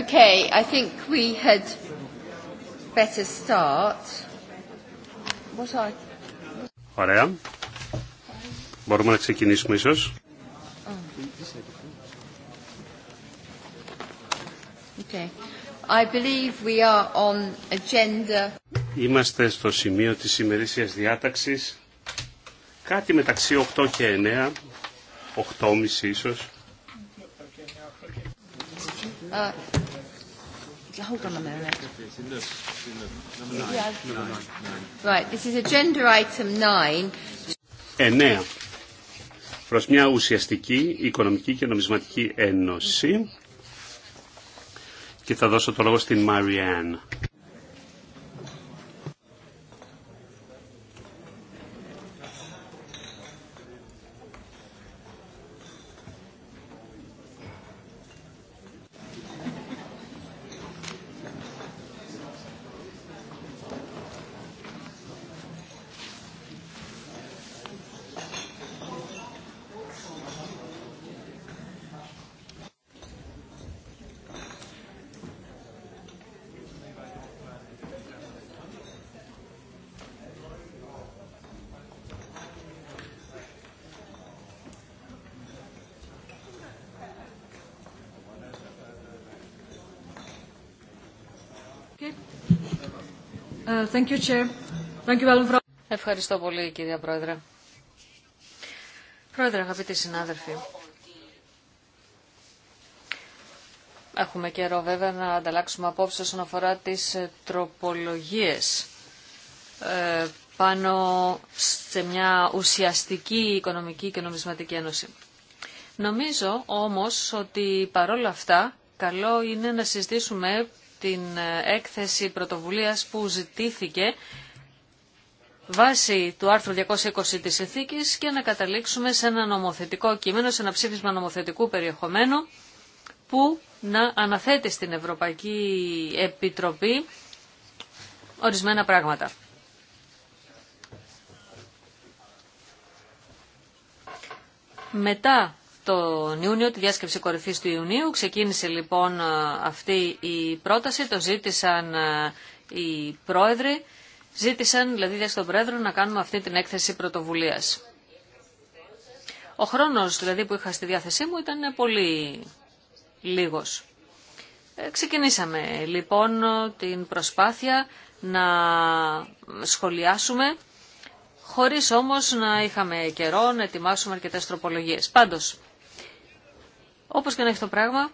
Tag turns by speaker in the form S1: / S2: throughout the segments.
S1: Okay, I think we had better start. What are...
S2: Ωραία. Μπορούμε να ξεκινήσουμε ίσως.
S1: Okay. I believe we are on agenda.
S2: Είμαστε στο σημείο της ημερήσιας διάταξης. Κάτι μεταξύ 8 και 9, 8.30 ίσως.
S1: Uh, Right, this is agenda item 9.
S2: 9. Προς μια ουσιαστική οικονομική και νομισματική ένωση. Και θα δώσω το λόγο στην Μαριάν.
S3: Ευχαριστώ πολύ, κυρία Πρόεδρε. Πρόεδρε, αγαπητοί συνάδελφοι. Έχουμε καιρό βέβαια να ανταλλάξουμε απόψεις όσον αφορά τις ε, τροπολογίες ε, πάνω σε μια ουσιαστική οικονομική και νομισματική ένωση. Νομίζω όμως ότι παρόλα αυτά καλό είναι να συζητήσουμε την ε, έκθεση πρωτοβουλίας που ζητήθηκε βάσει του άρθρου 220 της Εθήκης και να καταλήξουμε σε ένα νομοθετικό κείμενο, σε ένα ψήφισμα νομοθετικού περιεχομένου που να αναθέτει στην Ευρωπαϊκή Επιτροπή ορισμένα πράγματα. Μετά τον Ιούνιο, τη διάσκεψη κορυφή του Ιουνίου. Ξεκίνησε λοιπόν ε, αυτή η πρόταση, το ζήτησαν ε, οι πρόεδροι, ζήτησαν δηλαδή για τον πρόεδρο να κάνουμε αυτή την έκθεση πρωτοβουλίας. Ο χρόνος δηλαδή που είχα στη διάθεσή μου ήταν πολύ λίγος. Ε, ξεκινήσαμε λοιπόν την προσπάθεια να σχολιάσουμε χωρίς όμως να είχαμε καιρό να ετοιμάσουμε αρκετές τροπολογίες. Πάντως, όπως και να έχει το πράγμα,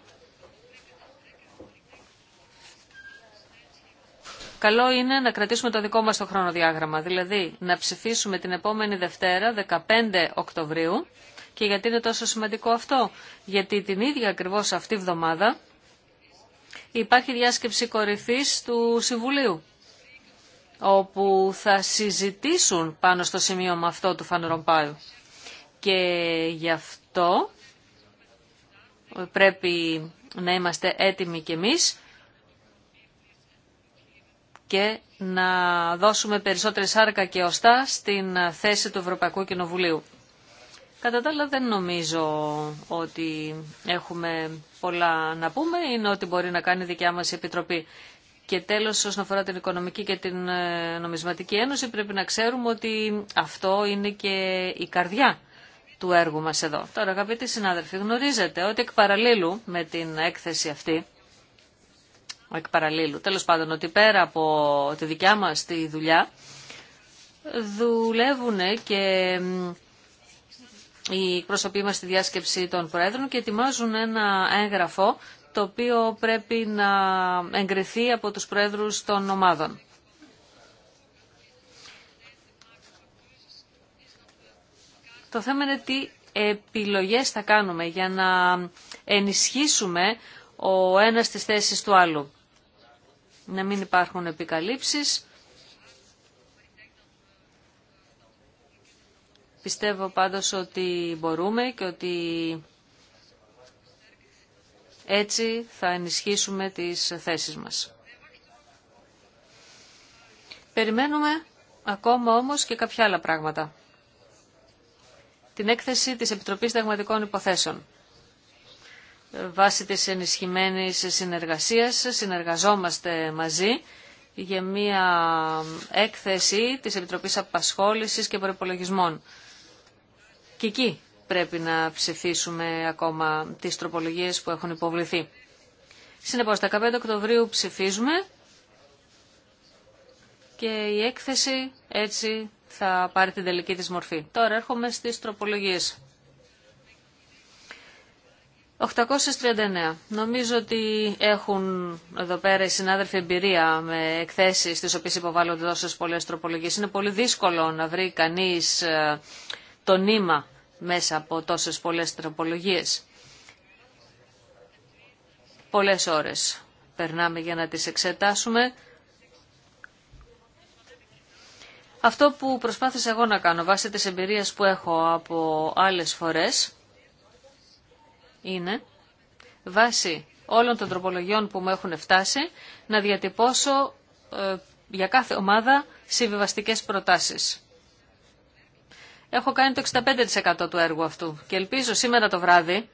S3: καλό είναι να κρατήσουμε το δικό μας το χρονοδιάγραμμα, δηλαδή να ψηφίσουμε την επόμενη Δευτέρα, 15 Οκτωβρίου, και γιατί είναι τόσο σημαντικό αυτό. Γιατί την ίδια ακριβώς αυτή εβδομάδα υπάρχει διάσκεψη κορυφής του Συμβουλίου όπου θα συζητήσουν πάνω στο σημείο με αυτό του Φαν Και γι' αυτό πρέπει να είμαστε έτοιμοι κι εμείς και να δώσουμε περισσότερη σάρκα και οστά στην θέση του Ευρωπαϊκού Κοινοβουλίου. Κατά τα άλλα δεν νομίζω ότι έχουμε πολλά να πούμε, είναι ότι μπορεί να κάνει δικιά μας η Επιτροπή. Και τέλος, όσον αφορά την Οικονομική και την ε, Νομισματική Ένωση, πρέπει να ξέρουμε ότι αυτό είναι και η καρδιά του έργου μας εδώ. Τώρα αγαπητοί συνάδελφοι, γνωρίζετε ότι εκ παραλίλου με την έκθεση αυτή, εκ τέλος πάντων ότι πέρα από τη δικιά μας τη δουλειά, δουλεύουν και οι πρόσωποι μας στη διάσκεψη των Προέδρων και ετοιμάζουν ένα έγγραφο το οποίο πρέπει να εγκριθεί από τους Προέδρους των ομάδων. Το θέμα είναι τι επιλογές θα κάνουμε για να ενισχύσουμε ο ένας τις θέσεις του άλλου. Να μην υπάρχουν επικαλύψεις. Πιστεύω πάντως ότι μπορούμε και ότι έτσι θα ενισχύσουμε τις θέσεις μας. Περιμένουμε ακόμα όμως και κάποια άλλα πράγματα την έκθεση της Επιτροπής Δεγματικών Υποθέσεων. Ε, βάσει της ενισχυμένης συνεργασίας συνεργαζόμαστε μαζί για μία έκθεση της Επιτροπής Απασχόλησης και Προπολογισμών. Και εκεί πρέπει να ψηφίσουμε ακόμα τις τροπολογίες που έχουν υποβληθεί. Συνεπώς, τα 15 Οκτωβρίου ψηφίζουμε και η έκθεση έτσι θα πάρει την τελική της μορφή. Τώρα έρχομαι στις τροπολογίες. 839. Νομίζω ότι έχουν εδώ πέρα οι συνάδελφοι εμπειρία με εκθέσεις στις οποίες υποβάλλονται τόσες πολλές τροπολογίες. Είναι πολύ δύσκολο να βρει κανείς ε, το νήμα μέσα από τόσες πολλές τροπολογίες. Πολλές ώρες περνάμε για να τις εξετάσουμε Αυτό που προσπάθησα εγώ να κάνω βάσει της εμπειρίας που έχω από άλλες φορές είναι βάσει όλων των τροπολογιών που μου έχουν φτάσει να διατυπώσω ε, για κάθε ομάδα συμβιβαστικές προτάσεις. Έχω κάνει το 65% του έργου αυτού και ελπίζω σήμερα το βράδυ,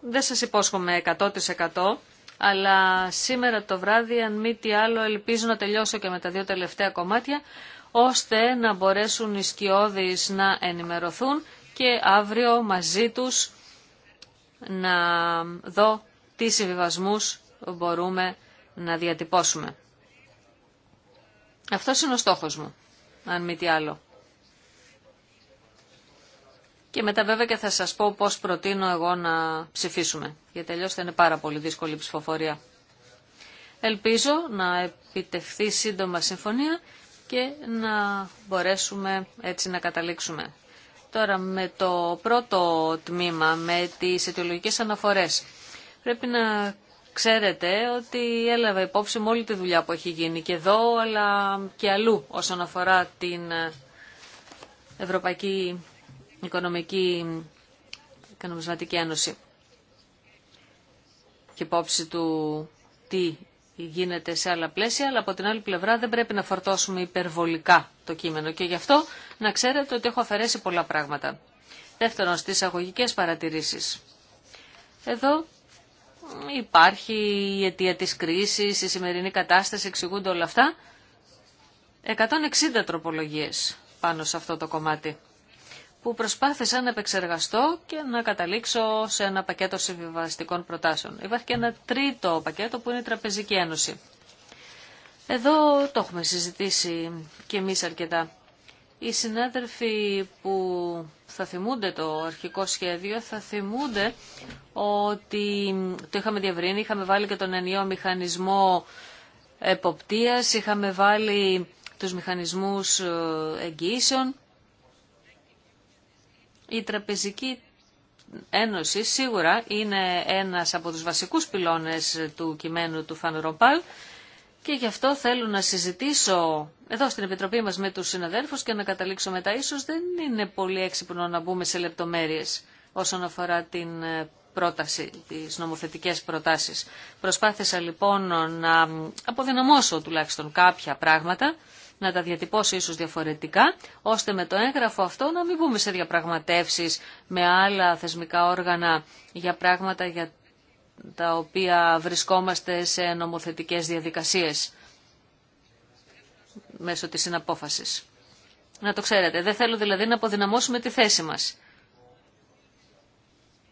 S3: δεν σας υπόσχομαι 100% αλλά σήμερα το βράδυ αν μη τι άλλο ελπίζω να τελειώσω και με τα δύο τελευταία κομμάτια ώστε να μπορέσουν οι σκιώδεις να ενημερωθούν και αύριο μαζί τους να δω τι συμβιβασμούς μπορούμε να διατυπώσουμε. Αυτό είναι ο στόχος μου, αν μη τι άλλο. Και μετά βέβαια και θα σας πω πώς προτείνω εγώ να ψηφίσουμε, γιατί αλλιώς θα είναι πάρα πολύ δύσκολη η ψηφοφορία. Ελπίζω να επιτευχθεί σύντομα συμφωνία και να μπορέσουμε έτσι να καταλήξουμε. Τώρα με το πρώτο τμήμα, με τις αιτιολογικές αναφορές. Πρέπει να ξέρετε ότι έλαβε υπόψη με όλη τη δουλειά που έχει γίνει και εδώ αλλά και αλλού όσον αφορά την Ευρωπαϊκή Οικονομική Κανομισματική Ένωση και υπόψη του τι γίνεται σε άλλα πλαίσια, αλλά από την άλλη πλευρά δεν πρέπει να φορτώσουμε υπερβολικά το κείμενο και γι' αυτό να ξέρετε ότι έχω αφαιρέσει πολλά πράγματα. Δεύτερον, στις αγωγικές παρατηρήσεις. Εδώ υπάρχει η αιτία της κρίσης, η σημερινή κατάσταση, εξηγούνται όλα αυτά. 160 τροπολογίες πάνω σε αυτό το κομμάτι που προσπάθησα να επεξεργαστώ και να καταλήξω σε ένα πακέτο συμβιβαστικών προτάσεων. Υπάρχει και ένα τρίτο πακέτο που είναι η Τραπεζική Ένωση. Εδώ το έχουμε συζητήσει και εμείς αρκετά. Οι συνάδελφοι που θα θυμούνται το αρχικό σχέδιο θα θυμούνται ότι το είχαμε διαβρύνει, είχαμε βάλει και τον ενιαίο μηχανισμό εποπτείας, είχαμε βάλει τους μηχανισμούς ε, εγγύησεων η Τραπεζική Ένωση σίγουρα είναι ένας από τους βασικούς πυλώνες του κειμένου του Φαν Ρομπάλ και γι' αυτό θέλω να συζητήσω εδώ στην Επιτροπή μας με τους συναδέλφους και να καταλήξω μετά. Ίσως δεν είναι πολύ έξυπνο να μπούμε σε λεπτομέρειες όσον αφορά την πρόταση, τις νομοθετικές προτάσεις. Προσπάθησα λοιπόν να αποδυναμώσω τουλάχιστον κάποια πράγματα να τα διατυπώσει ίσως διαφορετικά, ώστε με το έγγραφο αυτό να μην μπούμε σε διαπραγματεύσεις με άλλα θεσμικά όργανα για πράγματα για τα οποία βρισκόμαστε σε νομοθετικές διαδικασίες μέσω της συναπόφασης. Να το ξέρετε. Δεν θέλω δηλαδή να αποδυναμώσουμε τη θέση μας.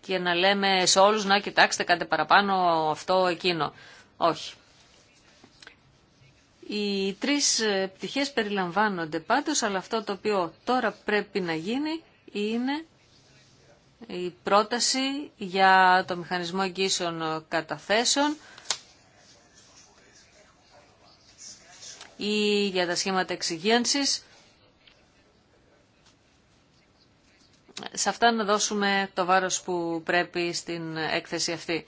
S3: Και να λέμε σε όλους να κοιτάξτε κάντε παραπάνω αυτό εκείνο. Όχι. Οι τρεις ε, πτυχές περιλαμβάνονται πάντως, αλλά αυτό το οποίο τώρα πρέπει να γίνει είναι η πρόταση για το μηχανισμό εγγύσεων καταθέσεων ή για τα σχήματα εξυγίανσης. Σε αυτά να δώσουμε το βάρος που πρέπει στην έκθεση αυτή.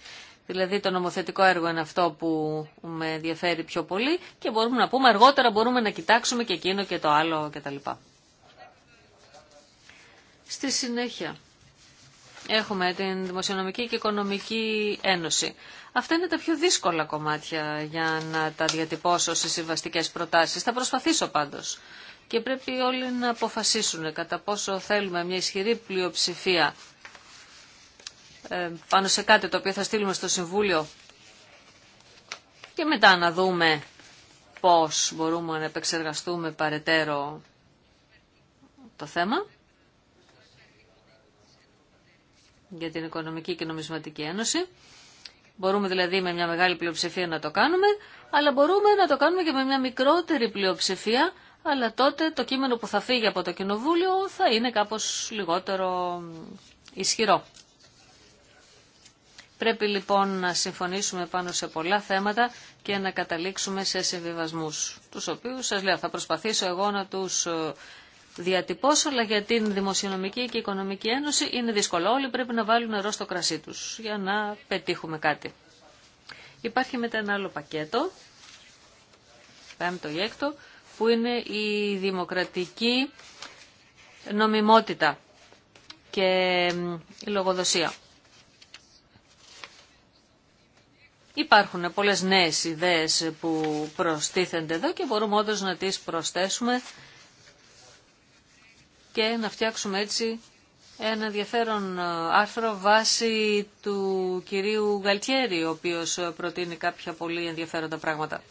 S3: Δηλαδή το νομοθετικό έργο είναι αυτό που με ενδιαφέρει πιο πολύ και μπορούμε να πούμε αργότερα μπορούμε να κοιτάξουμε και εκείνο και το άλλο κτλ. Στη συνέχεια έχουμε την Δημοσιονομική και Οικονομική Ένωση. Αυτά είναι τα πιο δύσκολα κομμάτια για να τα διατυπώσω σε συμβαστικέ προτάσεις. Θα προσπαθήσω πάντως. Και πρέπει όλοι να αποφασίσουν κατά πόσο θέλουμε μια ισχυρή πλειοψηφία ε, πάνω σε κάτι το οποίο θα στείλουμε στο Συμβούλιο και μετά να δούμε πώς μπορούμε να επεξεργαστούμε παρετέρω το θέμα για την Οικονομική και Νομισματική Ένωση. Μπορούμε δηλαδή με μια μεγάλη πλειοψηφία να το κάνουμε, αλλά μπορούμε να το κάνουμε και με μια μικρότερη πλειοψηφία, αλλά τότε το κείμενο που θα φύγει από το Κοινοβούλιο θα είναι κάπως λιγότερο ισχυρό. Πρέπει λοιπόν να συμφωνήσουμε πάνω σε πολλά θέματα και να καταλήξουμε σε συμβιβασμούς, τους οποίους σας λέω θα προσπαθήσω εγώ να τους ε, διατυπώσω, αλλά για την Δημοσιονομική και Οικονομική Ένωση είναι δύσκολο. Όλοι πρέπει να βάλουν νερό στο κρασί τους για να πετύχουμε κάτι. Υπάρχει μετά ένα άλλο πακέτο, πέμπτο ή έκτο, που είναι η δημοκρατική νομιμότητα και η λογοδοσία. Υπάρχουν πολλές νέες ιδέες που προστίθενται εδώ και μπορούμε όντως να τις προσθέσουμε και να φτιάξουμε έτσι ένα ενδιαφέρον ε, άρθρο βάσει του κυρίου Γαλτιέρη, ο οποίος ε, προτείνει κάποια πολύ ενδιαφέροντα πράγματα.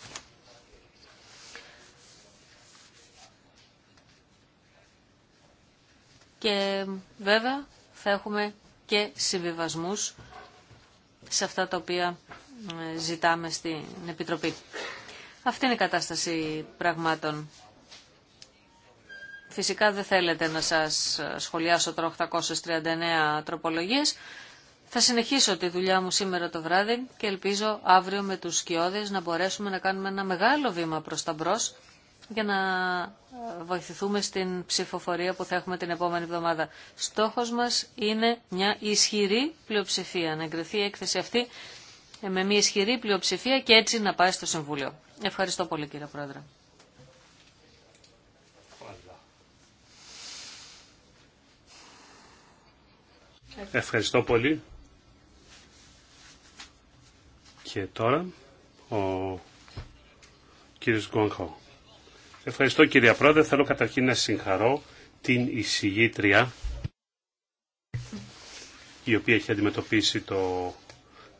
S3: Και βέβαια θα έχουμε και συμβιβασμούς σε αυτά τα οποία ζητάμε στην Επιτροπή. Αυτή είναι η κατάσταση πραγμάτων. Φυσικά δεν θέλετε να σας σχολιάσω τώρα 839 τροπολογίες. Θα συνεχίσω τη δουλειά μου σήμερα το βράδυ και ελπίζω αύριο με τους σκιώδες να μπορέσουμε να κάνουμε ένα μεγάλο βήμα προς τα μπρος για να ε, βοηθηθούμε στην ψηφοφορία που θα έχουμε την επόμενη εβδομάδα. Στόχος μας είναι μια ισχυρή πλειοψηφία, να εγκριθεί η έκθεση αυτή ε, με μια ισχυρή πλειοψηφία και έτσι να πάει στο Συμβούλιο. Ευχαριστώ πολύ κύριε Πρόεδρε.
S2: Ευχαριστώ πολύ. Και τώρα ο κύριος Γκόγχο. Ευχαριστώ κύριε Πρόεδρε. Θέλω καταρχήν να συγχαρώ την εισηγήτρια η οποία έχει αντιμετωπίσει το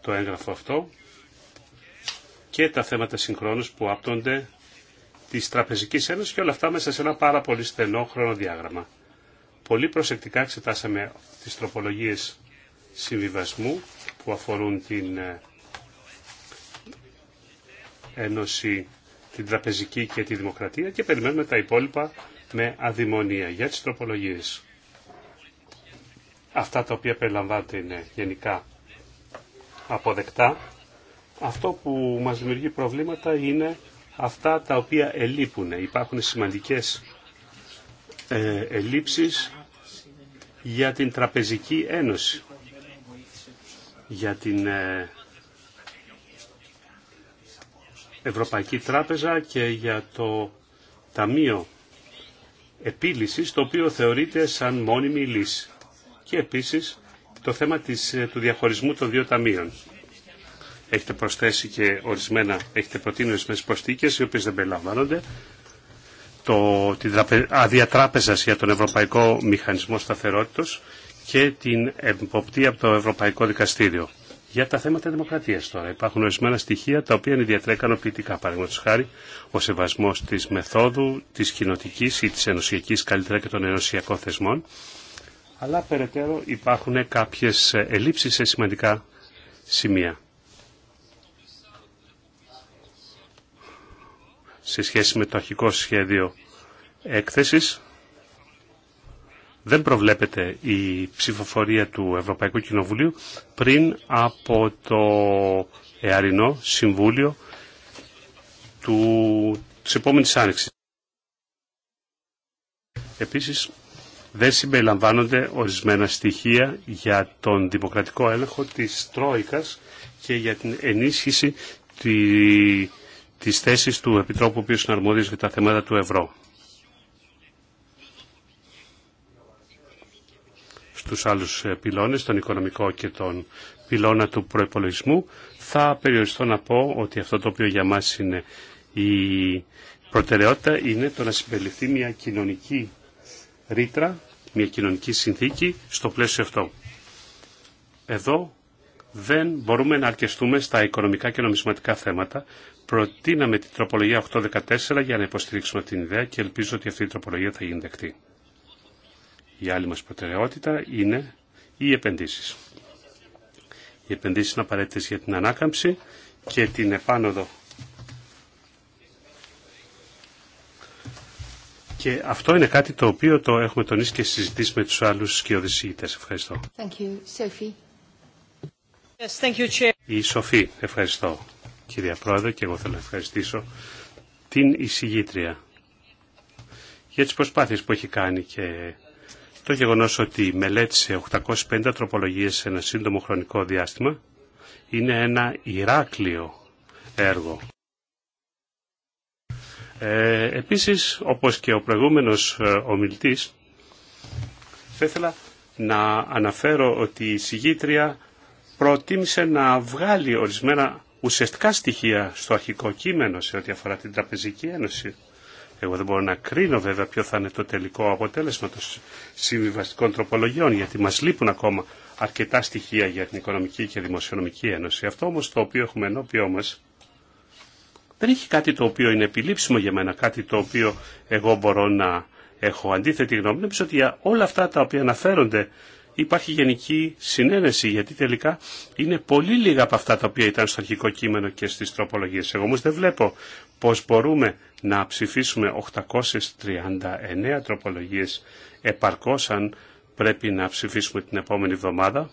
S2: το έγγραφο αυτό και τα θέματα συγχρόνως που άπτονται της Τραπεζικής Ένωσης και όλα αυτά μέσα σε ένα πάρα πολύ στενό χρονοδιάγραμμα. Πολύ προσεκτικά εξετάσαμε τις τροπολογίες συμβιβασμού που αφορούν την ε, Ένωση, την Τραπεζική και τη Δημοκρατία και περιμένουμε τα υπόλοιπα με αδημονία για τις τροπολογίες. Αυτά τα οποία περιλαμβάνονται είναι γενικά αποδεκτά. Αυτό που μας δημιουργεί προβλήματα είναι αυτά τα οποία ελείπουν. Υπάρχουν σημαντικές ε, ελλείψεις για την Τραπεζική Ένωση, για την ε, Ευρωπαϊκή Τράπεζα και για το Ταμείο Επίλυσης, το οποίο θεωρείται σαν μόνιμη λύση. Και επίσης το θέμα της, ε, του διαχωρισμού των δύο ταμείων. Έχετε προσθέσει και ορισμένα, έχετε προτείνει ορισμένε προσθήκε, οι οποίε δεν περιλαμβάνονται. Το, την άδεια για τον Ευρωπαϊκό Μηχανισμό Σταθερότητα και την εποπτεία από το Ευρωπαϊκό Δικαστήριο. Για τα θέματα δημοκρατία τώρα. Υπάρχουν ορισμένα στοιχεία τα οποία είναι ιδιαίτερα ικανοποιητικά. Παραδείγματο χάρη, ο σεβασμό τη μεθόδου, τη κοινοτική ή τη ενωσιακή καλύτερα και των ενωσιακών θεσμών αλλά περαιτέρω υπάρχουν κάποιες ελλείψεις σε σημαντικά σημεία. Σε σχέση με το αρχικό σχέδιο έκθεσης, δεν προβλέπεται η ψηφοφορία του Ευρωπαϊκού Κοινοβουλίου πριν από το Εαρινό Συμβούλιο του, της επόμενης άνοιξης. Επίσης, δεν συμπεριλαμβάνονται ορισμένα στοιχεία για τον δημοκρατικό έλεγχο της Τρόικας και για την ενίσχυση της θέσης του Επιτρόπου, που είναι αρμόδιος για τα θέματα του ευρώ. Στους άλλους ε, πυλώνες, τον οικονομικό και τον πυλώνα του προϋπολογισμού, θα περιοριστώ να πω ότι αυτό το οποίο για μας είναι η προτεραιότητα είναι το να συμπεριληφθεί μια κοινωνική ρήτρα, μια κοινωνική συνθήκη στο πλαίσιο αυτό. Εδώ δεν μπορούμε να αρκεστούμε στα οικονομικά και νομισματικά θέματα. Προτείναμε την τροπολογία 814 για να υποστηρίξουμε την ιδέα και ελπίζω ότι αυτή η τροπολογία θα γίνει δεκτή. Η άλλη μας προτεραιότητα είναι οι επενδύσεις. Οι επενδύσεις είναι απαραίτητες για την ανάκαμψη και την επάνωδο Και αυτό είναι κάτι το οποίο το έχουμε τονίσει και συζητήσει με τους άλλους σκιοδησίγητες. Ευχαριστώ. Thank Η Σοφή, ευχαριστώ κυρία Πρόεδρε και εγώ θέλω να ευχαριστήσω την εισηγήτρια για τις προσπάθειες που έχει κάνει και το γεγονός ότι μελέτησε 850 τροπολογίες σε ένα σύντομο χρονικό διάστημα είναι ένα Ηράκλειο έργο. Ε, επίσης, όπως και ο προηγούμενος ε, ομιλητής, θα ήθελα να αναφέρω ότι η συγγήτρια προτίμησε να βγάλει ορισμένα ουσιαστικά στοιχεία στο αρχικό κείμενο σε ό,τι αφορά την Τραπεζική Ένωση. Εγώ δεν μπορώ να κρίνω βέβαια ποιο θα είναι το τελικό αποτέλεσμα των συμβιβαστικών τροπολογιών, γιατί μας λείπουν ακόμα αρκετά στοιχεία για την Οικονομική και Δημοσιονομική Ένωση. Αυτό όμως το οποίο έχουμε ενώπιό μας δεν έχει κάτι το οποίο είναι επιλήψιμο για μένα, κάτι το οποίο εγώ μπορώ να έχω αντίθετη γνώμη. Νομίζω ότι για όλα αυτά τα οποία αναφέρονται υπάρχει γενική συνένεση, γιατί τελικά είναι πολύ λίγα από αυτά τα οποία ήταν στο αρχικό κείμενο και στις τροπολογίες. Εγώ όμως δεν βλέπω πώς μπορούμε να ψηφίσουμε 839 τροπολογίες επαρκώς αν πρέπει να ψηφίσουμε την επόμενη εβδομάδα.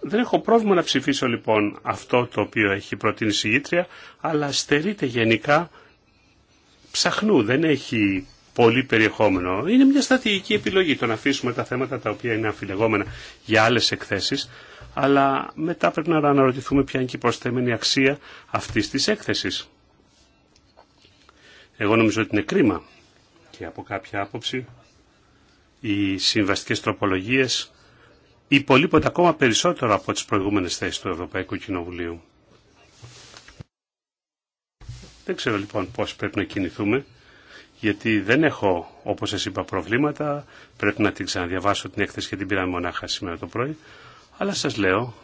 S2: Δεν έχω πρόβλημα να ψηφίσω λοιπόν αυτό το οποίο έχει προτείνει η συγγήτρια, αλλά στερείται γενικά ψαχνού, δεν έχει πολύ περιεχόμενο. Είναι μια στρατηγική επιλογή το να αφήσουμε τα θέματα τα οποία είναι αφιλεγόμενα για άλλες εκθέσεις, αλλά μετά πρέπει να αναρωτηθούμε ποια είναι και η προσθέμενη αξία αυτής της έκθεσης. Εγώ νομίζω ότι είναι κρίμα και από κάποια άποψη οι συμβαστικές τροπολογίες υπολείπονται ακόμα περισσότερο από τις προηγούμενες θέσεις του Ευρωπαϊκού Κοινοβουλίου. Δεν ξέρω λοιπόν πώς πρέπει να κινηθούμε, γιατί δεν έχω, όπως σας είπα, προβλήματα. Πρέπει να την ξαναδιαβάσω την έκθεση και την πήραμε μονάχα σήμερα το πρωί. Αλλά σας λέω,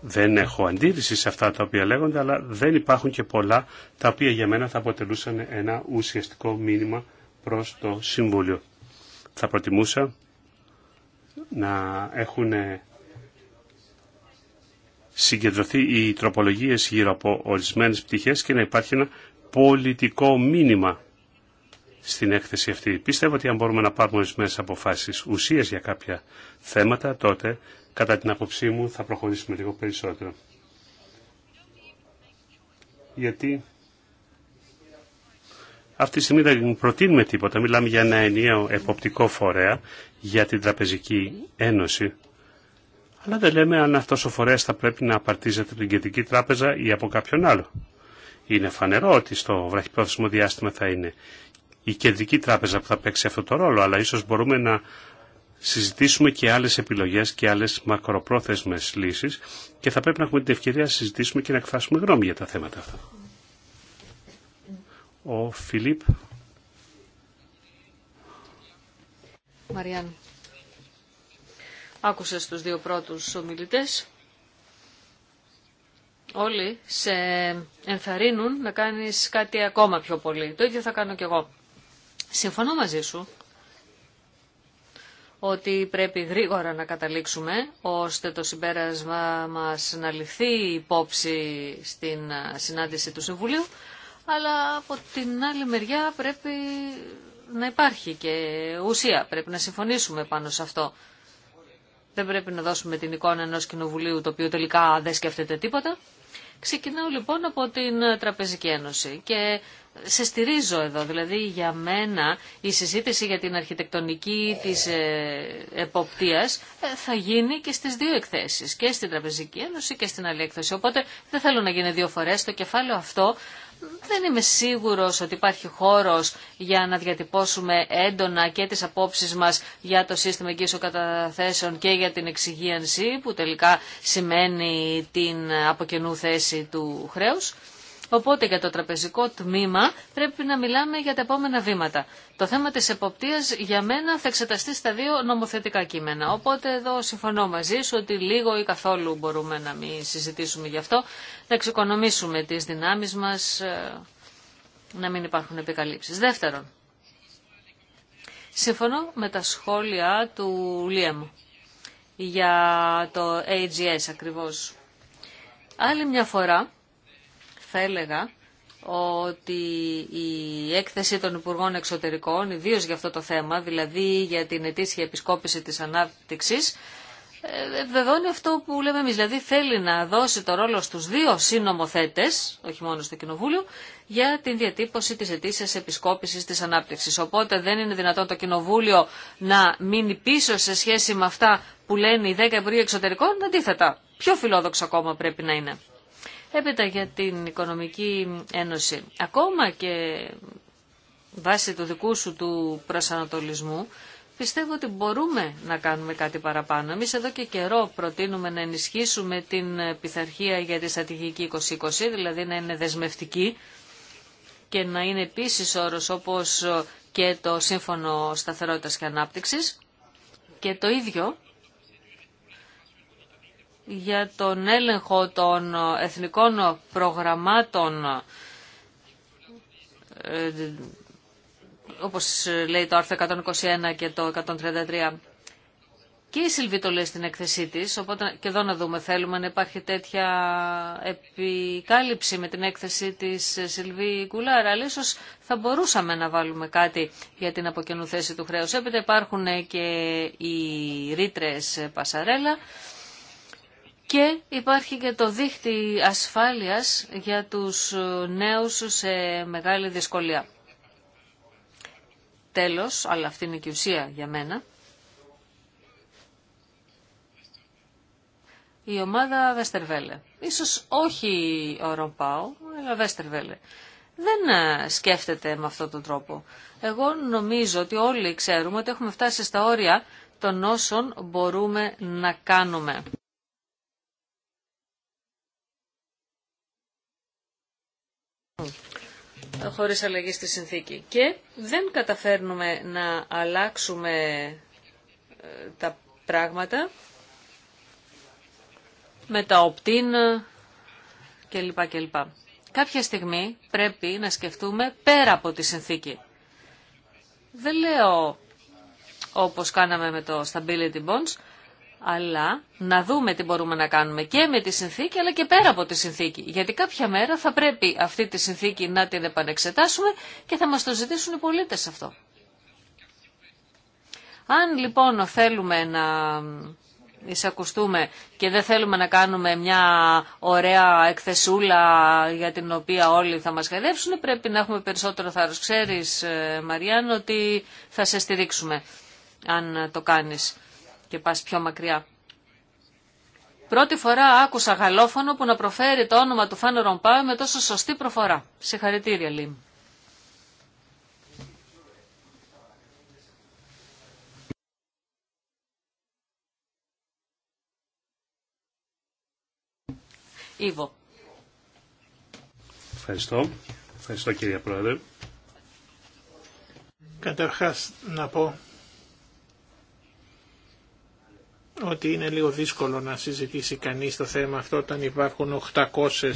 S2: δεν έχω αντίρρηση σε αυτά τα οποία λέγονται, αλλά δεν υπάρχουν και πολλά τα οποία για μένα θα αποτελούσαν ένα ουσιαστικό μήνυμα προς το Συμβούλιο. Θα προτιμούσα να έχουν συγκεντρωθεί οι τροπολογίες γύρω από ορισμένες πτυχές και να υπάρχει ένα πολιτικό μήνυμα στην έκθεση αυτή. Πιστεύω ότι αν μπορούμε να πάρουμε ορισμένες αποφάσεις ουσίες για κάποια θέματα, τότε κατά την άποψή μου θα προχωρήσουμε λίγο περισσότερο. Γιατί αυτή τη στιγμή δεν προτείνουμε τίποτα. Μιλάμε για ένα ενιαίο εποπτικό φορέα για την Τραπεζική Ένωση. Αλλά δεν λέμε αν αυτό ο φορέας θα πρέπει να απαρτίζεται από την Κεντρική Τράπεζα ή από κάποιον άλλο. Είναι φανερό ότι στο βραχυπρόθεσμο διάστημα θα είναι η Κεντρική Τράπεζα που θα παίξει αυτό το ρόλο, αλλά ίσως μπορούμε να συζητήσουμε και άλλες επιλογές και άλλες μακροπρόθεσμε λύσει και θα πρέπει να έχουμε την ευκαιρία να συζητήσουμε και να εκφράσουμε γνώμη για τα θέματα αυτά. Ο Φιλίπ
S3: Μαριάν. Άκουσες τους δύο πρώτους ομιλητές. Όλοι σε ενθαρρύνουν να κάνεις κάτι ακόμα πιο πολύ. Το ίδιο θα κάνω κι εγώ. Συμφωνώ μαζί σου ότι πρέπει γρήγορα να καταλήξουμε ώστε το συμπέρασμα μας να ληφθεί υπόψη στην συνάντηση του Συμβουλίου αλλά από την άλλη μεριά πρέπει να υπάρχει και ουσία. Πρέπει να συμφωνήσουμε πάνω σε αυτό. Δεν πρέπει να δώσουμε την εικόνα ενός κοινοβουλίου το οποίο τελικά δεν σκέφτεται τίποτα. Ξεκινάω λοιπόν από την Τραπεζική Ένωση και σε στηρίζω εδώ. Δηλαδή για μένα η συζήτηση για την αρχιτεκτονική της ε, εποπτείας ε, θα γίνει και στις δύο εκθέσεις, και στην Τραπεζική Ένωση και στην άλλη εκθέση. Οπότε δεν θέλω να γίνει δύο φορές. Το κεφάλαιο αυτό δεν είμαι σίγουρος ότι υπάρχει χώρος για να διατυπώσουμε έντονα και τις απόψεις μας για το σύστημα εγγύσεων καταθέσεων και για την εξυγίανση που τελικά σημαίνει την αποκαινού θέση του χρέους. Οπότε για το τραπεζικό τμήμα πρέπει να μιλάμε για τα επόμενα βήματα. Το θέμα της εποπτείας για μένα θα εξεταστεί στα δύο νομοθετικά κείμενα. Οπότε εδώ συμφωνώ μαζί σου ότι λίγο ή καθόλου μπορούμε να μην συζητήσουμε γι' αυτό, να εξοικονομήσουμε τις δυνάμεις μας, ε, να μην υπάρχουν επικαλύψεις. Δεύτερον, συμφωνώ με τα σχόλια του Λίεμ για το AGS ακριβώς. Άλλη μια φορά θα έλεγα ότι η έκθεση των Υπουργών Εξωτερικών, ιδίω για αυτό το θέμα, δηλαδή για την ετήσια επισκόπηση της ανάπτυξης, ε, βεβαιώνει αυτό που λέμε εμείς. Δηλαδή θέλει να δώσει το ρόλο στους δύο συνομοθέτες, όχι μόνο στο Κοινοβούλιο, για την διατύπωση της ετήσιας επισκόπησης της ανάπτυξης. Οπότε δεν είναι δυνατόν το Κοινοβούλιο να μείνει πίσω σε σχέση με αυτά που λένε οι 10 Υπουργοί Εξωτερικών, αντίθετα. Πιο φιλόδοξο ακόμα πρέπει να είναι. Έπειτα για την Οικονομική Ένωση. Ακόμα και βάσει του δικού σου του προσανατολισμού, πιστεύω ότι μπορούμε να κάνουμε κάτι παραπάνω. Εμεί εδώ και καιρό προτείνουμε να ενισχύσουμε την πειθαρχία για τη στρατηγική 2020, δηλαδή να είναι δεσμευτική και να είναι επίση όρος όπως και το Σύμφωνο σταθερότητα και ανάπτυξη Και το ίδιο για τον έλεγχο των εθνικών προγραμμάτων ε, όπως λέει το άρθρο 121 και το 133. Και η Σιλβή το λέει στην έκθεσή της, οπότε και εδώ να δούμε θέλουμε να υπάρχει τέτοια επικάλυψη με την έκθεση της Σιλβή Κουλάρα, αλλά ίσως θα μπορούσαμε να βάλουμε κάτι για την αποκαινουθέση του χρέους. Έπειτα υπάρχουν και οι ρήτρε πασαρέλα και υπάρχει και το δίχτυ ασφάλειας για τους ε, νέους σε μεγάλη δυσκολία. Τέλος, αλλά αυτή είναι και η ουσία για μένα, η ομάδα Βέστερβέλε. Ίσως όχι ο Ρομπάου, αλλά Βέστερβέλε. Δεν ε, σκέφτεται με αυτόν τον τρόπο. Εγώ νομίζω ότι όλοι ξέρουμε ότι έχουμε φτάσει στα όρια των όσων μπορούμε να κάνουμε. Ε, χωρίς αλλαγή στη συνθήκη. Και δεν καταφέρνουμε να αλλάξουμε ε, τα πράγματα με τα οπτίν ε, κλπ. κλπ. Κάποια στιγμή πρέπει να σκεφτούμε πέρα από τη συνθήκη. Δεν λέω όπως κάναμε με το Stability Bonds, αλλά να δούμε τι μπορούμε να κάνουμε και με τη συνθήκη αλλά και πέρα από τη συνθήκη. Γιατί κάποια μέρα θα πρέπει αυτή τη συνθήκη να την επανεξετάσουμε και θα μας το ζητήσουν οι πολίτες αυτό. Αν λοιπόν θέλουμε να εισακουστούμε και δεν θέλουμε να κάνουμε μια ωραία εκθεσούλα για την οποία όλοι θα μας χαϊδεύσουν, πρέπει να έχουμε περισσότερο θάρρος. Ξέρεις ε, Μαριάν ότι θα σε στηρίξουμε αν το κάνεις και πας πιο μακριά. Πρώτη φορά άκουσα γαλλόφωνο που να προφέρει το όνομα του Φάνο Ρομπά με τόσο σωστή προφορά. Συγχαρητήρια, Λίμ. Ήβο.
S2: Ευχαριστώ. Ευχαριστώ, κύριε Πρόεδρε.
S4: Καταρχάς να πω ότι είναι λίγο δύσκολο να συζητήσει κανείς το θέμα αυτό όταν υπάρχουν 800 ε,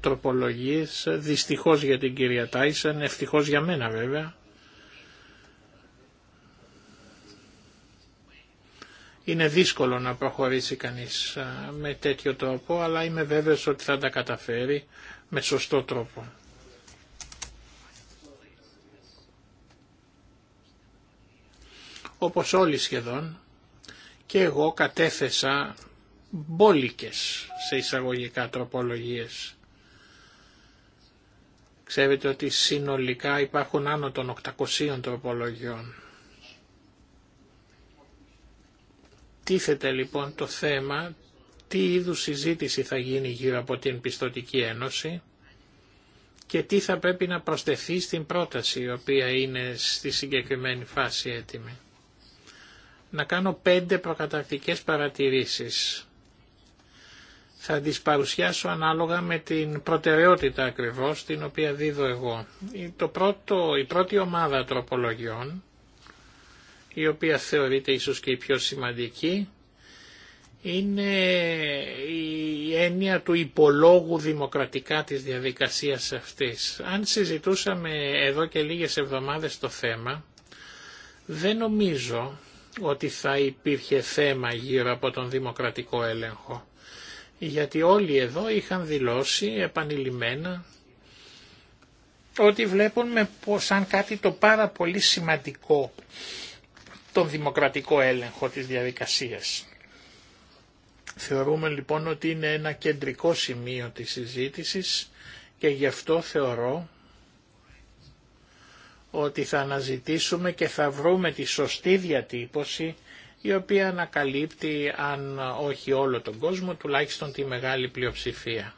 S4: τροπολογίες, δυστυχώς για την κυρία Τάισεν, ευτυχώς για μένα βέβαια. Είναι δύσκολο να προχωρήσει κανείς ε, με τέτοιο τρόπο, αλλά είμαι βέβαιος ότι θα τα καταφέρει με σωστό τρόπο. Όπως όλοι σχεδόν, και εγώ κατέθεσα μπόλικες σε εισαγωγικά τροπολογίες. Ξέρετε ότι συνολικά υπάρχουν άνω των 800 τροπολογιών. Τίθεται λοιπόν το θέμα τι είδους συζήτηση θα γίνει γύρω από την Πιστοτική Ένωση και τι θα πρέπει να προσθεθεί στην πρόταση η οποία είναι στη συγκεκριμένη φάση έτοιμη να κάνω πέντε προκαταρκτικές παρατηρήσεις. Θα τις παρουσιάσω ανάλογα με την προτεραιότητα ακριβώς την οποία δίδω εγώ. Το πρώτο, η πρώτη ομάδα τροπολογιών, η οποία θεωρείται ίσως και η πιο σημαντική, είναι η έννοια του υπολόγου δημοκρατικά της διαδικασίας αυτής. Αν συζητούσαμε εδώ και λίγες εβδομάδες το θέμα, δεν νομίζω ότι θα υπήρχε θέμα γύρω από τον δημοκρατικό έλεγχο. Γιατί όλοι εδώ είχαν δηλώσει επανειλημμένα ότι βλέπουν με σαν κάτι το πάρα πολύ σημαντικό τον δημοκρατικό έλεγχο της διαδικασίας. Θεωρούμε λοιπόν ότι είναι ένα κεντρικό σημείο της συζήτησης και γι' αυτό θεωρώ ότι θα αναζητήσουμε και θα βρούμε τη σωστή διατύπωση η οποία ανακαλύπτει αν όχι όλο τον κόσμο, τουλάχιστον τη μεγάλη πλειοψηφία.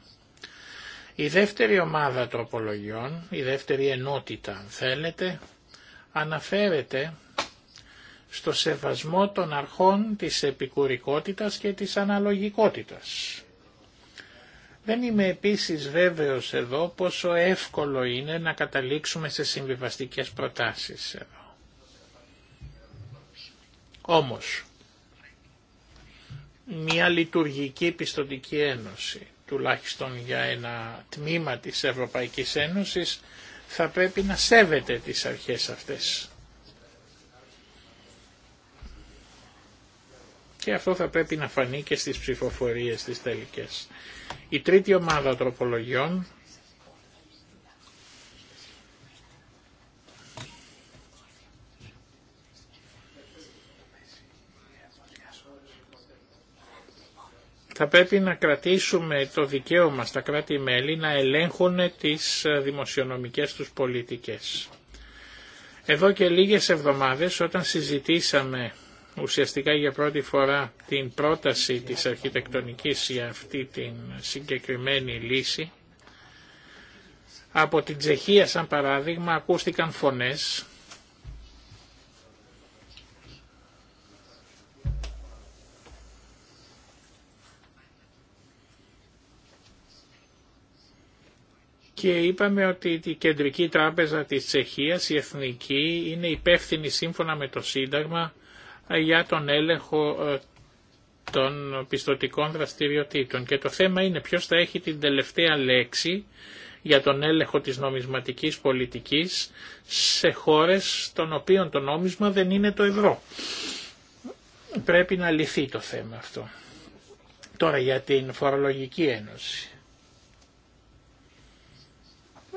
S4: Η δεύτερη ομάδα τροπολογιών, η δεύτερη ενότητα αν θέλετε, αναφέρεται στο σεβασμό των αρχών της επικουρικότητας και της αναλογικότητας. Δεν είμαι επίσης βέβαιος εδώ πόσο εύκολο είναι να καταλήξουμε σε συμβιβαστικές προτάσεις εδώ. Όμως, μια λειτουργική πιστοτική ένωση, τουλάχιστον για ένα τμήμα της Ευρωπαϊκής Ένωσης, θα πρέπει να σέβεται τις αρχές αυτές. Και αυτό θα πρέπει να φανεί και στις ψηφοφορίες τις τελικές. Η τρίτη ομάδα τροπολογιών θα πρέπει να κρατήσουμε το δικαίωμα στα κράτη-μέλη να ελέγχουν τις ε, δημοσιονομικές τους πολιτικές. Εδώ και λίγες εβδομάδες όταν συζητήσαμε ουσιαστικά για πρώτη φορά την πρόταση της αρχιτεκτονικής για αυτή την συγκεκριμένη λύση. Από την Τσεχία, σαν παράδειγμα, ακούστηκαν φωνές και είπαμε ότι η Κεντρική Τράπεζα της Τσεχίας, η Εθνική, είναι υπεύθυνη σύμφωνα με το Σύνταγμα για τον έλεγχο ε, των πιστοτικών δραστηριοτήτων. Και το θέμα είναι ποιος θα έχει την τελευταία λέξη για τον έλεγχο της νομισματικής πολιτικής σε χώρες των οποίων το νόμισμα δεν είναι το ευρώ. Πρέπει να λυθεί το θέμα αυτό. Τώρα για την φορολογική ένωση.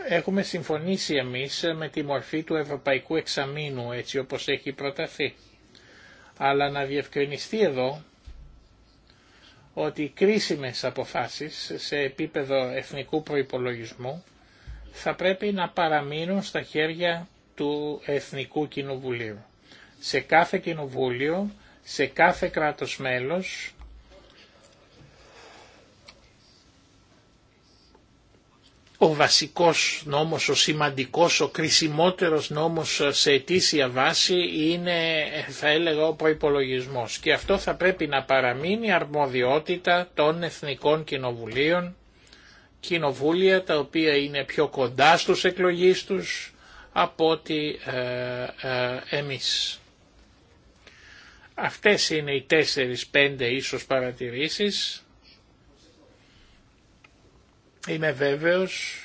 S4: Έχουμε συμφωνήσει εμείς με τη μορφή του Ευρωπαϊκού Εξαμήνου έτσι όπως έχει προταθεί αλλά να διευκρινιστεί εδώ ότι οι κρίσιμες αποφάσεις σε επίπεδο εθνικού προϋπολογισμού θα πρέπει να παραμείνουν στα χέρια του Εθνικού Κοινοβουλίου. Σε κάθε κοινοβούλιο, σε κάθε κράτος μέλος ο βασικός νόμος, ο σημαντικός, ο κρισιμότερος νόμος σε αιτήσια βάση είναι θα έλεγα ο προϋπολογισμός και αυτό θα πρέπει να παραμείνει αρμοδιότητα των εθνικών κοινοβουλίων, κοινοβούλια τα οποία είναι πιο κοντά στους εκλογείς τους από ότι ε, ε, εμείς. Αυτές είναι οι τέσσερις πέντε ίσως παρατηρήσεις Είμαι βέβαιος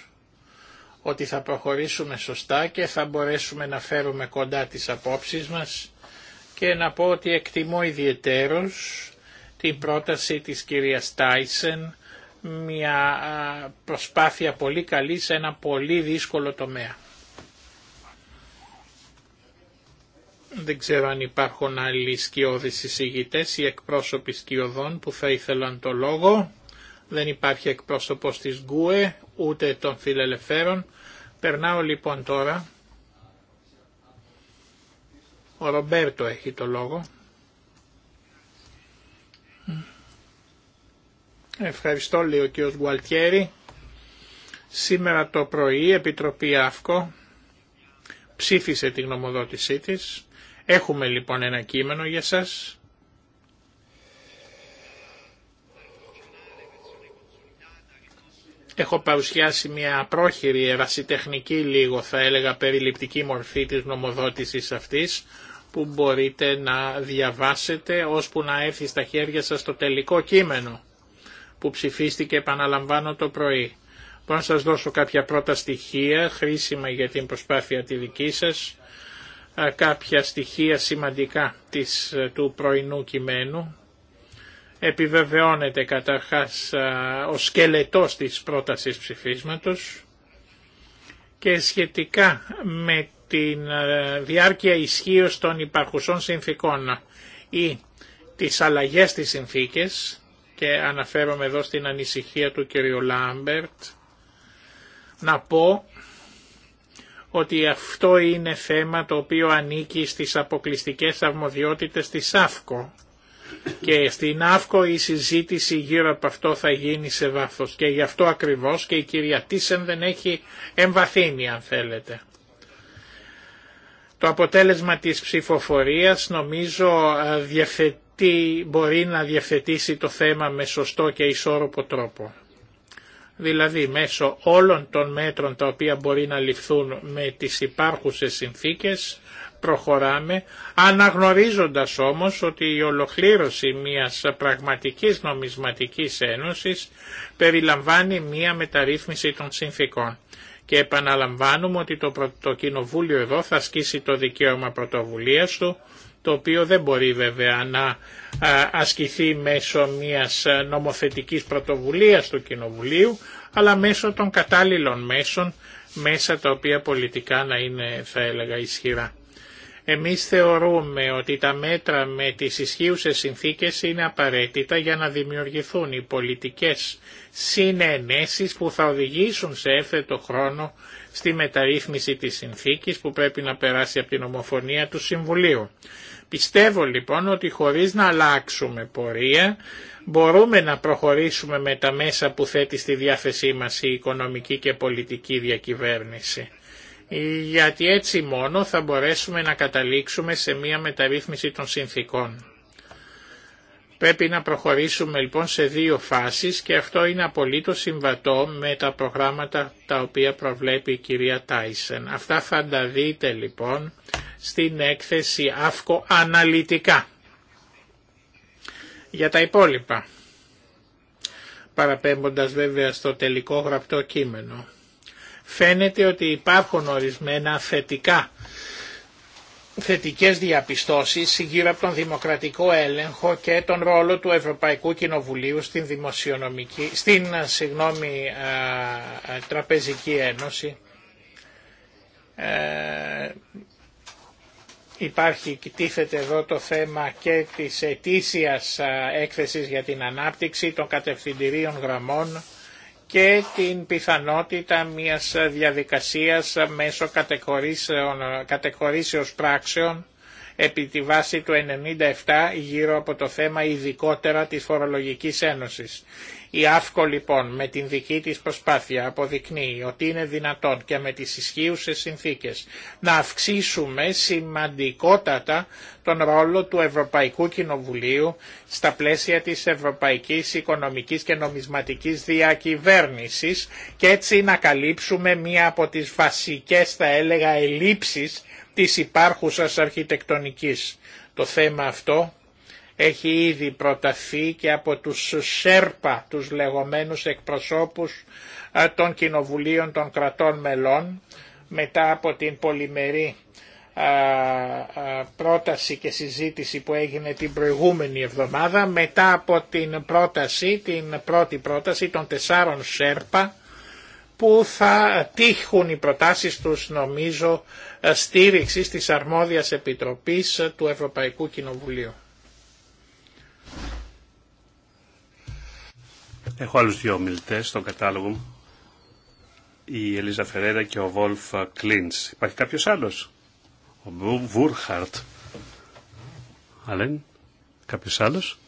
S4: ότι θα προχωρήσουμε σωστά και θα μπορέσουμε να φέρουμε κοντά τις απόψεις μας και να πω ότι εκτιμώ ιδιαιτέρως την πρόταση της κυρίας Τάισεν μια προσπάθεια πολύ καλή σε ένα πολύ δύσκολο τομέα. Δεν ξέρω αν υπάρχουν άλλοι σκιώδεις εισηγητές ή εκπρόσωποι σκιωδών που θα ήθελαν το λόγο. Δεν υπάρχει εκπρόσωπος της Γκουε ούτε των φιλελευθέρων. Περνάω λοιπόν τώρα. Ο Ρομπέρτο έχει το λόγο. Ευχαριστώ λέει ο κ. Γουαλτιέρη. Σήμερα το πρωί η Επιτροπή ΑΦΚΟ ψήφισε την γνωμοδότησή της. Έχουμε λοιπόν ένα κείμενο για σας. Έχω παρουσιάσει μια πρόχειρη ερασιτεχνική λίγο θα έλεγα περιληπτική μορφή της νομοδότησης αυτής που μπορείτε να διαβάσετε ώσπου να έρθει στα χέρια σας το τελικό κείμενο που ψηφίστηκε επαναλαμβάνω το πρωί. Μπορώ να σας δώσω κάποια πρώτα στοιχεία χρήσιμα για την προσπάθεια τη δική σας, κάποια στοιχεία σημαντικά της, ε, του πρωινού κειμένου Επιβεβαιώνεται καταρχάς ο σκελετός της πρότασης ψηφίσματος και σχετικά με τη διάρκεια ισχύω των υπαρχουσών συνθήκων ή τις αλλαγές της συνθήκες και αναφέρομαι εδώ στην ανησυχία του κ. Λάμπερτ να πω ότι αυτό είναι θέμα το οποίο ανήκει στις αποκλειστικές αρμοδιότητες της ΑΦΚΟ και στην ΑΦΚΟ η συζήτηση γύρω από αυτό θα γίνει σε βάθος και γι' αυτό ακριβώς και η κυρία Τίσεν δεν έχει εμβαθύνει αν θέλετε. Το αποτέλεσμα της ψηφοφορίας νομίζω μπορεί να διευθετήσει το θέμα με σωστό και ισόρροπο τρόπο. Δηλαδή μέσω όλων των μέτρων τα οποία μπορεί να ληφθούν με τις υπάρχουσες συνθήκες προχωράμε αναγνωρίζοντας όμως ότι η ολοκλήρωση μιας πραγματικής νομισματικής ένωσης περιλαμβάνει μια μεταρρύθμιση των συνθήκων. Και επαναλαμβάνουμε ότι το, Κοινοβούλιο εδώ θα ασκήσει το δικαίωμα πρωτοβουλίας του, το οποίο δεν μπορεί βέβαια να ασκηθεί μέσω μιας νομοθετικής πρωτοβουλίας του Κοινοβουλίου, αλλά μέσω των κατάλληλων μέσων, μέσα τα οποία πολιτικά να είναι θα έλεγα ισχυρά. Εμείς θεωρούμε ότι τα μέτρα με τις ισχύουσες συνθήκες είναι απαραίτητα για να δημιουργηθούν οι πολιτικές συνενέσεις που θα οδηγήσουν σε έφετο χρόνο στη μεταρρύθμιση της συνθήκης που πρέπει να περάσει από την ομοφωνία του Συμβουλίου. Πιστεύω λοιπόν ότι χωρίς να αλλάξουμε πορεία μπορούμε να προχωρήσουμε με τα μέσα που θέτει στη διάθεσή μας η οικονομική και πολιτική διακυβέρνηση γιατί έτσι μόνο θα μπορέσουμε να καταλήξουμε σε μία μεταρρύθμιση των συνθήκων. Πρέπει να προχωρήσουμε λοιπόν σε δύο φάσεις και αυτό είναι απολύτως συμβατό με τα προγράμματα τα οποία προβλέπει η κυρία Τάισεν. Αυτά θα τα δείτε λοιπόν στην έκθεση ΑΦΚΟ αναλυτικά. Για τα υπόλοιπα, παραπέμποντας βέβαια στο τελικό γραπτό κείμενο φαίνεται ότι υπάρχουν ορισμένα θετικά θετικές διαπιστώσεις γύρω από τον δημοκρατικό έλεγχο και τον ρόλο του Ευρωπαϊκού Κοινοβουλίου στην, δημοσιονομική, στην συγγνώμη, Τραπεζική Ένωση. Ε, υπάρχει, τίθεται εδώ το θέμα και της ετήσιας έκθεσης για την ανάπτυξη των κατευθυντηρίων γραμμών και την πιθανότητα μιας διαδικασίας μέσω κατεχωρήσεως πράξεων επί τη βάση του 97 γύρω από το θέμα ειδικότερα της Φορολογικής Ένωσης. Η ΑΦΚΟ λοιπόν με την δική της προσπάθεια αποδεικνύει ότι είναι δυνατόν και με τις ισχύουσες συνθήκες να αυξήσουμε σημαντικότατα τον ρόλο του Ευρωπαϊκού Κοινοβουλίου στα πλαίσια της Ευρωπαϊκής Οικονομικής και Νομισματικής Διακυβέρνησης και έτσι να καλύψουμε μία από τις βασικές θα έλεγα ελλείψεις της υπάρχουσας αρχιτεκτονικής. Το θέμα αυτό έχει ήδη προταθεί και από τους ΣΕΡΠΑ, τους λεγόμενους εκπροσώπους των κοινοβουλίων των κρατών μελών, μετά από την πολυμερή πρόταση και συζήτηση που έγινε την προηγούμενη εβδομάδα, μετά από την πρόταση, την πρώτη πρόταση των τεσσάρων ΣΕΡΠΑ, που θα τύχουν οι προτάσεις τους νομίζω στήριξη της αρμόδιας επιτροπής του Ευρωπαϊκού Κοινοβουλίου.
S2: Έχω άλλους δύο ομιλητές στον κατάλογο μου. Η Ελίζα Φερέρα και ο Βόλφ Κλίντς. Υπάρχει κάποιος άλλος. Ο Βούρχαρτ. είναι Κάποιος άλλος.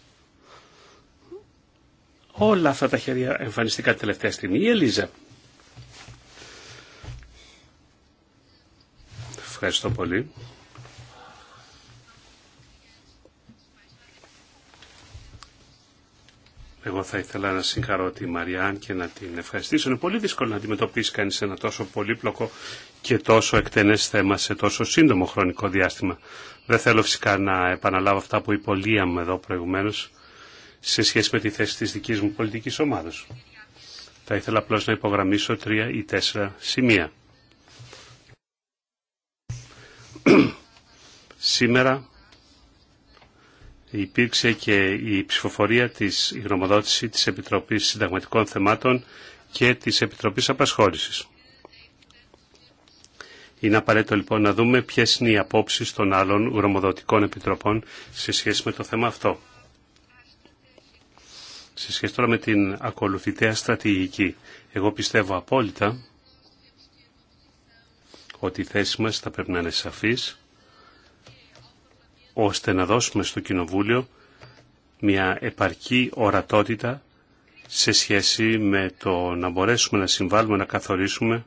S2: Όλα αυτά τα χέρια εμφανιστικά τελευταία στιγμή. Η Ελίζα. Ευχαριστώ πολύ. Εγώ θα ήθελα να συγχαρώ τη Μαριάν και να την ευχαριστήσω. Είναι πολύ δύσκολο να αντιμετωπίσει κανεί ένα τόσο πολύπλοκο και τόσο εκτενές θέμα σε τόσο σύντομο χρονικό διάστημα. Δεν θέλω φυσικά να επαναλάβω αυτά που είπε ο Λίαμ εδώ προηγουμένω σε σχέση με τη θέση της δικής μου πολιτικής ομάδας. Θα ήθελα απλώ να υπογραμμίσω τρία ή τέσσερα σημεία. Σήμερα υπήρξε και η ψηφοφορία της η γνωμοδότηση της Επιτροπής Συνταγματικών Θεμάτων και της Επιτροπής Απασχόλησης. Είναι απαραίτητο λοιπόν να δούμε ποιες είναι οι απόψεις των άλλων γνωμοδοτικών επιτροπών σε σχέση με το θέμα αυτό. Σε σχέση τώρα με την ακολουθητέα στρατηγική, εγώ πιστεύω απόλυτα ότι η θέση μας θα πρέπει να είναι σαφής ώστε να δώσουμε στο Κοινοβούλιο μια επαρκή ορατότητα σε σχέση με το να μπορέσουμε να συμβάλλουμε, να καθορίσουμε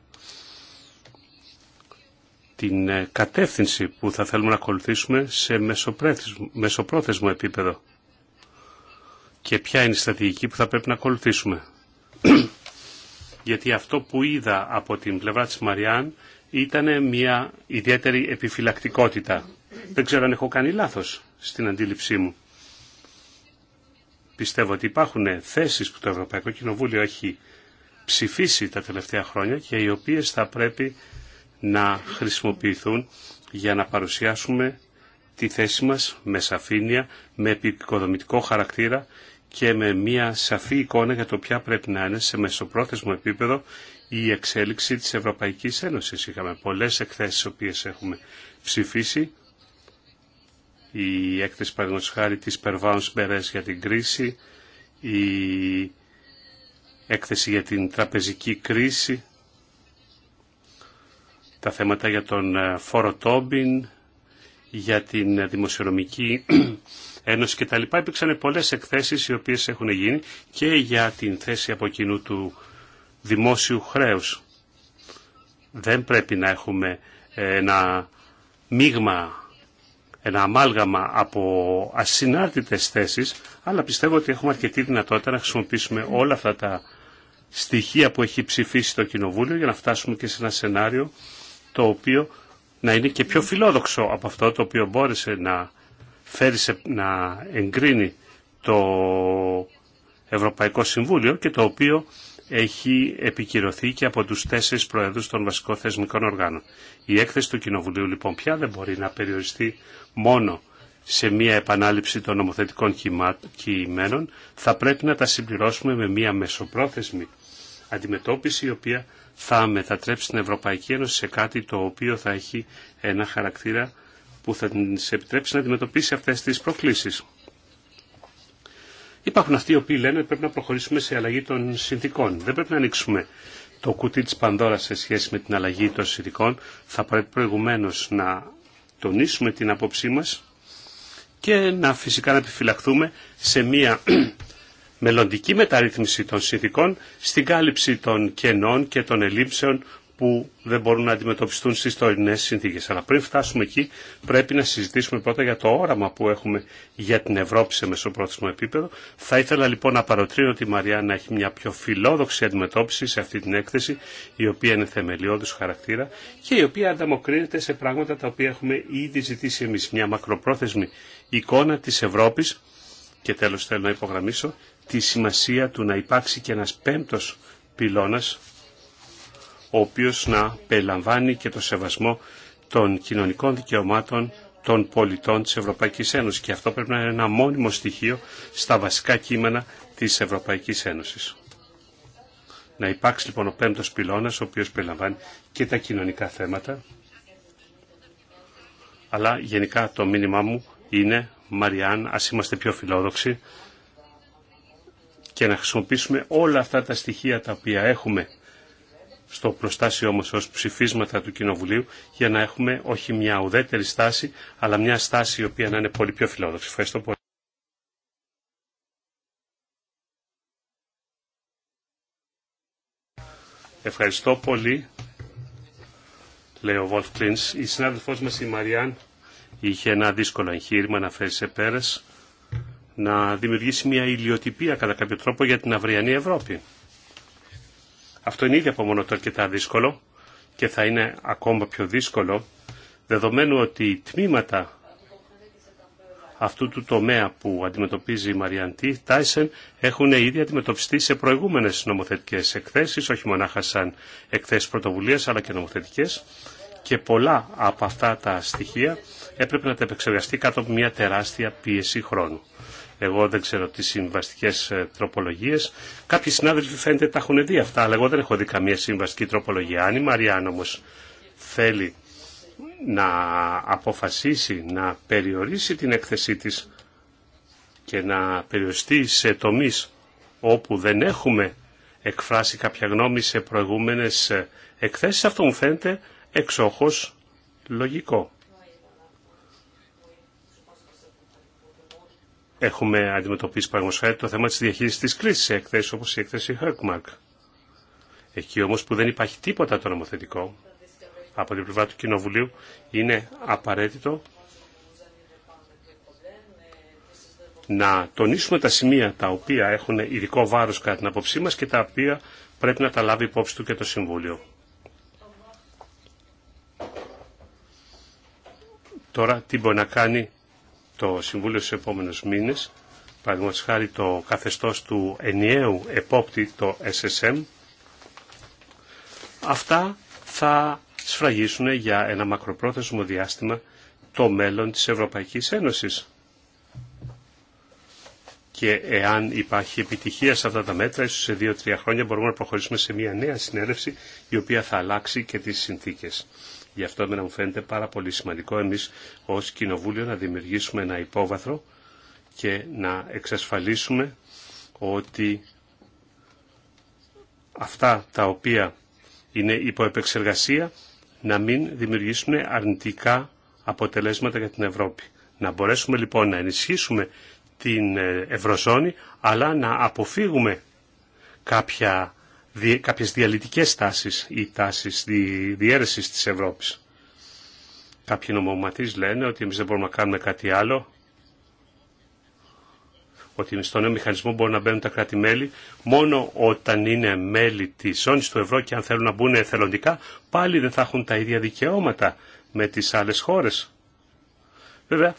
S2: την ε, κατεύθυνση που θα θέλουμε να ακολουθήσουμε σε μεσοπρόθεσμο επίπεδο και ποια είναι η στρατηγική που θα πρέπει να ακολουθήσουμε. Γιατί αυτό που είδα από την πλευρά της Μαριάν ήταν μια ιδιαίτερη επιφυλακτικότητα δεν ξέρω αν έχω κάνει λάθος στην αντίληψή μου. Πιστεύω ότι υπάρχουν θέσεις που το Ευρωπαϊκό Κοινοβούλιο έχει ψηφίσει τα τελευταία χρόνια και οι οποίες θα πρέπει να χρησιμοποιηθούν για να παρουσιάσουμε τη θέση μας με σαφήνεια, με επικοδομητικό χαρακτήρα και με μια σαφή εικόνα για το ποια πρέπει να είναι σε μεσοπρόθεσμο επίπεδο η εξέλιξη της Ευρωπαϊκής Ένωσης. Είχαμε πολλές εκθέσεις οποίες έχουμε ψηφίσει η έκθεση παραδείγματος χάρη της Περβάνς Μπερές για την κρίση, η έκθεση για την τραπεζική κρίση, τα θέματα για τον ε, φόρο Τόμπιν, για την ε, δημοσιονομική ένωση κτλ. Υπήρξαν πολλές εκθέσεις οι οποίες έχουν γίνει και για την θέση από κοινού του δημόσιου χρέους. Δεν πρέπει να έχουμε ε, ένα μείγμα ένα αμάλγαμα από ασυνάρτητες θέσεις, αλλά πιστεύω ότι έχουμε αρκετή δυνατότητα να χρησιμοποιήσουμε όλα αυτά τα στοιχεία που έχει ψηφίσει το Κοινοβούλιο για να φτάσουμε και σε ένα σενάριο το οποίο να είναι και πιο φιλόδοξο από αυτό το οποίο μπόρεσε να, φέρει σε, να εγκρίνει το Ευρωπαϊκό Συμβούλιο και το οποίο έχει επικυρωθεί και από τους τέσσερις προέδρους των βασικών θεσμικών οργάνων. Η έκθεση του Κοινοβουλίου λοιπόν πια δεν μπορεί να περιοριστεί μόνο σε μια επανάληψη των νομοθετικών κειμένων, θα πρέπει να τα συμπληρώσουμε με μια μεσοπρόθεσμη αντιμετώπιση η οποία θα μετατρέψει την Ευρωπαϊκή Ένωση σε κάτι το οποίο θα έχει ένα χαρακτήρα που θα την επιτρέψει να αντιμετωπίσει αυτές τις προκλήσεις. Υπάρχουν αυτοί οι οποίοι λένε ότι πρέπει να προχωρήσουμε σε αλλαγή των συνθήκων. Δεν πρέπει να ανοίξουμε το κουτί της Πανδώρας σε σχέση με την αλλαγή των συνθήκων. Θα πρέπει προηγουμένως να τονίσουμε την απόψή μας και να φυσικά να επιφυλαχθούμε σε μια μελλοντική μεταρρύθμιση των συνθήκων στην κάλυψη των κενών και των ελλείψεων που δεν μπορούν να αντιμετωπιστούν στις τωρινές συνθήκες. Αλλά πριν φτάσουμε εκεί πρέπει να συζητήσουμε πρώτα για το όραμα που έχουμε για την Ευρώπη σε μεσοπρόθεσμο επίπεδο. Θα ήθελα λοιπόν να παροτρύνω τη Μαριά να έχει μια πιο φιλόδοξη αντιμετώπιση σε αυτή την έκθεση η οποία είναι θεμελιώδης χαρακτήρα και η οποία ανταμοκρίνεται σε πράγματα τα οποία έχουμε ήδη ζητήσει εμείς. Μια μακροπρόθεσμη εικόνα της Ευρώπης και τέλος θέλω να υπογραμμίσω τη σημασία του να υπάρξει και ένας πέμπτος πυλώνας ο οποίος να περιλαμβάνει και το σεβασμό των κοινωνικών δικαιωμάτων των πολιτών της Ευρωπαϊκής Ένωσης και αυτό πρέπει να είναι ένα μόνιμο στοιχείο στα βασικά κείμενα της Ευρωπαϊκής Ένωσης. Να υπάρξει λοιπόν ο πέμπτος πυλώνας, ο οποίος περιλαμβάνει και τα κοινωνικά θέματα, αλλά γενικά το μήνυμά μου είναι, Μαριάν, ας είμαστε πιο φιλόδοξοι και να χρησιμοποιήσουμε όλα αυτά τα στοιχεία τα οποία έχουμε στο προστάσιο όμως ως ψηφίσματα του Κοινοβουλίου για να έχουμε όχι μια ουδέτερη στάση, αλλά μια στάση η οποία να είναι πολύ πιο φιλόδοξη. Ευχαριστώ πολύ. Ευχαριστώ πολύ, λέει ο Βολφ Κλίνς. Η συνάδελφός μας η Μαριάν είχε ένα δύσκολο εγχείρημα να φέρει σε πέρας να δημιουργήσει μια ηλιοτυπία κατά κάποιο τρόπο για την αυριανή Ευρώπη. Αυτό είναι ήδη από μόνο το αρκετά δύσκολο και θα είναι ακόμα πιο δύσκολο δεδομένου ότι οι τμήματα αυτού του τομέα που αντιμετωπίζει η Μαριαντή Τάισεν έχουν ήδη αντιμετωπιστεί σε προηγούμενες νομοθετικές εκθέσεις, όχι μονάχα σαν εκθέσεις πρωτοβουλίας αλλά και νομοθετικές και πολλά από αυτά τα στοιχεία έπρεπε να τα επεξεργαστεί κάτω από μια τεράστια πίεση χρόνου. Εγώ δεν ξέρω τι συμβαστικέ ε, τροπολογίε. Κάποιοι συνάδελφοι φαίνεται τα έχουν δει αυτά, αλλά εγώ δεν έχω δει καμία συμβαστική τροπολογία. Αν η Μαριάν όμω θέλει να αποφασίσει να περιορίσει την έκθεσή της και να περιοριστεί σε τομεί όπου δεν έχουμε εκφράσει κάποια γνώμη σε προηγούμενες ε, εκθέσεις, αυτό μου φαίνεται εξόχως λογικό. Έχουμε αντιμετωπίσει παραγωγικά το θέμα της διαχείρισης της κρίσης σε εκθέσεις όπως η εκθέση Hercmark. Εκεί όμως που δεν υπάρχει τίποτα το νομοθετικό από την πλευρά του Κοινοβουλίου είναι απαραίτητο να τονίσουμε τα σημεία τα οποία έχουν ειδικό βάρος κατά την απόψή μας και τα οποία πρέπει να τα λάβει υπόψη του και το Συμβούλιο. Τώρα τι μπορεί να κάνει το Συμβούλιο στους επόμενους μήνες, παραδείγματος χάρη το καθεστώς του ενιαίου επόπτη, το SSM, αυτά θα σφραγίσουν για ένα μακροπρόθεσμο διάστημα το μέλλον της Ευρωπαϊκής Ένωσης. Και εάν υπάρχει επιτυχία σε αυτά τα μέτρα, ίσως σε δύο-τρία χρόνια μπορούμε να προχωρήσουμε σε μια νέα συνέλευση η οποία θα αλλάξει και τις συνθήκες. Γι' αυτό να μου φαίνεται πάρα πολύ σημαντικό εμείς ως Κοινοβούλιο να δημιουργήσουμε ένα υπόβαθρο και να εξασφαλίσουμε ότι αυτά τα οποία είναι υπό επεξεργασία να μην δημιουργήσουν αρνητικά αποτελέσματα για την Ευρώπη. Να μπορέσουμε λοιπόν να ενισχύσουμε την ε, Ευρωζώνη αλλά να αποφύγουμε κάποια κάποιες διαλυτικές τάσεις ή τάσεις διέρεσης της Ευρώπης. Κάποιοι νομοματείς λένε ότι εμείς δεν μπορούμε να κάνουμε κάτι άλλο, ότι στον νέο μηχανισμό μπορούν να μπαίνουν τα κράτη-μέλη μόνο όταν είναι μέλη της ζώνης του ευρώ και αν θέλουν να μπουν εθελοντικά, πάλι δεν θα έχουν τα ίδια δικαιώματα με τις άλλες χώρες. Βέβαια,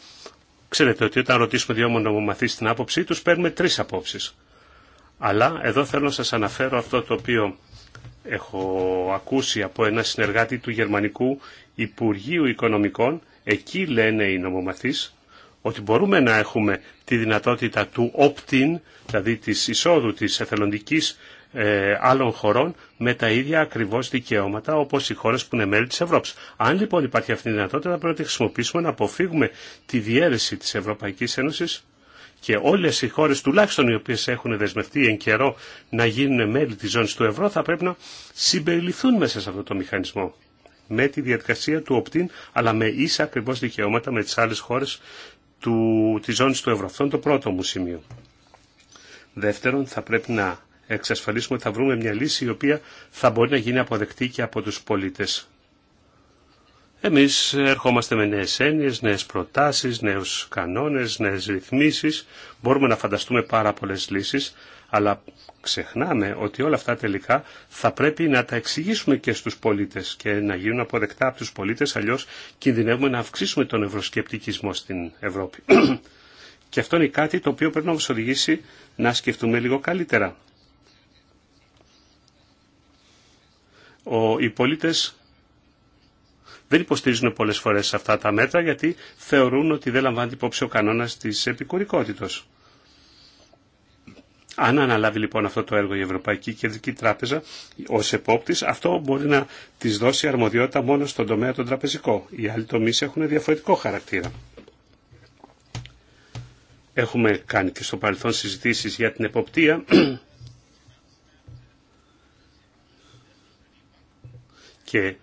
S2: ξέρετε ότι όταν ρωτήσουμε δύο μονομαθείς την άποψή τους, παίρνουμε τρεις απόψεις. Αλλά εδώ θέλω να σας αναφέρω αυτό το οποίο έχω ακούσει από ένα συνεργάτη του Γερμανικού Υπουργείου Οικονομικών. Εκεί λένε οι νομομαθείς ότι μπορούμε να έχουμε τη δυνατότητα του opt-in, δηλαδή της εισόδου της εθελοντικής ε, άλλων χωρών με τα ίδια ακριβώς δικαιώματα όπως οι χώρες που είναι μέλη της Ευρώπης. Αν λοιπόν υπάρχει αυτή η δυνατότητα πρέπει να τη χρησιμοποιήσουμε να αποφύγουμε τη διαίρεση της Ευρωπαϊκής Ένωσης και όλες οι χώρες τουλάχιστον οι οποίες έχουν δεσμευτεί εν καιρό να γίνουν μέλη της ζώνης του ευρώ θα πρέπει να συμπεριληφθούν μέσα σε αυτό το μηχανισμό με τη διαδικασία του opt αλλά με ίσα ακριβώς δικαιώματα με τις άλλες χώρες του, της ζώνης του ευρώ. Αυτό είναι το πρώτο μου σημείο. Δεύτερον, θα πρέπει να εξασφαλίσουμε ότι θα βρούμε μια λύση η οποία θα μπορεί να γίνει αποδεκτή και από τους πολίτες. Εμείς ερχόμαστε με νέες έννοιες, νέες προτάσεις, νέους κανόνες, νέες ρυθμίσεις. Μπορούμε να φανταστούμε πάρα πολλές λύσεις, αλλά ξεχνάμε ότι όλα αυτά τελικά θα πρέπει να τα εξηγήσουμε και στους πολίτες και να γίνουν αποδεκτά από τους πολίτες, αλλιώς κινδυνεύουμε να αυξήσουμε τον ευρωσκεπτικισμό στην Ευρώπη. και αυτό είναι κάτι το οποίο πρέπει να μας οδηγήσει να σκεφτούμε λίγο καλύτερα. Ο, οι πολίτες δεν υποστηρίζουν πολλές φορές αυτά τα μέτρα γιατί θεωρούν ότι δεν λαμβάνει υπόψη ο κανόνας της επικουρικότητος. Αν αναλάβει λοιπόν αυτό το έργο η Ευρωπαϊκή Κεντρική Τράπεζα ω επόπτη, αυτό μπορεί να τη δώσει αρμοδιότητα μόνο στον τομέα τον τραπεζικό. Οι άλλοι τομεί έχουν διαφορετικό χαρακτήρα. Έχουμε κάνει και στο παρελθόν συζητήσεις για την εποπτεία και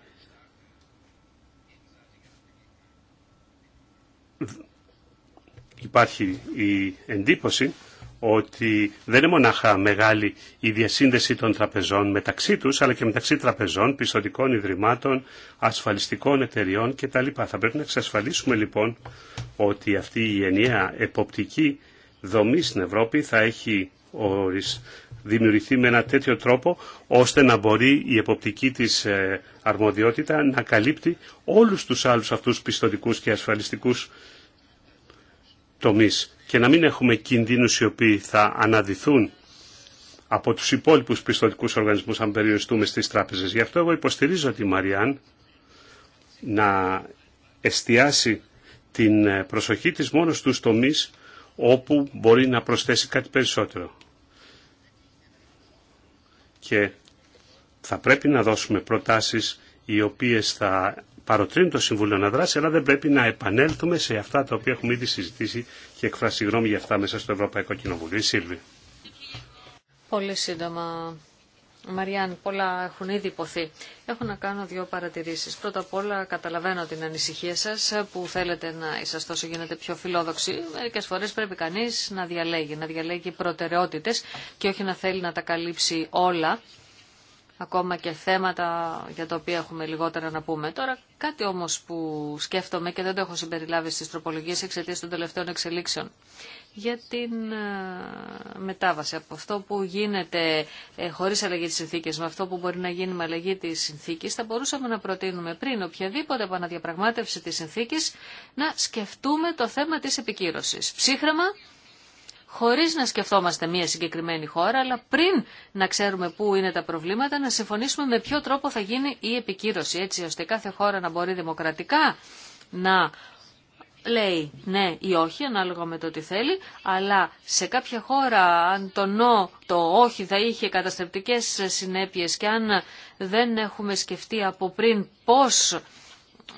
S2: υπάρχει η εντύπωση ότι δεν είναι μονάχα μεγάλη η διασύνδεση των τραπεζών μεταξύ τους, αλλά και μεταξύ τραπεζών, πιστοτικών ιδρυμάτων, ασφαλιστικών εταιριών κτλ. Θα πρέπει να εξασφαλίσουμε λοιπόν ότι αυτή η ενιαία εποπτική δομή στην Ευρώπη θα έχει, ορισ δημιουργηθεί με ένα τέτοιο τρόπο ώστε να μπορεί η εποπτική της ε, αρμοδιότητα να καλύπτει όλους τους άλλους αυτούς πιστοτικούς και ασφαλιστικούς τομείς και να μην έχουμε κινδύνους οι οποίοι θα αναδυθούν από τους υπόλοιπους πιστοτικούς οργανισμούς αν περιοριστούμε στις τράπεζες. Γι' αυτό εγώ υποστηρίζω τη Μαριάν να εστιάσει την ε, προσοχή της μόνο στους τομείς όπου μπορεί να προσθέσει κάτι περισσότερο και θα πρέπει να δώσουμε προτάσεις οι οποίες θα παροτρύνουν το Συμβούλιο να δράσει, αλλά δεν πρέπει να επανέλθουμε σε αυτά τα οποία έχουμε ήδη συζητήσει και εκφράσει γνώμη για αυτά μέσα στο Ευρωπαϊκό Κοινοβούλιο. Η Σύλβη.
S3: Πολύ σύντομα, Μαριάν, πολλά έχουν ήδη υποθεί. Έχω να κάνω δύο παρατηρήσεις. Πρώτα απ' όλα καταλαβαίνω την ανησυχία σας που θέλετε να είσαστε όσο γίνεται πιο φιλόδοξοι. Μερικές φορές πρέπει κανείς να διαλέγει, να διαλέγει προτεραιότητες και όχι να θέλει να τα καλύψει όλα, ακόμα και θέματα για τα οποία έχουμε λιγότερα να πούμε. Τώρα κάτι όμω που σκέφτομαι και δεν το έχω συμπεριλάβει στι τροπολογίε εξαιτία των τελευταίων εξελίξεων για την ε, μετάβαση από αυτό που γίνεται ε, χωρίς αλλαγή της συνθήκης με αυτό που μπορεί να γίνει με αλλαγή της συνθήκης θα μπορούσαμε να προτείνουμε πριν οποιαδήποτε επαναδιαπραγμάτευση της συνθήκης να σκεφτούμε το θέμα της επικύρωσης. Ψύχραμα χωρίς να σκεφτόμαστε μία συγκεκριμένη χώρα, αλλά πριν να ξέρουμε πού είναι τα προβλήματα, να συμφωνήσουμε με ποιο τρόπο θα γίνει η επικύρωση, έτσι ώστε κάθε χώρα να μπορεί δημοκρατικά να λέει ναι ή όχι, ανάλογα με το τι θέλει, αλλά σε κάποια χώρα αν το νο, το όχι θα είχε καταστρεπτικές συνέπειες και αν δεν έχουμε σκεφτεί από πριν πώς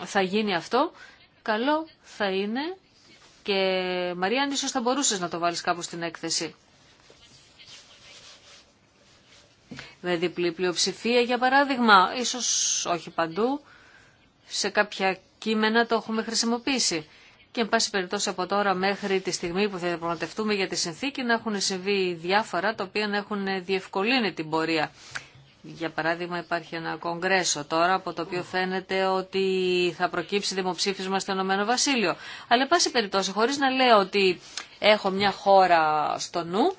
S3: θα γίνει αυτό, καλό θα είναι και αν ίσως θα μπορούσες να το βάλεις κάπου στην έκθεση. Με διπλή πλειοψηφία για παράδειγμα, ίσως όχι παντού, σε κάποια κείμενα το έχουμε χρησιμοποιήσει και εν πάση περιπτώσει από τώρα μέχρι τη στιγμή που θα διαπραγματευτούμε για τη συνθήκη να έχουν συμβεί διάφορα τα οποία να έχουν διευκολύνει την πορεία. Για παράδειγμα υπάρχει ένα κογκρέσο τώρα από το οποίο φαίνεται ότι θα προκύψει δημοψήφισμα στο Ηνωμένο Βασίλειο. Αλλά εν πάση περιπτώσει χωρίς να λέω ότι έχω μια χώρα στο νου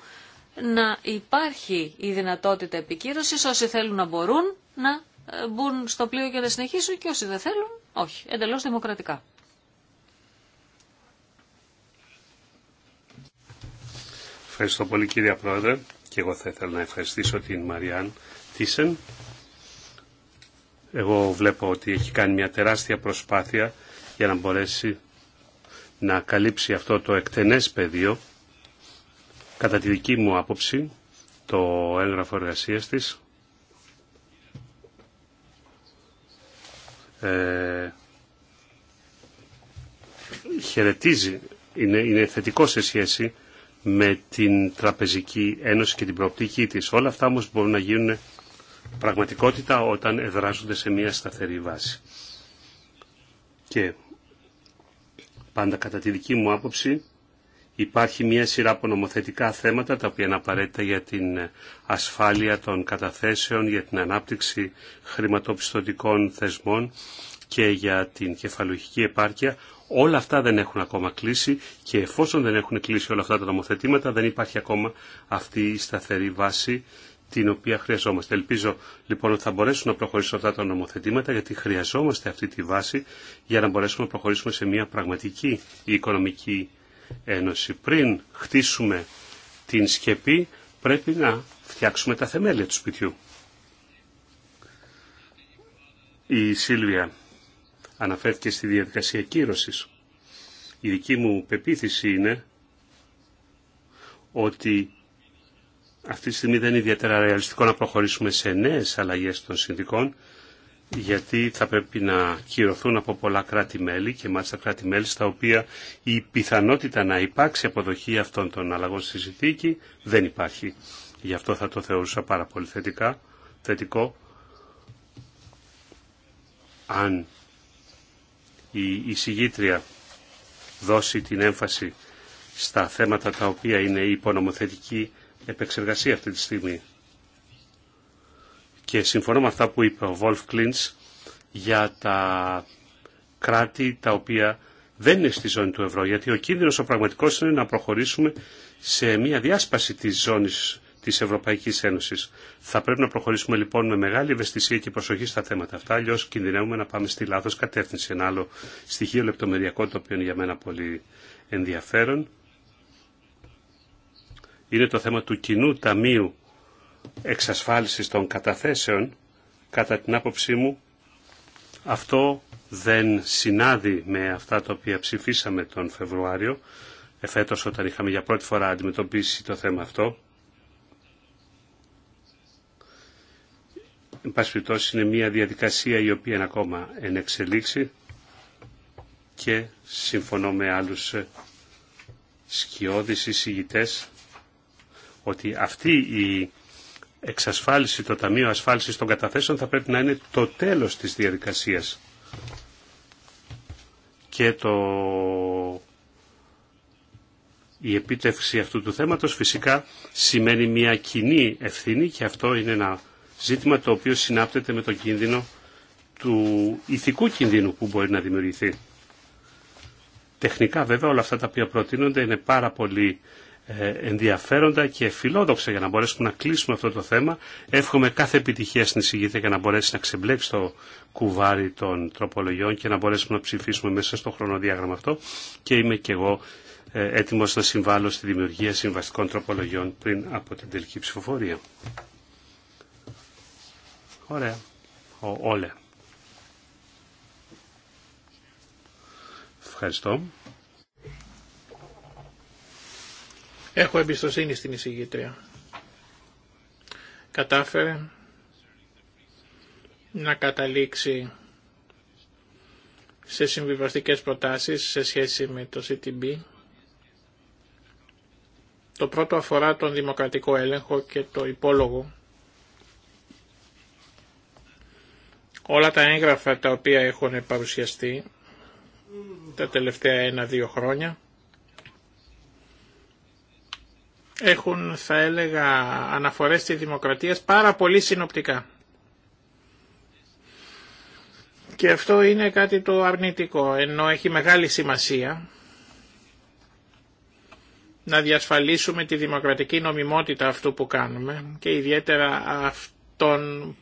S3: να υπάρχει η δυνατότητα επικύρωσης όσοι θέλουν να μπορούν να ε, μπουν στο πλοίο και να συνεχίσουν και όσοι δεν θέλουν όχι, εντελώς δημοκρατικά.
S2: Ευχαριστώ πολύ κύριε Πρόεδρε και εγώ θα ήθελα να ευχαριστήσω την Μαριάν Τίσεν. Εγώ βλέπω ότι έχει κάνει μια τεράστια προσπάθεια για να μπορέσει να καλύψει αυτό το εκτενές πεδίο. Κατά τη δική μου άποψη, το έγγραφο εργασίας της ε, χαιρετίζει, είναι, είναι θετικό σε σχέση με την Τραπεζική Ένωση και την προοπτική της. Όλα αυτά όμως μπορούν να γίνουν πραγματικότητα όταν εδράζονται σε μια σταθερή βάση. Και πάντα κατά τη δική μου άποψη υπάρχει μια σειρά από νομοθετικά θέματα τα οποία είναι απαραίτητα για την ασφάλεια των καταθέσεων, για την ανάπτυξη χρηματοπιστωτικών θεσμών και για την κεφαλουχική επάρκεια. Όλα αυτά δεν έχουν ακόμα κλείσει και εφόσον δεν έχουν κλείσει όλα αυτά τα νομοθετήματα δεν υπάρχει ακόμα αυτή η σταθερή βάση την οποία χρειαζόμαστε. Ελπίζω λοιπόν ότι θα μπορέσουν να προχωρήσουν αυτά τα νομοθετήματα γιατί χρειαζόμαστε αυτή τη βάση για να μπορέσουμε να προχωρήσουμε σε μια πραγματική οικονομική ένωση. Πριν χτίσουμε την σκεπή πρέπει να φτιάξουμε τα θεμέλια του σπιτιού. Η Σίλβια αναφέρθηκε στη διαδικασία κύρωσης. Η δική μου πεποίθηση είναι ότι αυτή τη στιγμή δεν είναι ιδιαίτερα ρεαλιστικό να προχωρήσουμε σε νέες αλλαγές των συνδικών γιατί θα πρέπει να κυρωθούν από πολλά κράτη-μέλη και μάλιστα κράτη-μέλη στα οποία η πιθανότητα να υπάρξει αποδοχή αυτών των αλλαγών στη συνθήκη δεν υπάρχει. Γι' αυτό θα το θεωρούσα πάρα πολύ θετικό αν η εισηγήτρια δώσει την έμφαση στα θέματα τα οποία είναι υπονομοθετική επεξεργασία αυτή τη στιγμή. Και συμφωνώ με αυτά που είπε ο Βολφ Κλίντς για τα κράτη τα οποία δεν είναι στη ζώνη του ευρώ, γιατί ο κίνδυνος ο πραγματικός είναι να προχωρήσουμε σε μια διάσπαση της ζώνης Τη Ευρωπαϊκή Ένωση. Θα πρέπει να προχωρήσουμε λοιπόν με μεγάλη ευαισθησία και προσοχή στα θέματα αυτά, αλλιώ κινδυνεύουμε να πάμε στη Λάθο. κατεύθυνση. Ένα άλλο στοιχείο λεπτομεριακό το οποίο είναι για μένα πολύ ενδιαφέρον είναι το θέμα του κοινού ταμείου εξασφάλισης των καταθέσεων. Κατά την άποψή μου αυτό δεν συνάδει με αυτά τα οποία ψηφίσαμε τον Φεβρουάριο εφέτος όταν είχαμε για πρώτη φορά αντιμετωπίσει το θέμα αυτό Εν είναι μια διαδικασία η οποία είναι ακόμα εν και συμφωνώ με άλλους σκιώδεις εισηγητές ότι αυτή η εξασφάλιση, το Ταμείο Ασφάλισης των Καταθέσεων θα πρέπει να είναι το τέλος της διαδικασίας. Και το... η επίτευξη αυτού του θέματος φυσικά σημαίνει μια κοινή ευθύνη και αυτό είναι ένα ζήτημα το οποίο συνάπτεται με το κίνδυνο του ηθικού κινδύνου που μπορεί να δημιουργηθεί. Τεχνικά βέβαια όλα αυτά τα οποία προτείνονται είναι πάρα πολύ ε, ενδιαφέροντα και φιλόδοξα για να μπορέσουμε να κλείσουμε αυτό το θέμα. Εύχομαι κάθε επιτυχία στην εισηγήθεια για να μπορέσει να ξεμπλέξει το κουβάρι των τροπολογιών και να μπορέσουμε να ψηφίσουμε μέσα στο χρονοδιάγραμμα αυτό και είμαι και εγώ ε, έτοιμος να συμβάλλω στη δημιουργία συμβαστικών τροπολογιών πριν από την τελική ψηφοφορία. Ωραία. Ο Όλε. Ευχαριστώ.
S4: Έχω εμπιστοσύνη στην εισηγήτρια. Κατάφερε να καταλήξει σε συμβιβαστικές προτάσεις σε σχέση με το CTB. Το πρώτο αφορά τον δημοκρατικό έλεγχο και το υπόλογο Όλα τα έγγραφα τα οποία έχουν παρουσιαστεί τα τελευταία ένα-δύο χρόνια έχουν θα έλεγα αναφορές της δημοκρατίας πάρα πολύ συνοπτικά. Και αυτό είναι κάτι το αρνητικό, ενώ έχει μεγάλη σημασία να διασφαλίσουμε τη δημοκρατική νομιμότητα αυτού που κάνουμε και ιδιαίτερα αυτών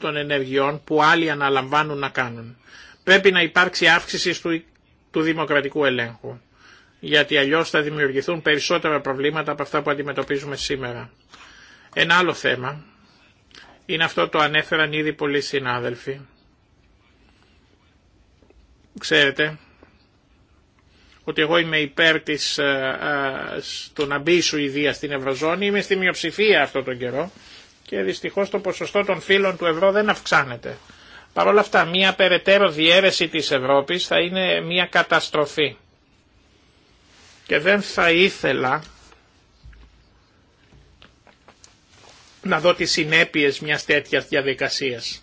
S4: των ενεργειών που άλλοι αναλαμβάνουν να κάνουν. Πρέπει να υπάρξει αύξηση του, του δημοκρατικού ελέγχου, γιατί αλλιώς θα δημιουργηθούν περισσότερα προβλήματα από αυτά που αντιμετωπίζουμε σήμερα. Ένα άλλο θέμα είναι αυτό το ανέφεραν ήδη πολλοί συνάδελφοι. Ξέρετε ότι εγώ είμαι υπέρ της, α, ε, α, ε, του να μπει η Σουηδία στην Ευρωζώνη, είμαι στη μειοψηφία αυτό τον καιρό και δυστυχώ το ποσοστό των φίλων του ευρώ δεν αυξάνεται. Παρ' όλα αυτά μια περαιτέρω διέρεση της Ευρώπης θα είναι μια καταστροφή. Και δεν θα ήθελα να δω τις συνέπειες μιας τέτοιας διαδικασίας.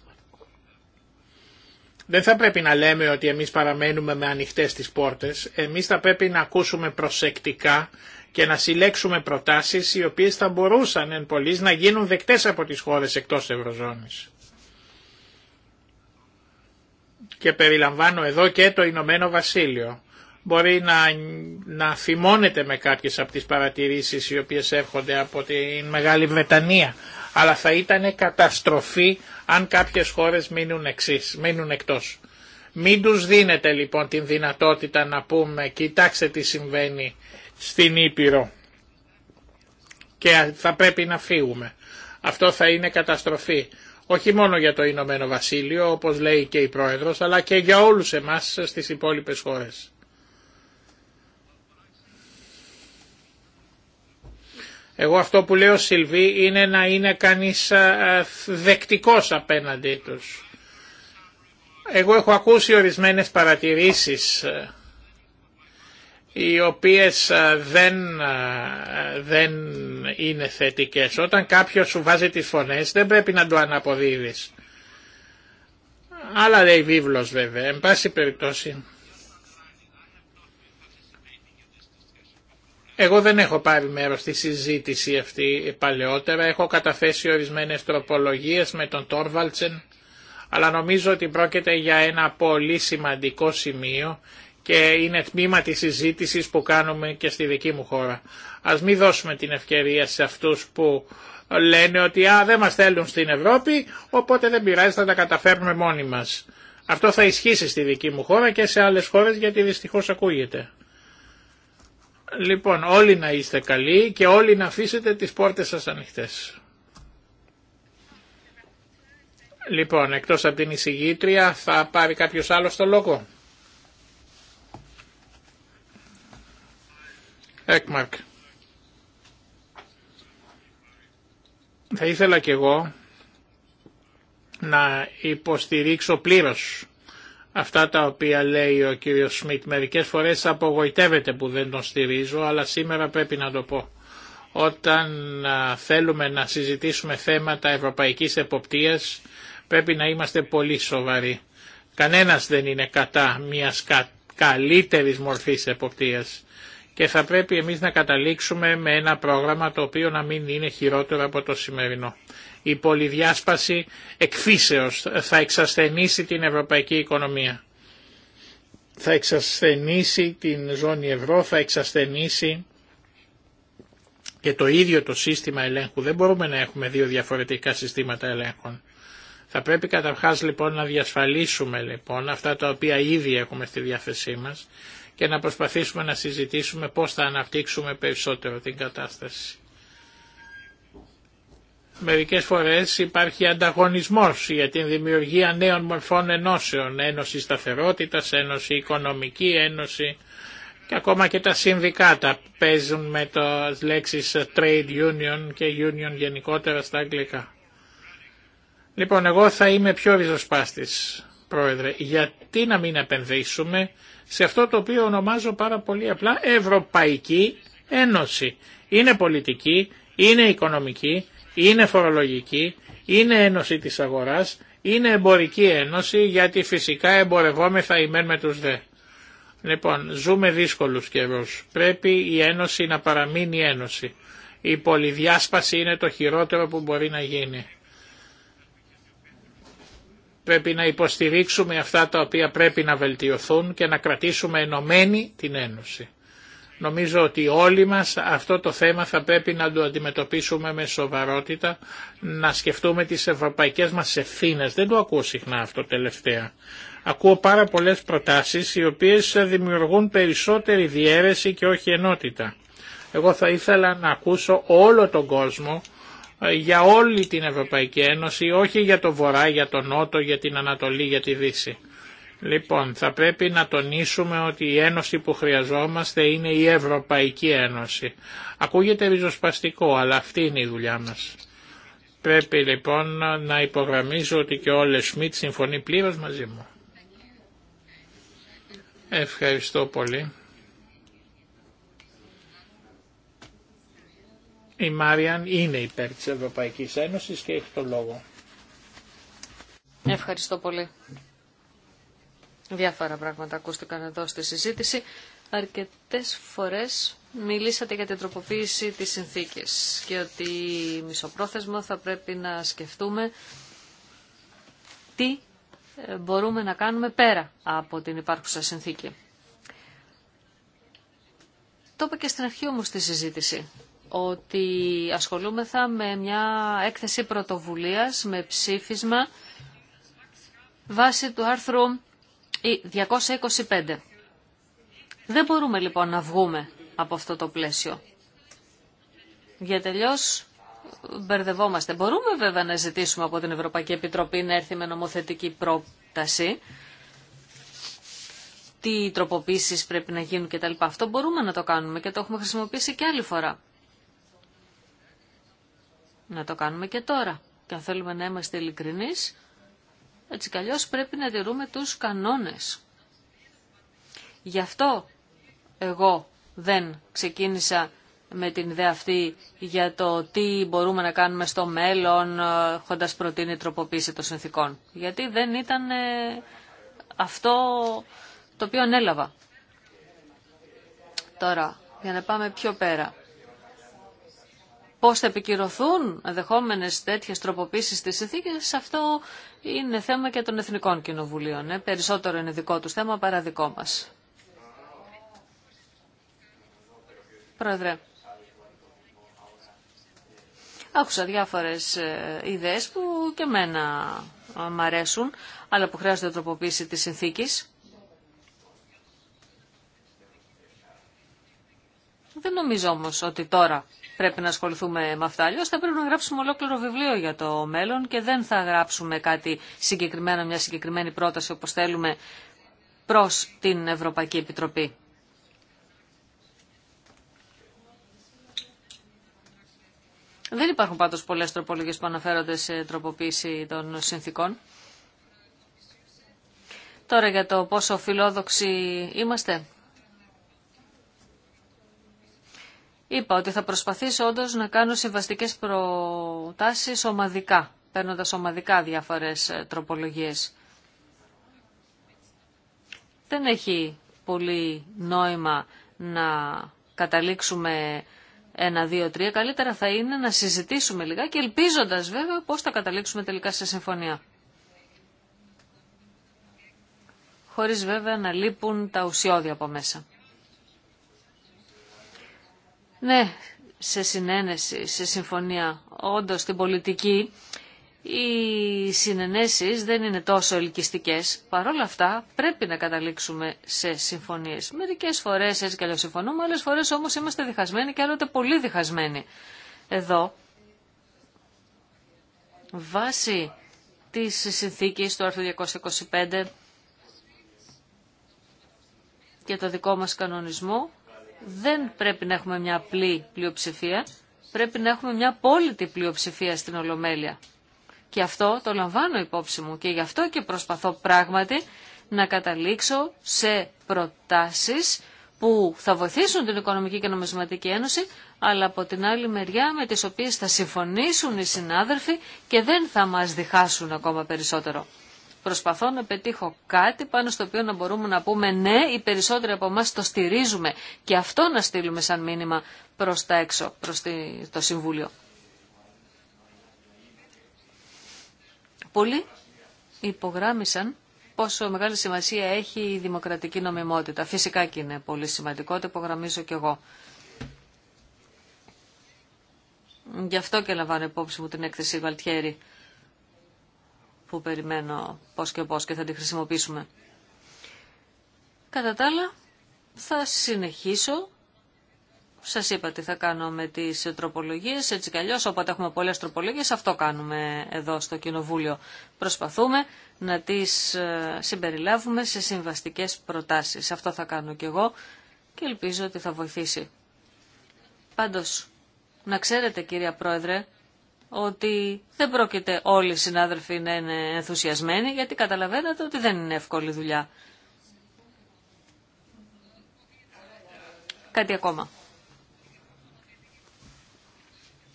S4: Δεν θα πρέπει να λέμε ότι εμείς παραμένουμε με ανοιχτές τις πόρτες, εμείς θα πρέπει να ακούσουμε προσεκτικά και να συλλέξουμε προτάσεις οι οποίες θα μπορούσαν εν πολλής να γίνουν δεκτές από τις χώρες εκτός Ευρωζώνης. Και περιλαμβάνω εδώ και το Ηνωμένο Βασίλειο. Μπορεί να, να θυμώνεται με κάποιες από τις παρατηρήσεις οι οποίες έρχονται από τη Μεγάλη Βρετανία, αλλά θα ήταν καταστροφή αν κάποιες χώρες μείνουν, εξής, μείνουν εκτός. Μην τους δίνετε λοιπόν την δυνατότητα να πούμε κοιτάξτε τι συμβαίνει στην Ήπειρο και θα πρέπει να φύγουμε. Αυτό θα είναι καταστροφή. Όχι μόνο για το Ηνωμένο Βασίλειο, όπως λέει και η Πρόεδρος, αλλά και για όλους εμάς στις υπόλοιπες χώρες. Εγώ αυτό που λέω Σιλβί είναι να είναι κανείς δεκτικός απέναντί τους. Εγώ έχω ακούσει ορισμένες παρατηρήσεις οι οποίες ε, δεν, ε, δεν είναι θετικές. Όταν κάποιος σου βάζει τις φωνές δεν πρέπει να το αναποδίδεις. Άλλα λέει βίβλος βέβαια, εν πάση περιπτώσει. Εγώ δεν έχω πάρει μέρος στη συζήτηση αυτή παλαιότερα, έχω καταθέσει ορισμένες τροπολογίες με τον Τόρβαλτσεν, αλλά νομίζω ότι πρόκειται για ένα πολύ σημαντικό σημείο και είναι τμήμα της συζήτηση που κάνουμε και στη δική μου χώρα. Ας μην δώσουμε την ευκαιρία σε αυτούς που λένε ότι α, δεν μας θέλουν στην Ευρώπη, οπότε δεν πειράζει θα τα καταφέρνουμε μόνοι μας. Αυτό θα ισχύσει στη δική μου χώρα και σε άλλες χώρες γιατί δυστυχώς ακούγεται. Λοιπόν, όλοι να είστε καλοί και όλοι να αφήσετε τις πόρτες σας ανοιχτές. Λοιπόν, εκτός από την εισηγήτρια θα πάρει κάποιος άλλος το λόγο. Έκμαρκ. Θα ήθελα κι εγώ να υποστηρίξω πλήρως αυτά τα οποία λέει ο κύριος Σμιτ. Μερικές φορές απογοητεύεται που δεν τον στηρίζω, αλλά σήμερα πρέπει να το πω. Όταν θέλουμε να συζητήσουμε θέματα ευρωπαϊκής εποπτείας, πρέπει να είμαστε πολύ σοβαροί. Κανένας δεν είναι κατά μιας καλύτερης μορφής εποπτείας και θα πρέπει εμείς να καταλήξουμε με ένα πρόγραμμα το οποίο να μην είναι χειρότερο από το σημερινό. Η πολυδιάσπαση εκφύσεως θα εξασθενήσει την ευρωπαϊκή οικονομία. Θα εξασθενήσει την ζώνη ευρώ, θα εξασθενήσει και το ίδιο το σύστημα ελέγχου. Δεν μπορούμε να έχουμε δύο διαφορετικά συστήματα ελέγχων. Θα πρέπει καταρχάς λοιπόν να διασφαλίσουμε λοιπόν αυτά τα οποία ήδη έχουμε στη διάθεσή μας και να προσπαθήσουμε να συζητήσουμε πώς θα αναπτύξουμε περισσότερο την κατάσταση. Μερικές φορές υπάρχει ανταγωνισμός για την δημιουργία νέων μορφών ενώσεων, ένωση σταθερότητας, ένωση οικονομική, ένωση και ακόμα και τα συνδικάτα παίζουν με το λέξεις trade union και union γενικότερα στα αγγλικά. Λοιπόν, εγώ θα είμαι πιο ριζοσπάστης. Πρόεδρε, γιατί να μην επενδύσουμε σε αυτό το οποίο ονομάζω πάρα πολύ απλά Ευρωπαϊκή Ένωση. Είναι πολιτική, είναι οικονομική, είναι φορολογική, είναι ένωση της αγοράς, είναι εμπορική ένωση γιατί φυσικά εμπορευόμεθα ημέν με τους δε. Λοιπόν, ζούμε δύσκολους καιρούς. Πρέπει η ένωση να παραμείνει ένωση. Η πολυδιάσπαση είναι το χειρότερο που μπορεί να γίνει. Πρέπει να υποστηρίξουμε αυτά τα οποία πρέπει να βελτιωθούν και να κρατήσουμε ενωμένη την Ένωση. Νομίζω ότι όλοι μας αυτό το θέμα θα πρέπει να το αντιμετωπίσουμε με σοβαρότητα, να σκεφτούμε τις ευρωπαϊκές μας ευθύνε. Δεν το ακούω συχνά αυτό τελευταία. Ακούω πάρα πολλές προτάσεις οι οποίες δημιουργούν περισσότερη διαίρεση και όχι ενότητα. Εγώ θα ήθελα να ακούσω όλο τον κόσμο ε, για όλη την Ευρωπαϊκή Ένωση, όχι για το Βορρά, για τον Νότο, για την Ανατολή, για τη Δύση. Λοιπόν, θα πρέπει να τονίσουμε ότι η ένωση που χρειαζόμαστε είναι η Ευρωπαϊκή Ένωση. Ακούγεται ριζοσπαστικό, αλλά αυτή είναι η δουλειά μας. Πρέπει λοιπόν να υπογραμμίζω ότι και ο Όλε Σμιτ συμφωνεί πλήρως μαζί μου. Ευχαριστώ πολύ. Η Μάριαν είναι υπέρ της Ευρωπαϊκής Ένωσης και έχει το λόγο.
S3: Ευχαριστώ πολύ. Διάφορα πράγματα ακούστηκαν εδώ στη συζήτηση. Αρκετές φορές μιλήσατε για την τροποποίηση της συνθήκης και ότι μισοπρόθεσμα θα πρέπει να σκεφτούμε τι ε, μπορούμε να κάνουμε πέρα από την υπάρχουσα συνθήκη. Το είπα και στην αρχή όμως τη συζήτηση ότι ασχολούμεθα με μια έκθεση πρωτοβουλίας με ψήφισμα βάσει του άρθρου 225. Δεν μπορούμε λοιπόν να βγούμε από αυτό το πλαίσιο. Για τελειώς μπερδευόμαστε. Μπορούμε βέβαια να ζητήσουμε από την Ευρωπαϊκή Επιτροπή να έρθει με νομοθετική πρόταση. Τι τροποποίησεις πρέπει να γίνουν κτλ. Αυτό μπορούμε να το κάνουμε και το έχουμε χρησιμοποιήσει και άλλη φορά να το κάνουμε και τώρα. Και αν θέλουμε να είμαστε ειλικρινεί, έτσι κι πρέπει να τηρούμε τους κανόνες. Γι' αυτό εγώ δεν ξεκίνησα με την ιδέα αυτή για το τι μπορούμε να κάνουμε στο μέλλον ε, έχοντα προτείνει τροποποίηση των συνθήκων. Γιατί δεν ήταν ε, αυτό το οποίο ανέλαβα. Τώρα, για να πάμε πιο πέρα. Πώς θα επικυρωθούν δεχόμενες τέτοιες τροποποίησεις στις συνθήκες, αυτό είναι θέμα και των Εθνικών Κοινοβουλίων. Ε. Περισσότερο είναι δικό τους θέμα παρά δικό μας. Πρόεδρε, άκουσα διάφορες ε, ιδέες που και μένα ε, μ' αρέσουν, αλλά που χρειάζεται τροποποίηση της συνθήκης. Δεν νομίζω όμως ότι τώρα πρέπει να ασχοληθούμε με αυτά. Αλλιώ θα πρέπει να γράψουμε ολόκληρο βιβλίο για το μέλλον και δεν θα γράψουμε κάτι συγκεκριμένο, μια συγκεκριμένη πρόταση όπως θέλουμε προς την Ευρωπαϊκή Επιτροπή. Δεν υπάρχουν πάντως πολλέ τροπολογίε που αναφέρονται σε τροποποίηση των συνθήκων. Τώρα για το πόσο φιλόδοξοι είμαστε. Είπα ότι θα προσπαθήσω όντω να κάνω συμβαστικέ προτάσει ομαδικά, παίρνοντα ομαδικά διάφορε τροπολογίε. Δεν έχει πολύ νόημα να καταλήξουμε ένα, δύο, τρία. Καλύτερα θα είναι να συζητήσουμε λιγάκι, ελπίζοντας βέβαια πώς θα καταλήξουμε τελικά σε συμφωνία. Χωρίς βέβαια να λείπουν τα ουσιώδη από μέσα. Ναι, σε συνένεση, σε συμφωνία. Όντως, στην πολιτική οι συνενέσεις δεν είναι τόσο ελκυστικές. Παρ' όλα αυτά πρέπει να καταλήξουμε σε συμφωνίες. Μερικές φορές έτσι και συμφωνούμε, άλλες φορές όμως είμαστε διχασμένοι και άλλοτε πολύ διχασμένοι. Εδώ, βάσει της συνθήκης του άρθρου 225 και το δικό μας κανονισμό, δεν πρέπει να έχουμε μια απλή πλειοψηφία, πρέπει να έχουμε μια απόλυτη πλειοψηφία στην Ολομέλεια. Και αυτό το λαμβάνω υπόψη μου και γι' αυτό και προσπαθώ πράγματι να καταλήξω σε προτάσεις που θα βοηθήσουν την Οικονομική και Νομισματική Ένωση, αλλά από την άλλη μεριά με τις οποίες θα συμφωνήσουν οι συνάδελφοι και δεν θα μας διχάσουν ακόμα περισσότερο. Προσπαθώ να πετύχω κάτι πάνω στο οποίο να μπορούμε να πούμε ναι, οι περισσότεροι από εμά το στηρίζουμε και αυτό να στείλουμε σαν μήνυμα προς τα έξω, προς το Συμβούλιο. Πολλοί υπογράμμισαν πόσο μεγάλη σημασία έχει η δημοκρατική νομιμότητα. Φυσικά και είναι πολύ σημαντικό, το υπογραμμίζω και εγώ. Γι' αυτό και λαμβάνω υπόψη μου την έκθεση Βαλτιέρη που περιμένω πώς και πώς και θα τη χρησιμοποιήσουμε. Κατά τα άλλα, θα συνεχίσω. Σας είπα τι θα κάνω με τις τροπολογίες, έτσι κι αλλιώς, όποτε έχουμε πολλές τροπολογίες, αυτό κάνουμε εδώ στο Κοινοβούλιο. Προσπαθούμε να τις ε, συμπεριλάβουμε σε συμβαστικές προτάσεις. Αυτό θα κάνω κι εγώ και ελπίζω ότι θα βοηθήσει. Πάντως, να ξέρετε κυρία Πρόεδρε, ότι δεν πρόκειται όλοι οι συνάδελφοι να είναι ενθουσιασμένοι, γιατί καταλαβαίνετε ότι δεν είναι εύκολη δουλειά. Κάτι ακόμα.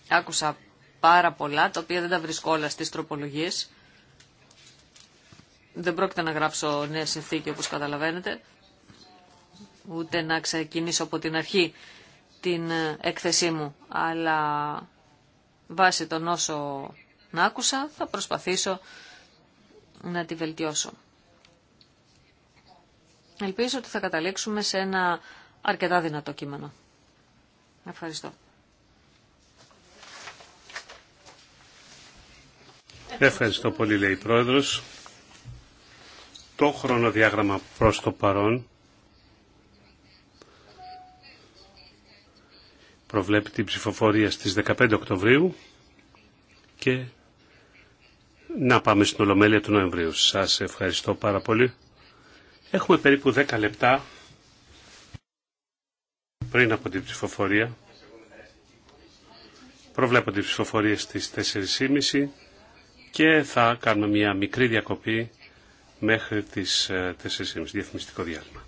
S3: Άκουσα πάρα πολλά, τα οποία δεν τα βρίσκω όλα στις τροπολογίες. Δεν πρόκειται να γράψω νέα συνθήκη, όπως καταλαβαίνετε, ούτε να ξεκινήσω από την αρχή την ε, έκθεσή μου, αλλά βάσει τον όσο να άκουσα θα προσπαθήσω να τη βελτιώσω. Ελπίζω ότι θα καταλήξουμε σε ένα αρκετά δυνατό κείμενο. Ευχαριστώ.
S2: Ευχαριστώ πολύ, λέει η Πρόεδρος. Το χρονοδιάγραμμα προς το παρόν προβλέπει την ψηφοφορία στις 15 Οκτωβρίου και να πάμε στην Ολομέλεια του Νοεμβρίου. Σας ευχαριστώ πάρα πολύ. Έχουμε περίπου 10 λεπτά πριν από την ψηφοφορία. Προβλέπω την ψηφοφορία στις 4.30 και θα κάνουμε μια μικρή διακοπή μέχρι τις 4.30 ε, διαφημιστικό διάλειμμα.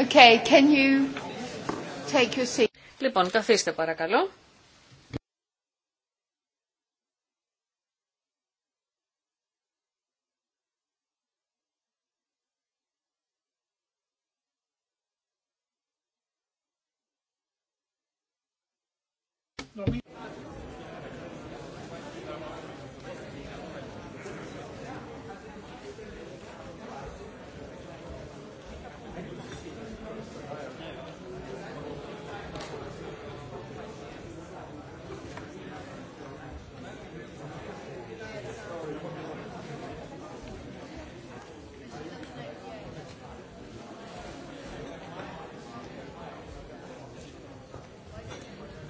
S3: Okay, can you take your seat? Λοιπόν, καθίστε παρακαλώ.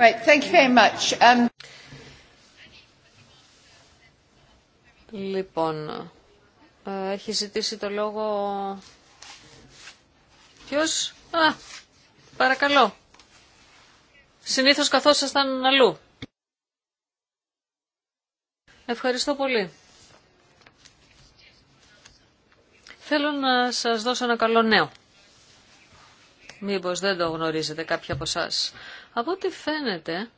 S3: Right, thank you very much. Um, λοιπόν, ε, έχει ζητήσει το λόγο... Ποιος? Α, παρακαλώ. Συνήθως καθώς αλλού. Ευχαριστώ πολύ. Θέλω να σας δώσω ένα καλό νέο. Μήπως δεν το γνωρίζετε κάποιοι από εσάς. Από ό,τι φαίνεται,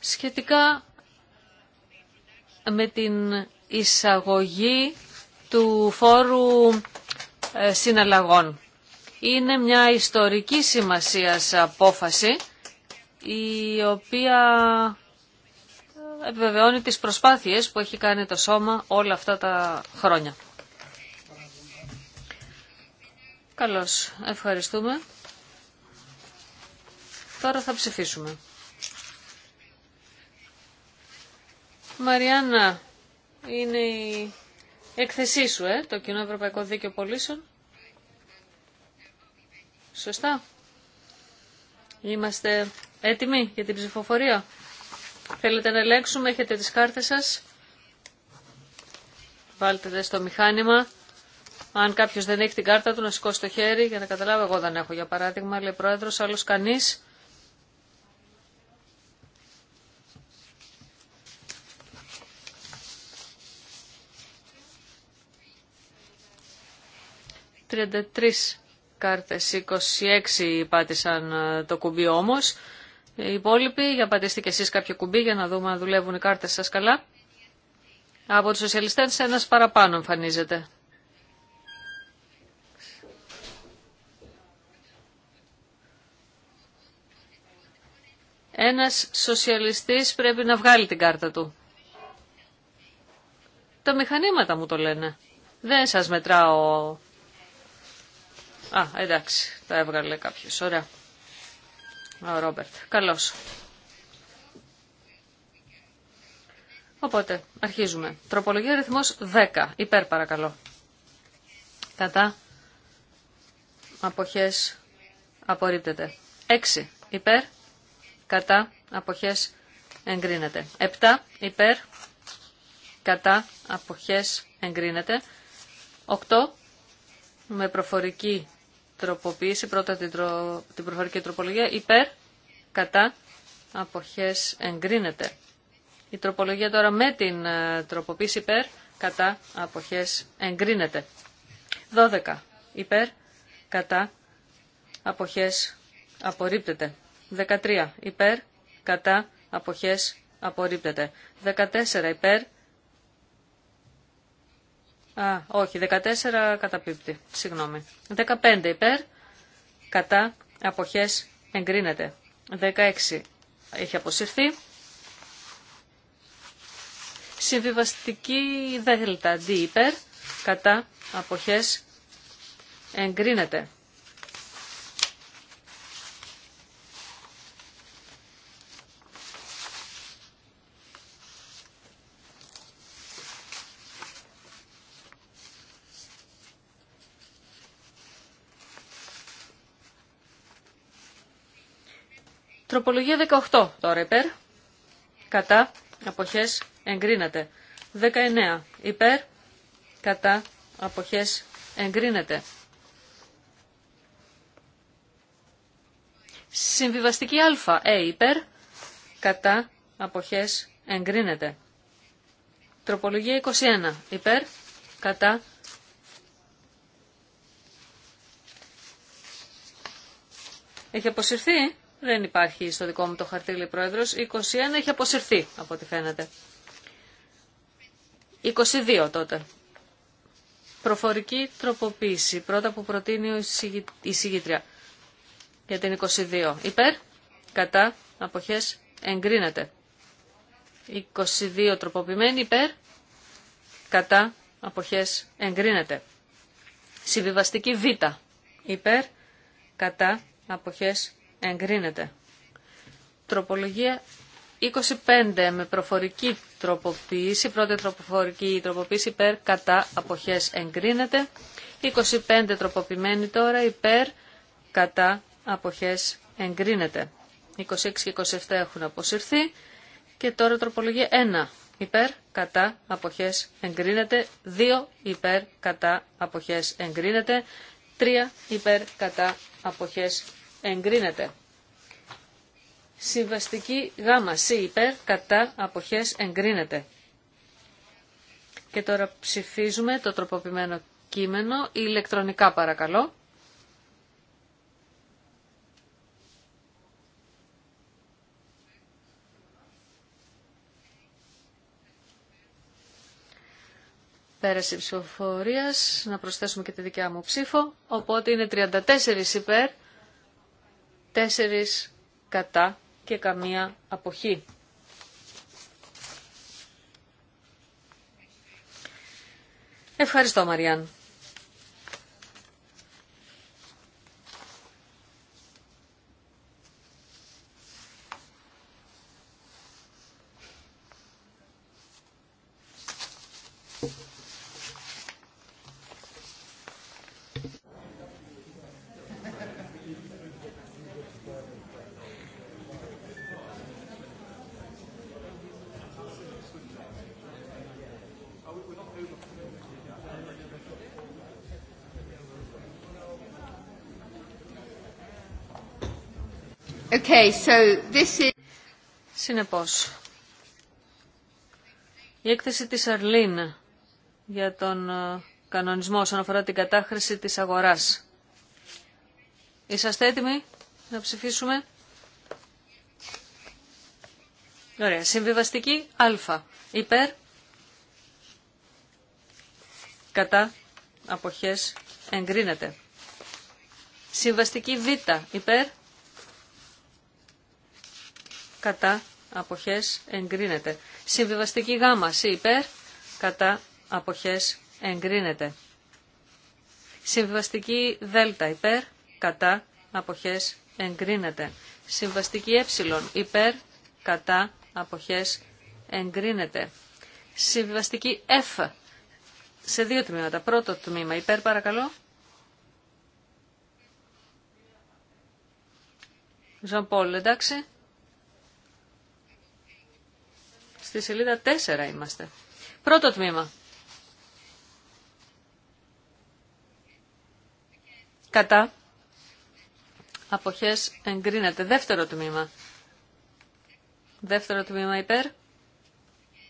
S3: σχετικά με την εισαγωγή του φόρου ε, συναλλαγών. Είναι μια ιστορική σημασίας απόφαση η οποία επιβεβαιώνει τις προσπάθειες που έχει κάνει το σώμα όλα αυτά τα χρόνια. Καλώς, ευχαριστούμε. Τώρα θα ψηφίσουμε. Μαριάννα, είναι η έκθεσή σου, ε, το Κοινό Ευρωπαϊκό Δίκαιο Πολίσεων. Σωστά. Είμαστε έτοιμοι για την ψηφοφορία. Θέλετε να ελέγξουμε, έχετε τις κάρτες σας. Βάλτε δε στο μηχάνημα. Αν κάποιος δεν έχει την κάρτα του να σηκώσει το χέρι για να καταλάβω εγώ δεν έχω για παράδειγμα, λέει πρόεδρος, άλλος κανείς. 33 κάρτες, 26 πάτησαν ε, το κουμπί όμως. Ε, οι υπόλοιποι, για πατήστε και εσεί κάποιο κουμπί για να δούμε αν δουλεύουν οι κάρτες σας καλά. Από τους σοσιαλιστές ένας παραπάνω εμφανίζεται. Ένας σοσιαλιστής πρέπει να βγάλει την κάρτα του. Τα μηχανήματα μου το λένε. Δεν σας μετράω... Α, εντάξει, τα έβγαλε κάποιος. Ωραία ο Ρόμπερτ. Καλώς. Οπότε, αρχίζουμε. Τροπολογία ρυθμός 10. Υπέρ παρακαλώ. Κατά. Αποχές. Απορρίπτεται. 6. Υπέρ. Κατά. Αποχές. Εγκρίνεται. 7. Υπέρ. Κατά. Αποχές. Εγκρίνεται. 8. Με προφορική τροποποίηση, πρώτα την, τρο... την προφορική τροπολογία, υπέρ, κατά, αποχές εγκρίνεται. Η τροπολογία τώρα με την ε, τροποποίηση υπέρ, κατά, αποχές εγκρίνεται. 12. Υπέρ, κατά, αποχές απορρίπτεται. 13. Υπέρ, κατά, αποχές απορρίπτεται. 14. Υπέρ, Α, όχι, 14 καταπίπτει. Συγγνώμη. 15 υπέρ, κατά, αποχές, εγκρίνεται. 16 έχει αποσυρθεί. Συμβιβαστική δέλτα, D υπέρ, κατά, αποχές, εγκρίνεται. Τροπολογία 18 τώρα υπέρ. Κατά. Αποχές εγκρίνεται. 19 υπέρ. Κατά. Αποχές εγκρίνεται. Συμβιβαστική α. Ε υπέρ. Κατά. Αποχές εγκρίνεται. Τροπολογία 21 υπέρ. Κατά. Έχει αποσυρθεί. Δεν υπάρχει στο δικό μου το χαρτί, λέει πρόεδρος. 21 έχει αποσυρθεί, από ό,τι φαίνεται. 22 τότε. Προφορική τροποποίηση. Πρώτα που προτείνει η Για την 22. Υπέρ, κατά, αποχές, εγκρίνεται. 22 τροποποιημένη υπέρ, κατά, αποχές, εγκρίνεται. Συμβιβαστική Β. Υπέρ, κατά, αποχές, εγκρίνεται. Τροπολογία 25 με προφορική τροποποίηση, πρώτη τροποφορική τροποποίηση υπέρ κατά αποχές εγκρίνεται. 25 τροποποιημένη τώρα υπέρ κατά αποχές εγκρίνεται. 26 και 27 έχουν αποσυρθεί και τώρα τροπολογία 1 υπέρ κατά αποχές εγκρίνεται, 2 υπέρ κατά αποχές εγκρίνεται, 3 υπέρ κατά αποχές εγκρίνεται. Συμβαστική γάμα C υπέρ κατά αποχές εγκρίνεται. Και τώρα ψηφίζουμε το τροποποιημένο κείμενο ηλεκτρονικά παρακαλώ. Πέρασε η να προσθέσουμε και τη δικιά μου ψήφο, οπότε είναι 34 υπέρ, τέσσερις κατά και καμία αποχή. Ευχαριστώ Μαριάν. Συνεπώς, η έκθεση της Αρλίν για τον ε, κανονισμό όσον αφορά την κατάχρηση της αγοράς. Είσαστε έτοιμοι να ψηφίσουμε. Ωραία. Συμβιβαστική Α. Υπέρ. Κατά. Αποχές. Εγκρίνεται. Συμβαστική Β. Υπέρ κατά αποχές εγκρίνεται. Συμβιβαστική γάμα σι υπέρ κατά αποχές εγκρίνεται. Συμβιβαστική δέλτα υπέρ κατά αποχές εγκρίνεται. Συμβαστική ε υπέρ κατά αποχές εγκρίνεται. Συμβιβαστική Έφ. σε δύο τμήματα. Πρώτο τμήμα υπέρ παρακαλώ. Ζαν εντάξει. Στη σελίδα 4 είμαστε. Πρώτο τμήμα. Κατά. Αποχές εγκρίνεται. Δεύτερο τμήμα. Δεύτερο τμήμα υπέρ.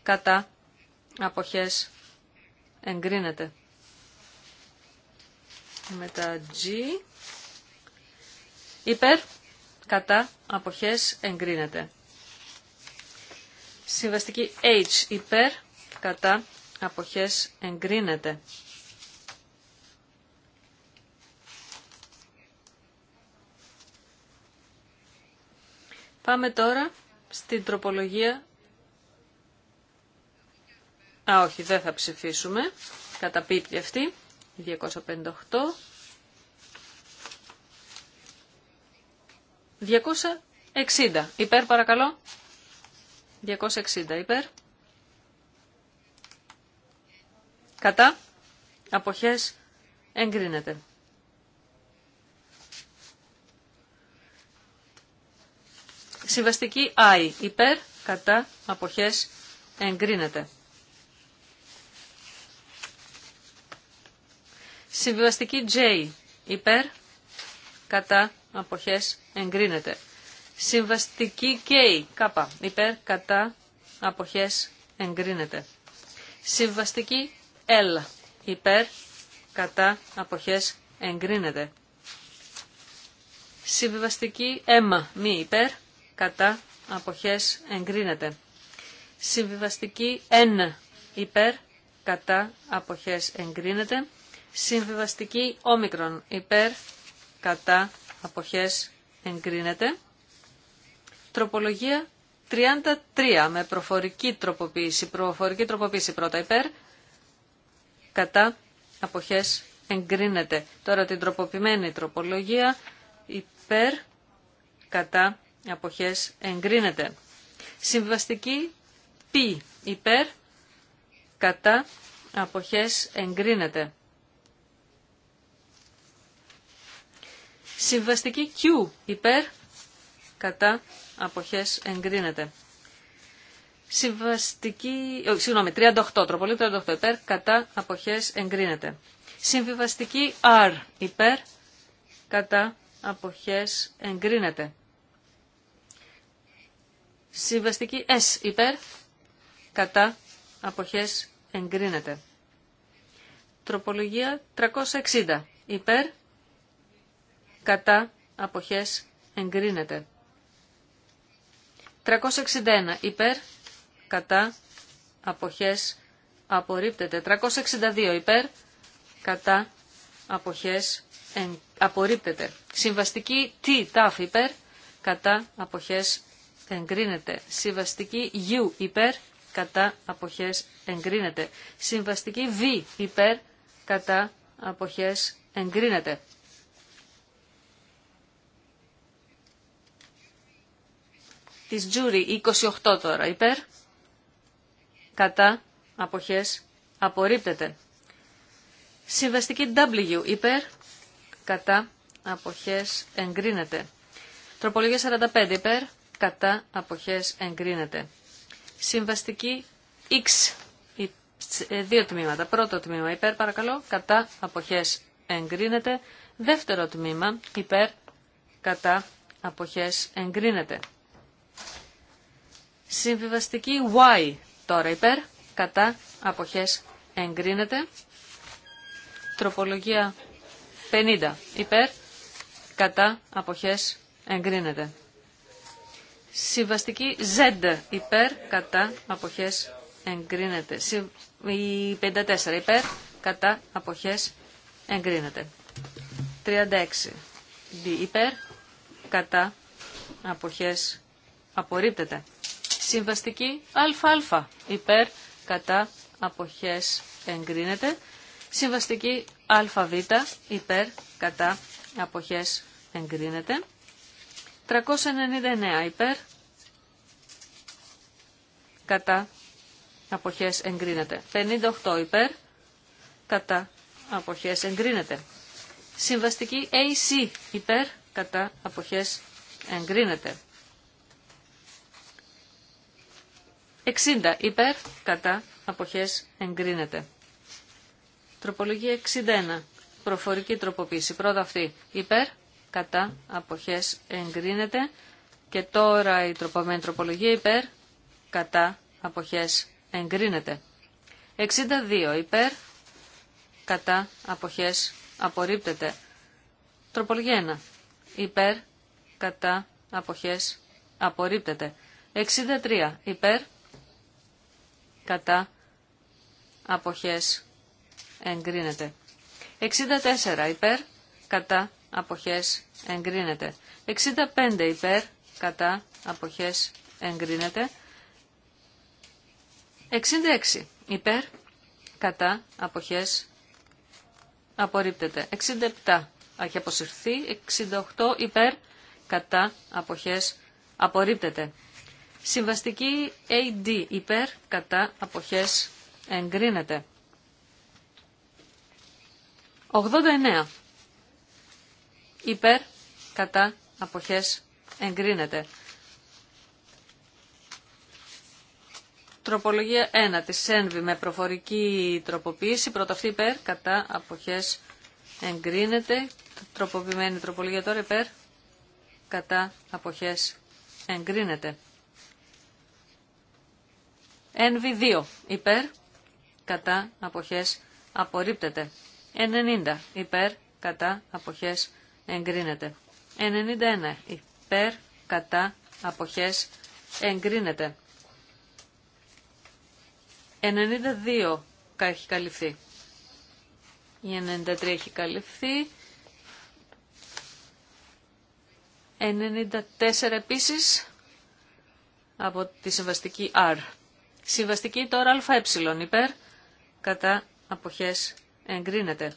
S3: Κατά. Αποχές εγκρίνεται. Μετά G. Υπέρ. Κατά. Αποχές εγκρίνεται. Συμβαστική H υπέρ κατά αποχές εγκρίνεται. Πάμε τώρα στην τροπολογία... Α, όχι, δεν θα ψηφίσουμε. Κατά πίπτη αυτή. 258. 260. Υπέρ παρακαλώ. 260 υπέρ. Κατά. Αποχές εγκρίνεται. Συμβαστική I υπέρ. Κατά. Αποχές εγκρίνεται. Συμβαστική J υπέρ. Κατά. Αποχές εγκρίνεται. Συμβαστική K, κάπα, υπέρ, κατά, αποχές, εγκρίνεται. Συμβαστική L, υπέρ, κατά, αποχές, εγκρίνεται. Συμβιβαστική M, μη υπέρ, κατά, αποχές, εγκρίνεται. Συμβιβαστική N, υπέρ, κατά, αποχές, εγκρίνεται. Συμβιβαστική όμικρον, υπέρ, κατά, αποχές, εγκρίνεται. Τροπολογία 33 με προφορική τροποποίηση. Προφορική τροποποίηση πρώτα υπέρ. Κατά αποχές εγκρίνεται. Τώρα την τροποποιημένη τροπολογία υπέρ. Κατά αποχές εγκρίνεται. Συμβαστική π υπέρ. Κατά αποχές εγκρίνεται. Συμβαστική Q υπέρ. Κατά αποχές εγκρίνεται. Συμβαστική, ο, συγγνώμη, 38, τροπολή 38 υπέρ, κατά αποχές εγκρίνεται. Συμβιβαστική R υπέρ, κατά αποχές εγκρίνεται. Συμβαστική S υπέρ, κατά αποχές εγκρίνεται. Τροπολογία 360 υπέρ, κατά αποχές εγκρίνεται. 361 υπέρ, κατά, αποχές, απορρίπτεται. 362 υπέρ, κατά, αποχές, απορρίπτεται. Συμβαστική T, τάφ υπέρ, κατά, αποχές, εγκρίνεται. Συμβαστική U υπέρ, κατά, αποχές, εγκρίνεται. Συμβαστική V υπέρ, κατά, αποχές, εγκρίνεται. της Τζούρι 28 τώρα υπέρ κατά αποχές απορρίπτεται. Συμβαστική W υπέρ κατά αποχές εγκρίνεται. Τροπολογία 45 υπέρ κατά αποχές εγκρίνεται. Συμβαστική X ε, δύο τμήματα. Πρώτο τμήμα υπέρ παρακαλώ κατά αποχές εγκρίνεται. Δεύτερο τμήμα υπέρ κατά αποχές εγκρίνεται. Συμβιβαστική Y τώρα υπέρ, κατά, αποχές εγκρίνεται. Τροπολογία 50 υπέρ, κατά, αποχές εγκρίνεται. Συμβαστική Z υπέρ, κατά, αποχές εγκρίνεται. Η 54 υπέρ, κατά, αποχές εγκρίνεται. 36 υπέρ, κατά, αποχές απορρίπτεται. Συμβαστική ΑΑ υπέρ κατά αποχές εγκρίνεται. Συμβαστική ΑΒ υπέρ κατά αποχές εγκρίνεται. 399 υπέρ κατά αποχές εγκρίνεται. 58 υπέρ κατά αποχές εγκρίνεται. Συμβαστική AC υπέρ κατά αποχές εγκρίνεται. 60 υπέρ, κατά, αποχές εγκρίνεται. Τροπολογία 61. Προφορική τροποποίηση. Πρώτα αυτή υπέρ, κατά, αποχές εγκρίνεται. Και τώρα η τροπομένη τροπολογία υπέρ, κατά, αποχές εγκρίνεται. 62 υπέρ, κατά, αποχές απορρίπτεται. Τροπολογία 1. Υπέρ, κατά, αποχές απορρίπτεται. 63 υπέρ, κατά αποχές εγκρίνεται. 64 υπέρ κατά αποχές εγκρίνεται. 65 υπέρ κατά αποχές εγκρίνεται. 66 υπέρ κατά αποχές απορρίπτεται. 67 έχει αποσυρθεί. 68 υπέρ κατά αποχές απορρίπτεται. Συμβαστική AD υπέρ κατά αποχές εγκρίνεται. 89 υπέρ κατά αποχές εγκρίνεται. Τροπολογία 1 της ΕΝΒΗ με προφορική τροποποίηση. Πρώτα αυτή υπέρ κατά αποχές εγκρίνεται. Τροποποιημένη τροπολογία τώρα υπέρ κατά αποχές εγκρίνεται. NV2 υπέρ κατά αποχές απορρίπτεται. 90 υπέρ κατά αποχές εγκρίνεται. 91 υπέρ κατά αποχές εγκρίνεται. 92 έχει καλυφθεί. Η 93 έχει καλυφθεί. 94 επίσης από τη συμβαστική R. Συμβαστική τώρα αε υπέρ κατά αποχές εγκρίνεται.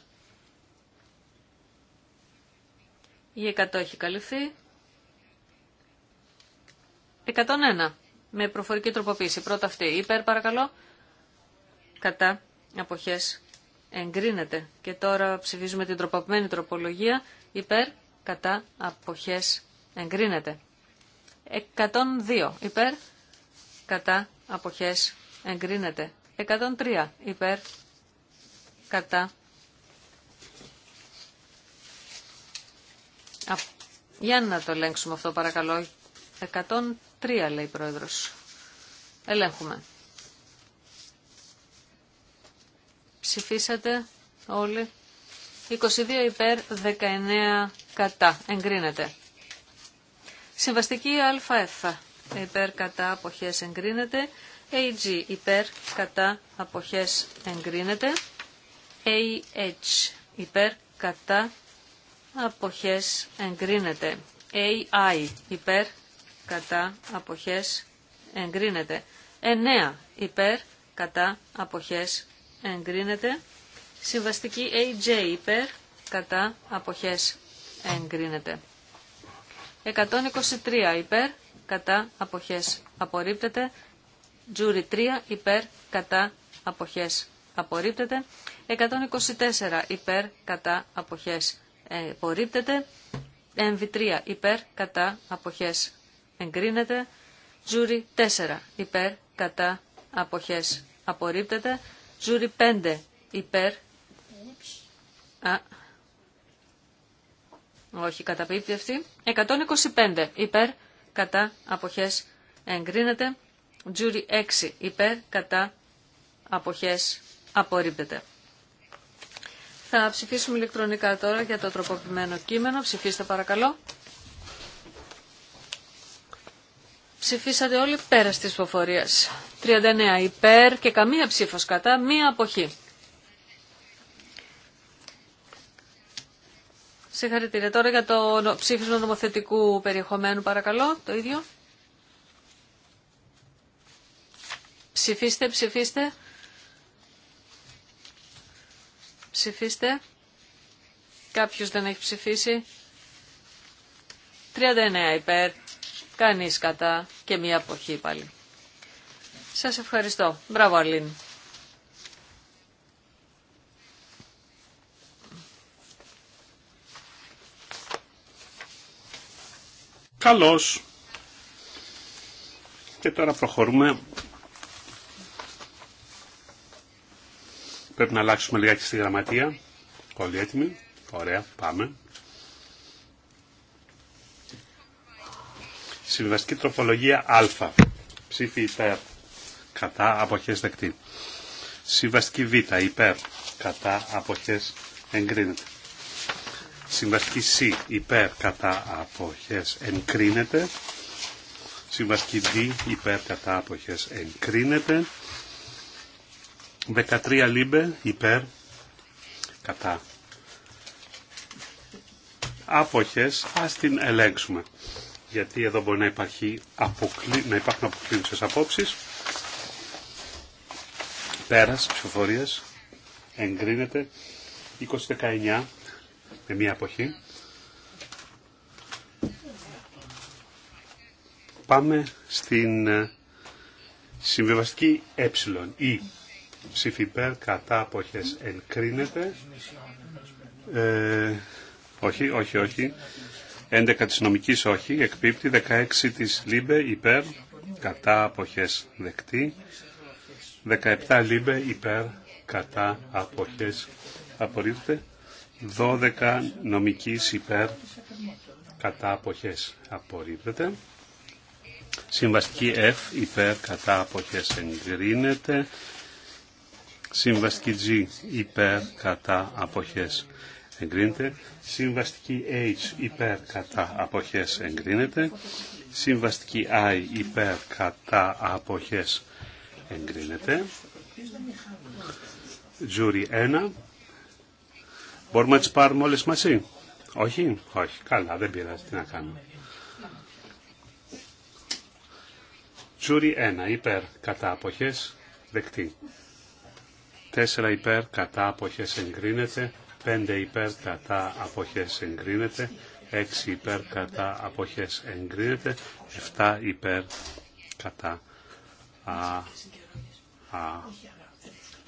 S3: Η 100 έχει καλυφθεί. 101 με προφορική τροποποίηση. Πρώτα αυτή υπέρ παρακαλώ κατά αποχές εγκρίνεται. Και τώρα ψηφίζουμε την τροποποιημένη τροπολογία υπέρ κατά αποχές εγκρίνεται. 102 υπέρ κατά αποχές εγκρίνεται. 103 υπέρ κατά για να το ελέγξουμε αυτό παρακαλώ. 103 λέει η πρόεδρος. Ελέγχουμε. Ψηφίσατε όλοι. 22 υπέρ, 19 κατά. Εγκρίνεται. Συμβαστική ΑΕΦ υπέρ κατά αποχές εγκρίνεται. AG υπέρ κατά αποχές εγκρίνεται. AH υπέρ κατά αποχές εγκρίνεται. AI υπέρ κατά αποχές εγκρίνεται. 9 υπέρ κατά αποχές εγκρίνεται. Συμβαστική AJ υπέρ κατά αποχές εγκρίνεται. 123 υπέρ κατά αποχές απορρίπτεται. Τζούρι 3 υπέρ κατά αποχές απορρίπτεται. 124 υπέρ κατά αποχές απορρίπτεται. MV3 υπέρ κατά αποχές εγκρίνεται. Τζούρι 4 υπέρ κατά αποχές απορρίπτεται. Τζούρι 5 υπέρ. Α, όχι, καταπίπτει αυτή. 125 υπέρ κατά αποχές εγκρίνεται. Τζούρι 6 υπέρ κατά αποχές απορρίπτεται. Θα ψηφίσουμε ηλεκτρονικά τώρα για το τροποποιημένο κείμενο. Ψηφίστε παρακαλώ. Ψηφίσατε όλοι πέρα τη υποφορίας. 39 υπέρ και καμία ψήφος κατά, μία αποχή. Συγχαρητήρια. Τώρα για το ψήφισμα νομοθετικού περιεχομένου, παρακαλώ, το ίδιο. Ψηφίστε, ψηφίστε. Ψηφίστε. Κάποιος δεν έχει ψηφίσει. 39 υπέρ. Κανείς κατά και μία αποχή πάλι. Σας ευχαριστώ. Μπράβο Αλήν.
S2: Καλώς. Και τώρα προχωρούμε. Πρέπει να αλλάξουμε λιγάκι στη γραμματεία. Όλοι έτοιμοι. Ωραία, πάμε. Συμβαστική τροπολογία Α. Ψήφι υπέρ. Κατά αποχές δεκτή. Συμβαστική Β. Υπέρ. Κατά αποχές εγκρίνεται. Συμβαστική C υπέρ κατά αποχές εγκρίνεται. συμβασκή D υπέρ κατά αποχές εγκρίνεται. 13 λίμπε υπέρ κατά άποχες ας την ελέγξουμε γιατί εδώ μπορεί να, υπάρχει αποκλει... να υπάρχουν αποκλίνουσες απόψεις πέρας ψηφοφορίας εγκρίνεται με μία αποχή. Πάμε στην ε, συμβιβαστική ε. Η ψηφιπέρ κατά αποχές εγκρίνεται. Ε, όχι, όχι, όχι. 11 της νομικής όχι, εκπίπτει 16 της λίμπε υπέρ, κατά αποχές δεκτή, 17 λίμπε υπέρ, κατά αποχές απορρίπτεται, 12 νομικής υπέρ κατά αποχές απορρίπτεται. Συμβαστική F υπέρ κατά αποχές εγκρίνεται. Συμβαστική G υπέρ κατά αποχές εγκρίνεται. Συμβαστική H υπέρ κατά αποχές εγκρίνεται. Συμβαστική I υπέρ κατά αποχές εγκρίνεται. Τζούρι 1 Μπορούμε να τι πάρουμε όλε μαζί. Όχι, όχι. Καλά, δεν πειράζει. Τι να κάνουμε. Τζούρι 1. Υπέρ κατά αποχές δεκτή. 4 υπέρ κατά αποχές εγκρίνεται. 5 υπέρ κατά αποχές εγκρίνεται. 6 υπέρ κατά αποχές εγκρίνεται. 7 υπέρ κατά α, α,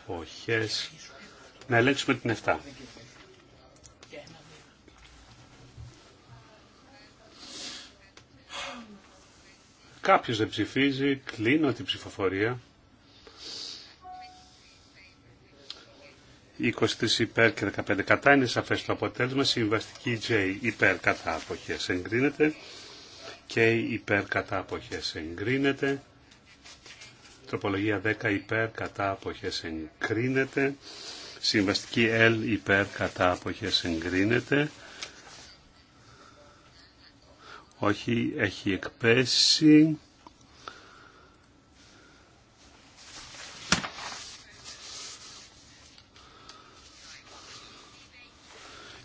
S2: αποχές. Να ελέγξουμε την 7. Κάποιος δεν ψηφίζει, κλείνω την ψηφοφορία. 23 υπέρ και 15 κατά είναι σαφέ το αποτέλεσμα. Συμβαστική J υπέρ κατά αποχές εγκρίνεται. K υπέρ κατά αποχές εγκρίνεται. Τροπολογία 10 υπέρ κατά αποχές εγκρίνεται. Συμβαστική L υπέρ κατά αποχές εγκρίνεται. Όχι, έχει εκπέσει.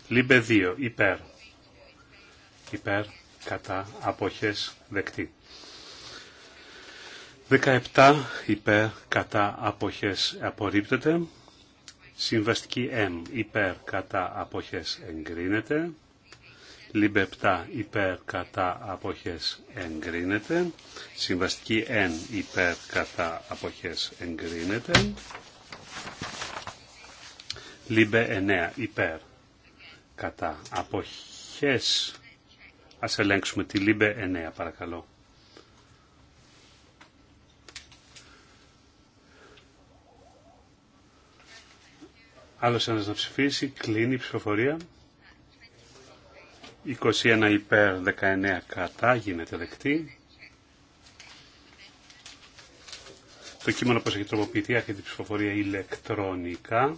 S2: Λίμπε 2, υπέρ. Υπέρ, κατά, αποχές, δεκτή. 17, υπέρ, κατά, αποχές, απορρίπτεται. Συμβαστική M, υπέρ, κατά, αποχές, εγκρίνεται. ΛΥΜΠΕ 7 υπέρ κατά αποχές εγκρίνεται. Συμβαστική 1 υπέρ κατά αποχές εγκρίνεται. Λίμπε 9 υπέρ κατά αποχές. Ας ελέγξουμε τη Λίμπε 9 παρακαλώ. Άλλος ένας να ψηφίσει, κλείνει η ψηφοφορία. 21 υπέρ 19 κατά γίνεται δεκτή. Το κείμενο πως έχει τροποποιηθεί έχει η ψηφοφορία ηλεκτρονικά.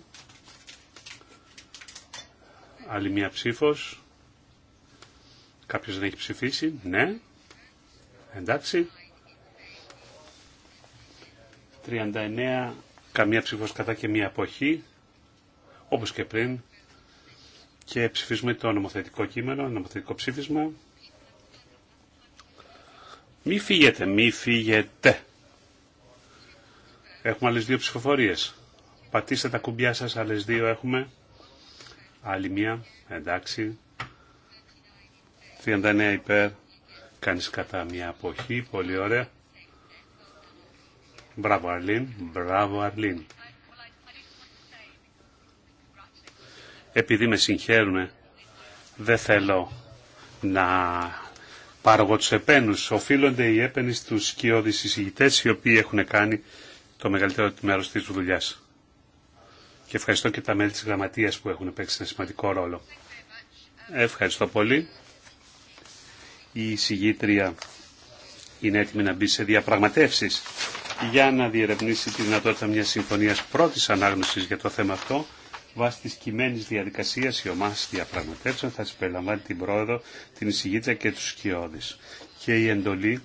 S2: Άλλη μία ψήφος. Κάποιος δεν έχει ψηφίσει. Ναι. Εντάξει. 39 καμία ψήφος κατά και μία αποχή. Όπως και πριν και ψηφίζουμε το νομοθετικό κείμενο, νομοθετικό ψήφισμα. Μη φύγετε, μη φύγετε. Έχουμε άλλες δύο ψηφοφορίες. Πατήστε τα κουμπιά σας, άλλες δύο έχουμε. Άλλη μία, εντάξει. 39 υπέρ, κάνεις κατά μία αποχή, πολύ ωραία. Μπράβο Αρλίν, μπράβο Αρλίν. επειδή με συγχαίρουν δεν θέλω να πάρω τους επένους. Οφείλονται οι έπαινοι στους σκιώδεις εισηγητές οι οποίοι έχουν κάνει το μεγαλύτερο μέρος της δουλειάς. Και ευχαριστώ και τα μέλη της γραμματείας που έχουν παίξει ένα σημαντικό ρόλο. Ευχαριστώ πολύ. Η εισηγήτρια είναι έτοιμη να μπει σε διαπραγματεύσεις για να διερευνήσει τη δυνατότητα μιας συμφωνίας πρώτης ανάγνωσης για το θέμα αυτό βάσει τη κειμένη διαδικασία η ομάδα διαπραγματεύσεων θα συμπεριλαμβάνει την πρόεδρο, την εισηγήτρια και του σκιώδει. Και η εντολή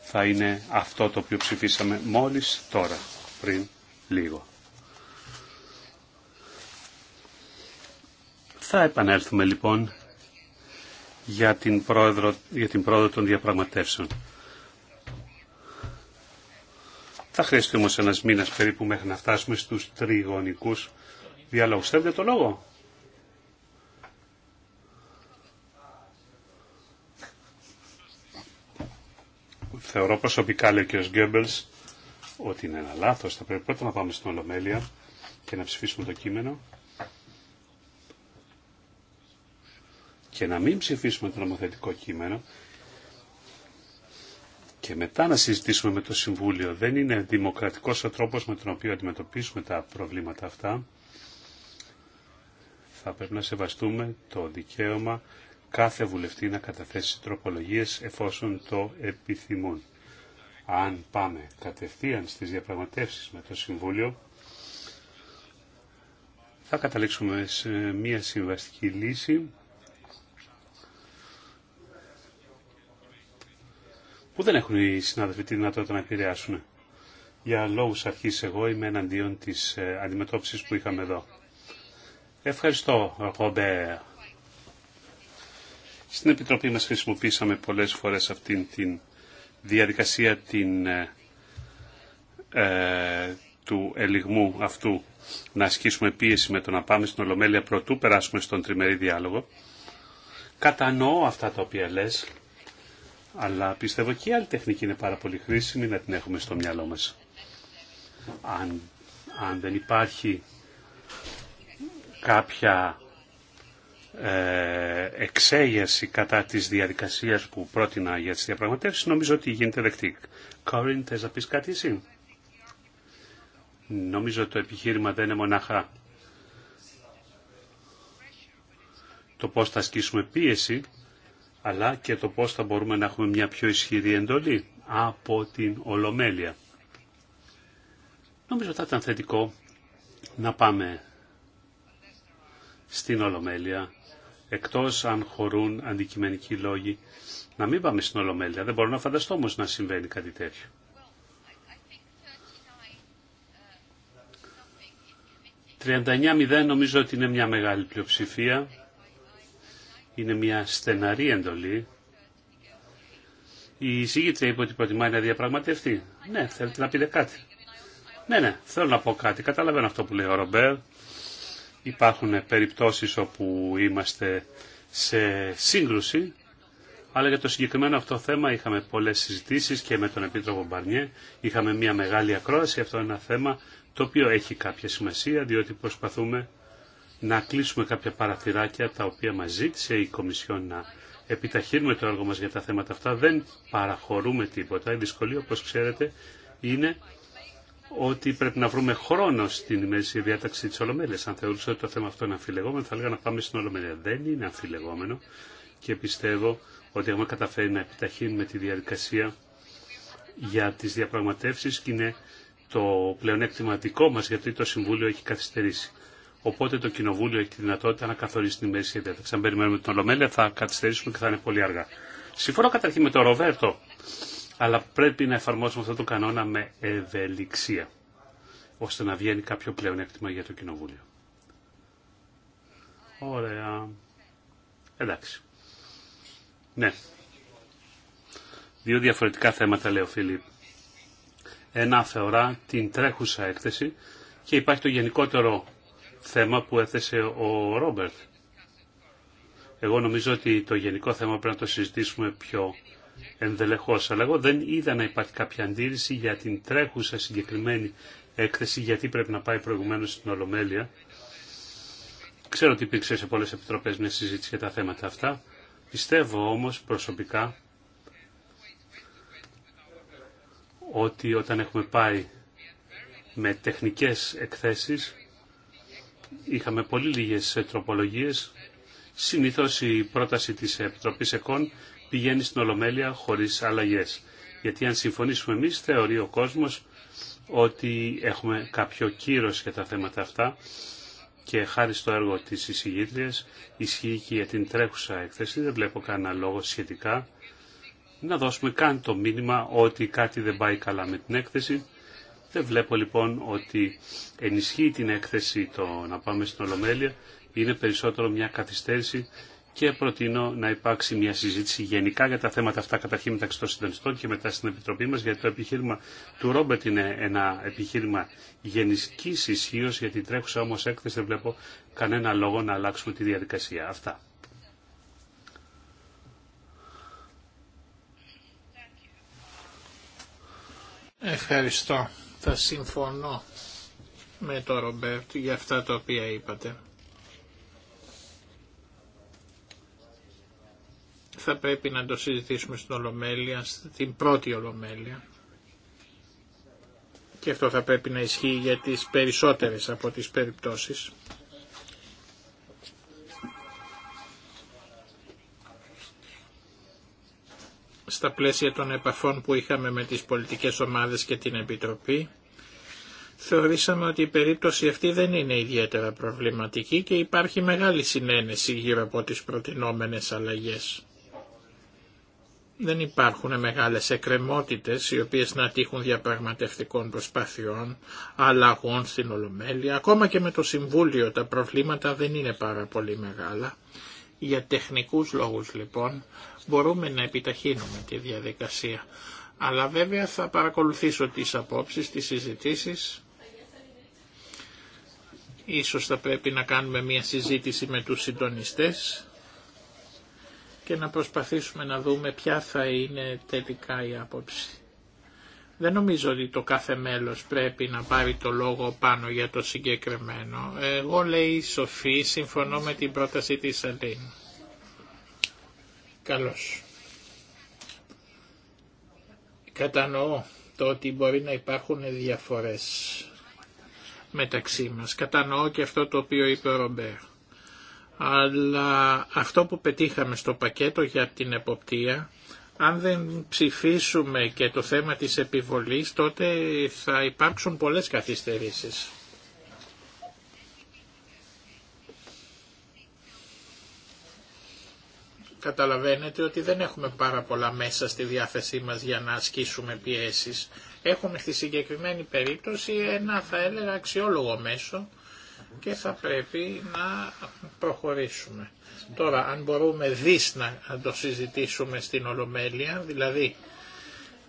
S2: θα είναι αυτό το οποίο ψηφίσαμε μόλι τώρα, πριν λίγο. Θα επανέλθουμε λοιπόν για την πρόεδρο, για την πρόεδρο των διαπραγματεύσεων. Θα χρειαστεί όμως ένας μήνας περίπου μέχρι να φτάσουμε στους τριγωνικούς διαλόγου. το λόγο. Θεωρώ προσωπικά, λέει ο κ. Γκέμπελς, ότι είναι ένα λάθος. Θα πρέπει πρώτα να πάμε στην Ολομέλεια και να ψηφίσουμε το κείμενο και να μην ψηφίσουμε το νομοθετικό κείμενο και μετά να συζητήσουμε με το Συμβούλιο. Δεν είναι δημοκρατικός ο τρόπος με τον οποίο αντιμετωπίσουμε τα προβλήματα αυτά θα πρέπει να σεβαστούμε το δικαίωμα κάθε βουλευτή να καταθέσει τροπολογίες εφόσον το επιθυμούν. Αν πάμε κατευθείαν στις διαπραγματεύσεις με το Συμβούλιο, θα καταλήξουμε σε μία συμβαστική λύση που δεν έχουν οι συνάδελφοι τη δυνατότητα να επηρεάσουν. Για λόγους αρχής εγώ είμαι εναντίον της ε, αντιμετώπισης που είχαμε εδώ. Ευχαριστώ, Ρομπέρ. Στην Επιτροπή μας χρησιμοποίησαμε πολλές φορές αυτήν την διαδικασία την, ε, ε, του ελιγμού αυτού να ασκήσουμε πίεση με το να πάμε στην Ολομέλεια πρωτού περάσουμε στον τριμερή διάλογο. Κατανοώ αυτά τα οποία λες, αλλά πιστεύω και η άλλη τεχνική είναι πάρα πολύ χρήσιμη να την έχουμε στο μυαλό μας. Αν, αν δεν υπάρχει κάποια ε, εξέγερση κατά της διαδικασίας που πρότεινα για τις διαπραγματεύσεις, νομίζω ότι γίνεται δεκτή. Κόριν, θες να πεις κάτι εσύ? Νομίζω το επιχείρημα δεν είναι μονάχα το πώς θα ασκήσουμε πίεση, αλλά και το πώς θα μπορούμε να έχουμε μια πιο ισχυρή εντολή από την Ολομέλεια. Νομίζω θα ήταν θετικό να πάμε στην Ολομέλεια, εκτός αν χωρούν αντικειμενικοί λόγοι, να μην πάμε στην Ολομέλεια. Δεν μπορώ να φανταστώ όμως να συμβαίνει κάτι τέτοιο. «39-0» νομίζω ότι είναι μια μεγάλη πλειοψηφία. Είναι μια στεναρή εντολή. Η εισηγήτρια είπε ότι προτιμάει να διαπραγματευτεί. Ναι, θέλετε να πείτε κάτι. Ναι, ναι, θέλω να πω κάτι. Καταλαβαίνω αυτό που λέει ο Ρομπέρ. Υπάρχουν περιπτώσεις όπου είμαστε σε σύγκρουση, αλλά για το συγκεκριμένο αυτό θέμα είχαμε πολλές συζητήσεις και με τον Επίτροπο Μπαρνιέ. Είχαμε μια μεγάλη ακρόαση, αυτό είναι ένα θέμα το οποίο έχει κάποια σημασία, διότι προσπαθούμε να κλείσουμε κάποια παραθυράκια τα οποία μας ζήτησε η Κομισιόν να επιταχύνουμε το έργο μας για τα θέματα αυτά. Δεν παραχωρούμε τίποτα. Η δυσκολία, όπως ξέρετε, είναι ότι πρέπει να βρούμε χρόνο στην μέση διάταξη τη Ολομέλεια. Αν θεωρούσα ότι το θέμα αυτό είναι αμφιλεγόμενο, θα έλεγα να πάμε στην Ολομέλεια. Δεν είναι αμφιλεγόμενο και πιστεύω ότι έχουμε καταφέρει να επιταχύνουμε τη διαδικασία για τι διαπραγματεύσει και είναι το πλεονέκτημα δικό μα γιατί το Συμβούλιο έχει καθυστερήσει. Οπότε το Κοινοβούλιο έχει τη δυνατότητα να καθορίσει την μέση διάταξη. Αν περιμένουμε την Ολομέλεια θα καθυστερήσουμε και θα είναι πολύ αργά. Συμφωνώ καταρχήν με τον Ροβέρτο αλλά πρέπει να εφαρμόσουμε αυτό το κανόνα με ευελιξία, ώστε να βγαίνει κάποιο πλεονέκτημα για το Κοινοβούλιο. Ωραία. Εντάξει. Ναι. Δύο διαφορετικά θέματα, λέει ο Ένα θεωρά την τρέχουσα έκθεση και υπάρχει το γενικότερο θέμα που έθεσε ο Ρόμπερτ. Εγώ νομίζω ότι το γενικό θέμα πρέπει να το συζητήσουμε πιο ενδελεχώς. Αλλά εγώ δεν είδα να υπάρχει κάποια αντίρρηση για την τρέχουσα συγκεκριμένη έκθεση, γιατί πρέπει να πάει προηγουμένως στην Ολομέλεια. Ξέρω ότι υπήρξε σε πολλέ επιτροπέ μια συζήτηση για τα θέματα αυτά. Πιστεύω όμως προσωπικά ότι όταν έχουμε πάει με τεχνικές εκθέσεις είχαμε πολύ λίγες τροπολογίες. Συνήθως η πρόταση της Επιτροπής ΕΚΟΝ πηγαίνει στην Ολομέλεια χωρίς αλλαγές. Γιατί αν συμφωνήσουμε εμείς θεωρεί ο κόσμος ότι έχουμε κάποιο κύρος για τα θέματα αυτά και χάρη στο έργο της εισηγήτριας ισχύει και για την τρέχουσα έκθεση. Δεν βλέπω κανένα λόγο σχετικά να δώσουμε καν το μήνυμα ότι κάτι δεν πάει καλά με την έκθεση. Δεν βλέπω λοιπόν ότι ενισχύει την έκθεση το να πάμε στην Ολομέλεια. Είναι περισσότερο μια καθυστέρηση και προτείνω να υπάρξει μια συζήτηση γενικά για τα θέματα αυτά καταρχήν μεταξύ των συντονιστών και μετά στην Επιτροπή μας γιατί το επιχείρημα του Ρόμπετ είναι ένα επιχείρημα γενικής ισχύω γιατί την τρέχουσα όμως έκθεση δεν βλέπω κανένα λόγο να αλλάξουμε τη διαδικασία. Αυτά.
S4: Ευχαριστώ. Θα συμφωνώ με τον Ρομπέρτ για αυτά τα οποία είπατε. θα πρέπει να το συζητήσουμε στην Ολομέλεια, στην πρώτη Ολομέλεια. Και αυτό θα πρέπει να ισχύει για τις περισσότερες από τις περιπτώσεις. Στα πλαίσια των επαφών που είχαμε με τις πολιτικές ομάδες και την Επιτροπή, θεωρήσαμε ότι η περίπτωση αυτή δεν είναι ιδιαίτερα προβληματική και υπάρχει μεγάλη συνένεση γύρω από τις προτινόμενες αλλαγές δεν υπάρχουν μεγάλες εκκρεμότητες οι οποίες να τύχουν διαπραγματευτικών προσπάθειών, αλλαγών στην Ολομέλεια. Ακόμα και με το Συμβούλιο τα προβλήματα δεν είναι πάρα πολύ μεγάλα. Για τεχνικούς λόγους λοιπόν μπορούμε να επιταχύνουμε τη διαδικασία. Αλλά βέβαια θα παρακολουθήσω τις απόψεις, τις συζητήσεις. Ίσως θα πρέπει να κάνουμε μια συζήτηση με τους συντονιστές και να προσπαθήσουμε να δούμε ποια θα είναι τελικά η άποψη. Δεν νομίζω ότι το κάθε μέλος πρέπει να πάρει το λόγο πάνω για το συγκεκριμένο. Εγώ λέει Σοφή, συμφωνώ με την πρόταση της Αλήν. Καλώς. Κατανοώ το ότι μπορεί να υπάρχουν διαφορές μεταξύ μας. Κατανοώ και αυτό το οποίο είπε ο Ρομπέρ αλλά αυτό που πετύχαμε στο πακέτο για την εποπτεία, αν δεν ψηφίσουμε και το θέμα της επιβολής, τότε θα υπάρξουν πολλές καθυστερήσεις. Καταλαβαίνετε ότι δεν έχουμε πάρα πολλά μέσα στη διάθεσή μας για να ασκήσουμε πιέσεις. Έχουμε στη συγκεκριμένη περίπτωση ένα θα έλεγα αξιόλογο μέσο, και θα πρέπει να προχωρήσουμε. Τώρα, αν μπορούμε δις να το συζητήσουμε στην Ολομέλεια, δηλαδή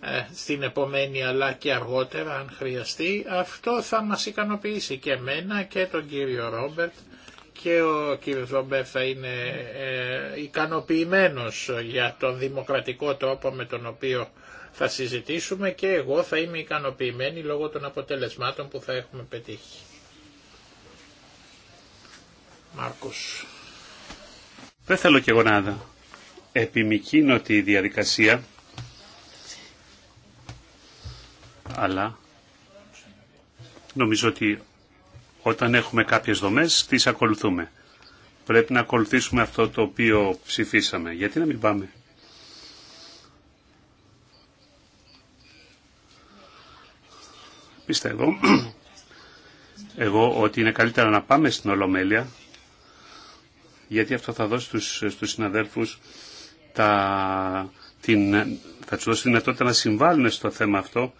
S4: ε, στην επομένη αλλά και αργότερα αν χρειαστεί, αυτό θα μας ικανοποιήσει και εμένα και τον κύριο Ρόμπερτ και ο κύριος Ρόμπερτ θα είναι ε, ικανοποιημένος για τον δημοκρατικό τρόπο με τον οποίο θα συζητήσουμε και εγώ θα είμαι ικανοποιημένη λόγω των αποτελεσμάτων που θα έχουμε πετύχει. Μάρκος.
S2: Δεν θέλω και εγώ να επιμικίνω τη διαδικασία, αλλά νομίζω ότι όταν έχουμε κάποιες δομές τις ακολουθούμε. Πρέπει να ακολουθήσουμε αυτό το οποίο ψηφίσαμε. Γιατί να μην πάμε. Πιστεύω εγώ ότι είναι καλύτερα να πάμε στην Ολομέλεια γιατί αυτό θα δώσει στους, στους συναδέλφους τα, την, θα τους δώσει τη δυνατότητα να συμβάλλουν στο θέμα αυτό.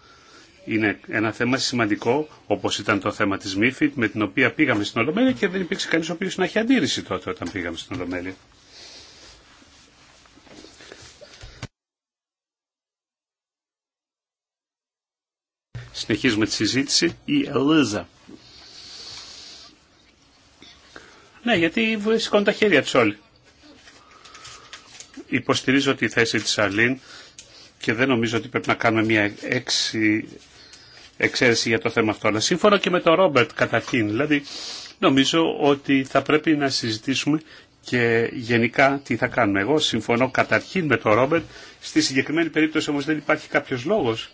S2: Είναι ένα θέμα σημαντικό, όπως ήταν το θέμα της Μύφη με την οποία πήγαμε στην Ολομέλεια και δεν υπήρξε κανείς ο οποίος να έχει αντίρρηση τότε όταν πήγαμε στην Ολομέλεια. Συνεχίζουμε τη συζήτηση. Η Ελίζα. Ναι, γιατί σηκώνουν τα χέρια τους όλοι. Υποστηρίζω τη θέση της Αλήν και δεν νομίζω ότι πρέπει να κάνουμε μια έξι εξαίρεση για το θέμα αυτό. Αλλά σύμφωνα και με τον Ρόμπερτ καταρχήν, δηλαδή νομίζω ότι θα πρέπει να συζητήσουμε και γενικά τι θα κάνουμε. Εγώ συμφωνώ καταρχήν με τον Ρόμπερτ, στη συγκεκριμένη περίπτωση όμως δεν υπάρχει κάποιος λόγος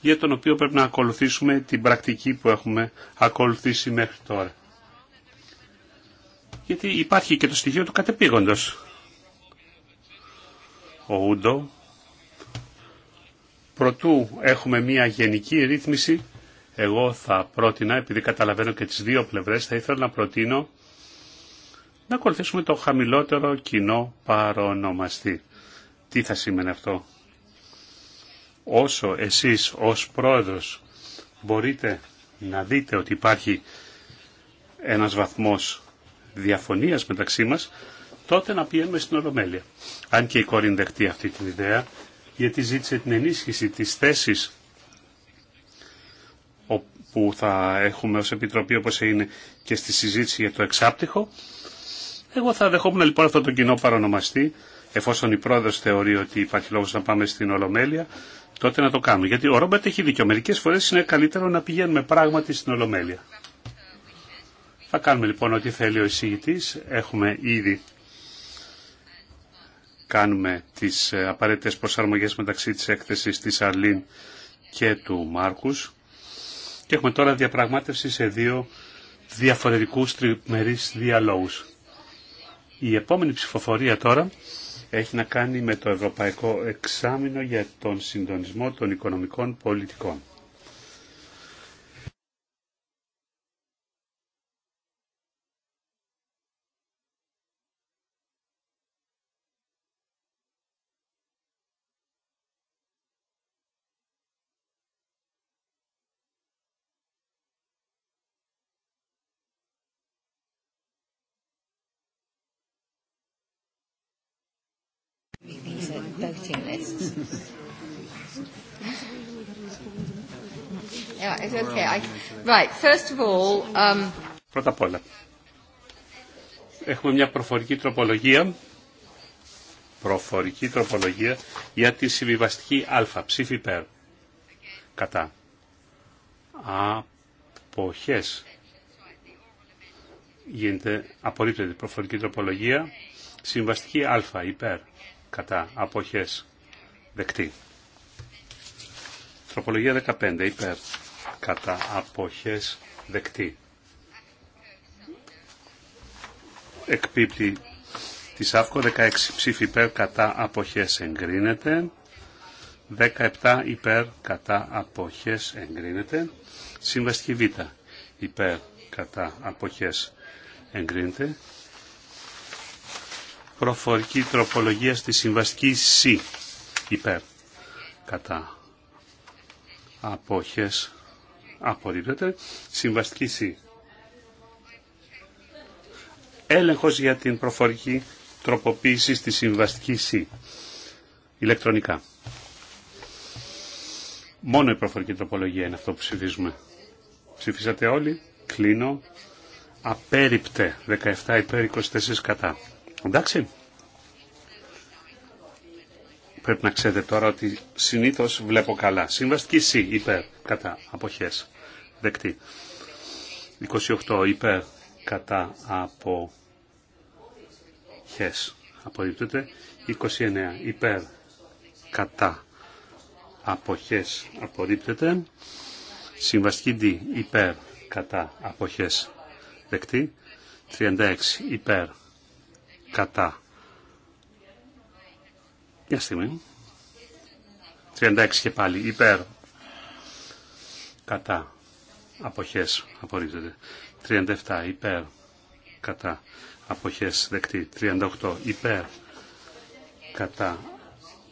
S2: για τον οποίο πρέπει να ακολουθήσουμε την πρακτική που έχουμε ακολουθήσει μέχρι τώρα γιατί υπάρχει και το στοιχείο του κατεπήγοντος. Ο Ούντο, προτού έχουμε μια γενική ρύθμιση, εγώ θα πρότεινα, επειδή καταλαβαίνω και τις δύο πλευρές, θα ήθελα να προτείνω να ακολουθήσουμε το χαμηλότερο κοινό παρονομαστή. Τι θα σήμαινε αυτό. Όσο εσείς ως πρόεδρος μπορείτε να δείτε ότι υπάρχει ένας βαθμός Διαφωνία μεταξύ μα, τότε να πηγαίνουμε στην Ολομέλεια. Αν και η κόρη δεχτεί αυτή την ιδέα, γιατί ζήτησε την ενίσχυση τη θέση που θα έχουμε ως Επιτροπή όπως είναι και στη συζήτηση για το εξάπτυχο. Εγώ θα δεχόμουν λοιπόν αυτό τον κοινό παρονομαστή, εφόσον η πρόεδρο θεωρεί ότι υπάρχει λόγος να πάμε στην Ολομέλεια, τότε να το κάνουμε. Γιατί ο Ρόμπερτ έχει δίκιο. Μερικέ φορές είναι καλύτερο να πηγαίνουμε πράγματι στην Ολομέλεια. Θα κάνουμε λοιπόν ό,τι θέλει ο εισηγητής. Έχουμε ήδη κάνουμε τις ε, απαραίτητες προσαρμογές μεταξύ της έκθεσης της Αρλίν και του Μάρκους. Και έχουμε τώρα διαπραγμάτευση σε δύο διαφορετικούς τριμερείς διαλόγους. Η επόμενη ψηφοφορία τώρα έχει να κάνει με το Ευρωπαϊκό Εξάμεινο για τον Συντονισμό των Οικονομικών Πολιτικών. Um, Πρώτα απ' όλα, έχουμε μια προφορική τροπολογία, προφορική τροπολογία για τη συμβιβαστική α, ψήφι πέρ. κατά. Αποχές. Γίνεται, απορρίπτεται προφορική τροπολογία, συμβαστική α, υπέρ, κατά. Αποχές Δεκτή. Τροπολογία 15. Υπέρ. Κατά αποχές. Δεκτή. Εκπίπτει τη ΑΦΚΟ 16 ψήφι υπέρ κατά αποχές εγκρίνεται. 17 υπέρ κατά αποχές εγκρίνεται. Συμβαστική Β υπέρ κατά αποχές εγκρίνεται. Προφορική τροπολογία στη συμβαστική Σ υπέρ κατά απόχες απορρίπτεται. Συμβαστική C. Έλεγχος για την προφορική τροποποίηση στη συμβαστική C. Ηλεκτρονικά. Μόνο η προφορική τροπολογία είναι αυτό που ψηφίζουμε. Ψηφίσατε όλοι. Κλείνω. Απέριπτε. 17 υπέρ 24 κατά. Εντάξει. Πρέπει να ξέρετε τώρα ότι συνήθως βλέπω καλά. Συμβαστική C, υπέρ, κατά, αποχές, δεκτή. 28, υπέρ, κατά, αποχές, απορρίπτεται. 29, υπέρ, κατά, αποχές, απορρίπτεται. Συμβαστική D, υπέρ, κατά, αποχές, δεκτή. 36, υπέρ, κατά, μια στιγμή. 36 και πάλι. Υπέρ. Κατά. Αποχές. Απορρίπτεται. 37. Υπέρ. Κατά. Αποχές. Δεκτή. 38. Υπέρ. Κατά.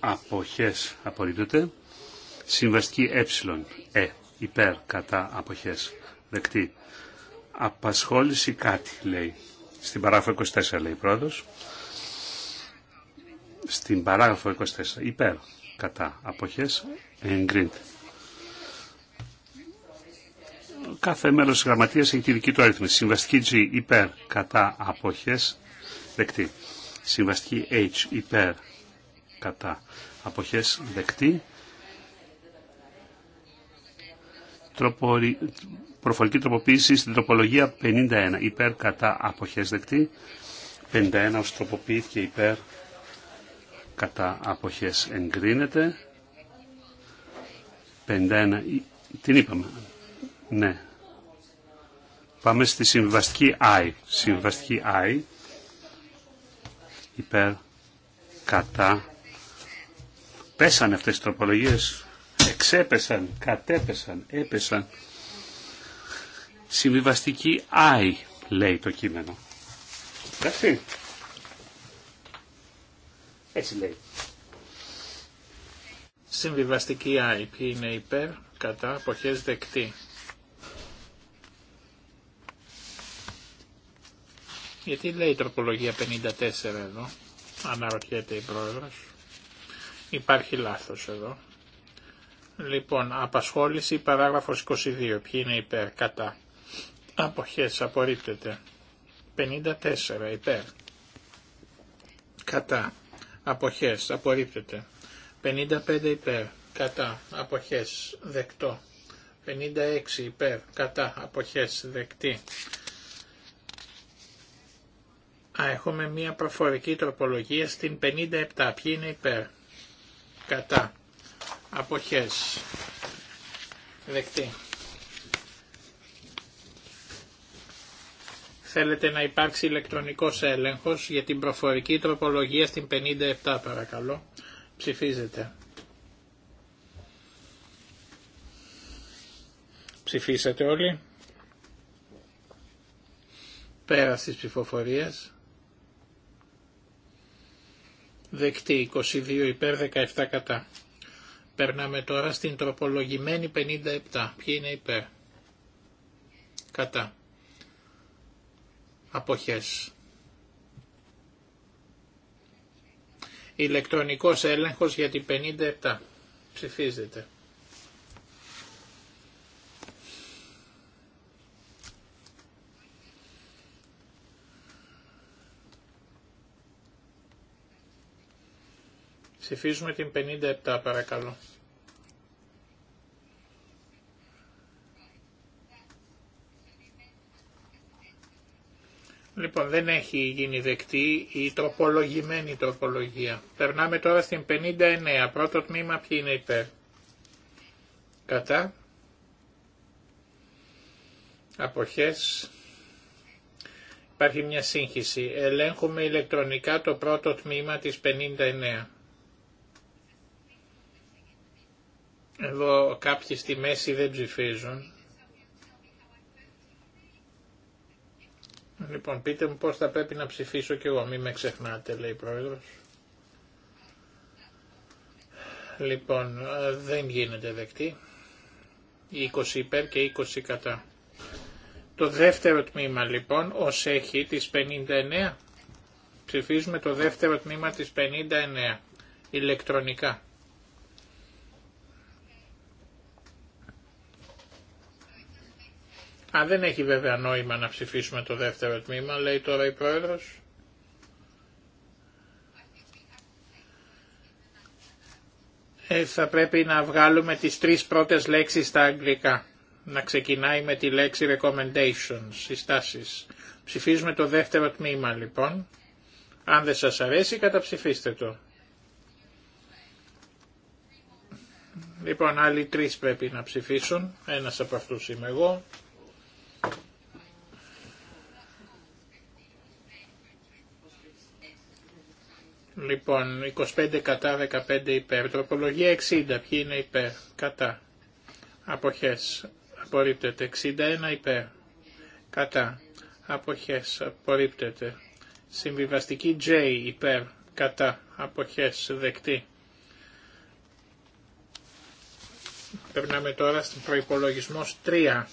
S2: Αποχές. Απορρίπτεται. Συμβαστική ε. Ε. Υπέρ. Κατά. Αποχές. Δεκτή. Απασχόληση κάτι λέει. Στην παράφορα 24 λέει πρόεδρος στην παράγραφο 24 υπέρ κατά αποχές εγκρίνεται. Κάθε μέρος της γραμματείας έχει τη δική του αριθμή. Συμβαστική G υπέρ κατά αποχές δεκτή. Συμβαστική H υπέρ κατά αποχές δεκτή. Τροπορι... Προφορική τροποποίηση στην τροπολογία 51 υπέρ κατά αποχές δεκτή. 51 ως τροποποιήθηκε υπέρ κατά αποχές εγκρίνεται. 51, την είπαμε, ναι. Πάμε στη συμβαστική I. Συμβαστική I υπέρ κατά. Πέσαν αυτές οι τροπολογίες, εξέπεσαν, κατέπεσαν, έπεσαν. Συμβιβαστική I λέει το κείμενο. Εντάξει.
S4: Έτσι λέει. Συμβιβαστική ΆΗ. Ποιοι είναι υπέρ, κατά, αποχές δεκτή. Γιατί λέει η τροπολογία 54 εδώ, αναρωτιέται η πρόεδρος. Υπάρχει λάθος εδώ. Λοιπόν, απασχόληση παράγραφος 22. Ποιοι είναι υπέρ, κατά. Αποχές, απορρίπτεται. 54 υπέρ. Κατά αποχές, απορρίπτεται. 55 υπέρ, κατά, αποχές, δεκτό. 56 υπέρ, κατά, αποχές, δεκτή. Α, έχουμε μία προφορική τροπολογία στην 57. Ποιοι είναι υπέρ, κατά, αποχές, δεκτή. Θέλετε να υπάρξει ηλεκτρονικός έλεγχος για την προφορική τροπολογία στην 57 παρακαλώ. Ψηφίζετε. Ψηφίσατε όλοι. Πέρα στις ψηφοφορίες. Δεκτή 22 υπέρ 17 κατά. Περνάμε τώρα στην τροπολογημένη 57. Ποιοι είναι υπέρ. Κατά αποχές. Ηλεκτρονικός έλεγχος για την 57. Ψηφίζεται. Ψηφίζουμε την 57 παρακαλώ. Λοιπόν, δεν έχει γίνει δεκτή η τροπολογημένη τροπολογία. Περνάμε τώρα στην 59. Πρώτο τμήμα ποιοι είναι υπέρ. Κατά. Αποχές. Υπάρχει μια σύγχυση. Ελέγχουμε ηλεκτρονικά το πρώτο τμήμα της 59. Εδώ κάποιοι στη μέση δεν ψηφίζουν. Λοιπόν, πείτε μου πώς θα πρέπει να ψηφίσω και εγώ, μη με ξεχνάτε, λέει η Πρόεδρος. Λοιπόν, δεν γίνεται δεκτή. 20 υπέρ και 20 κατά. Το δεύτερο τμήμα λοιπόν, ως έχει τις 59. Ψηφίζουμε το δεύτερο τμήμα τις 59, ηλεκτρονικά. Α, δεν έχει βέβαια νόημα να ψηφίσουμε το δεύτερο τμήμα, λέει τώρα η Πρόεδρος. Ε, θα πρέπει να βγάλουμε τις τρεις πρώτες λέξεις στα αγγλικά. Να ξεκινάει με τη λέξη recommendations, συστάσεις. Ψηφίζουμε το δεύτερο τμήμα λοιπόν. Αν δεν σας αρέσει καταψηφίστε το. Λοιπόν, άλλοι τρεις πρέπει να ψηφίσουν. Ένας από αυτούς είμαι εγώ. Λοιπόν, 25 κατά, 15 υπέρ. Τροπολογία 60. Ποιοι είναι υπέρ. Κατά. Αποχές. Απορρίπτεται. 61 υπέρ. Κατά. Αποχές. Απορρίπτεται. Συμβιβαστική J υπέρ. Κατά. Αποχές. Δεκτή. Περνάμε τώρα στην προϋπολογισμός 3.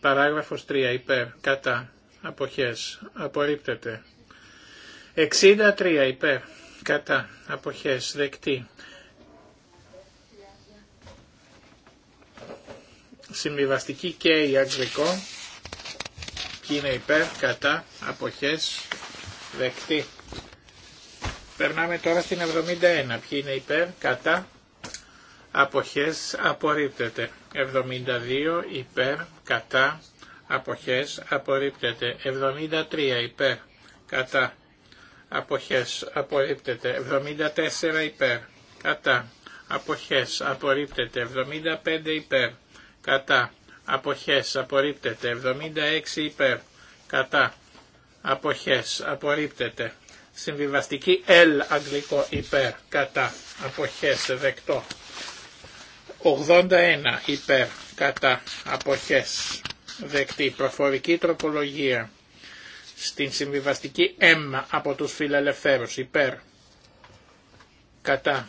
S4: Παράγραφος 3 υπέρ. Κατά. Αποχές. Απορρίπτεται. 63 υπέρ κατά αποχές δεκτή. Συμβιβαστική και η αγγλικό. Ποιοι είναι υπέρ κατά αποχές δεκτή. Περνάμε τώρα στην 71. Ποιοι είναι υπέρ κατά αποχές απορρίπτεται. 72 υπέρ κατά αποχές απορρίπτεται. 73 υπέρ κατά αποχές απορρίπτεται 74 υπέρ κατά αποχές απορρίπτεται 75 υπέρ κατά αποχές απορρίπτεται 76 υπέρ κατά αποχές απορρίπτεται συμβιβαστική L αγγλικό υπέρ κατά αποχές δεκτό 81 υπέρ κατά αποχές δεκτή προφορική τροπολογία στην συμβιβαστική M από τους φιλελευθέρους υπέρ κατά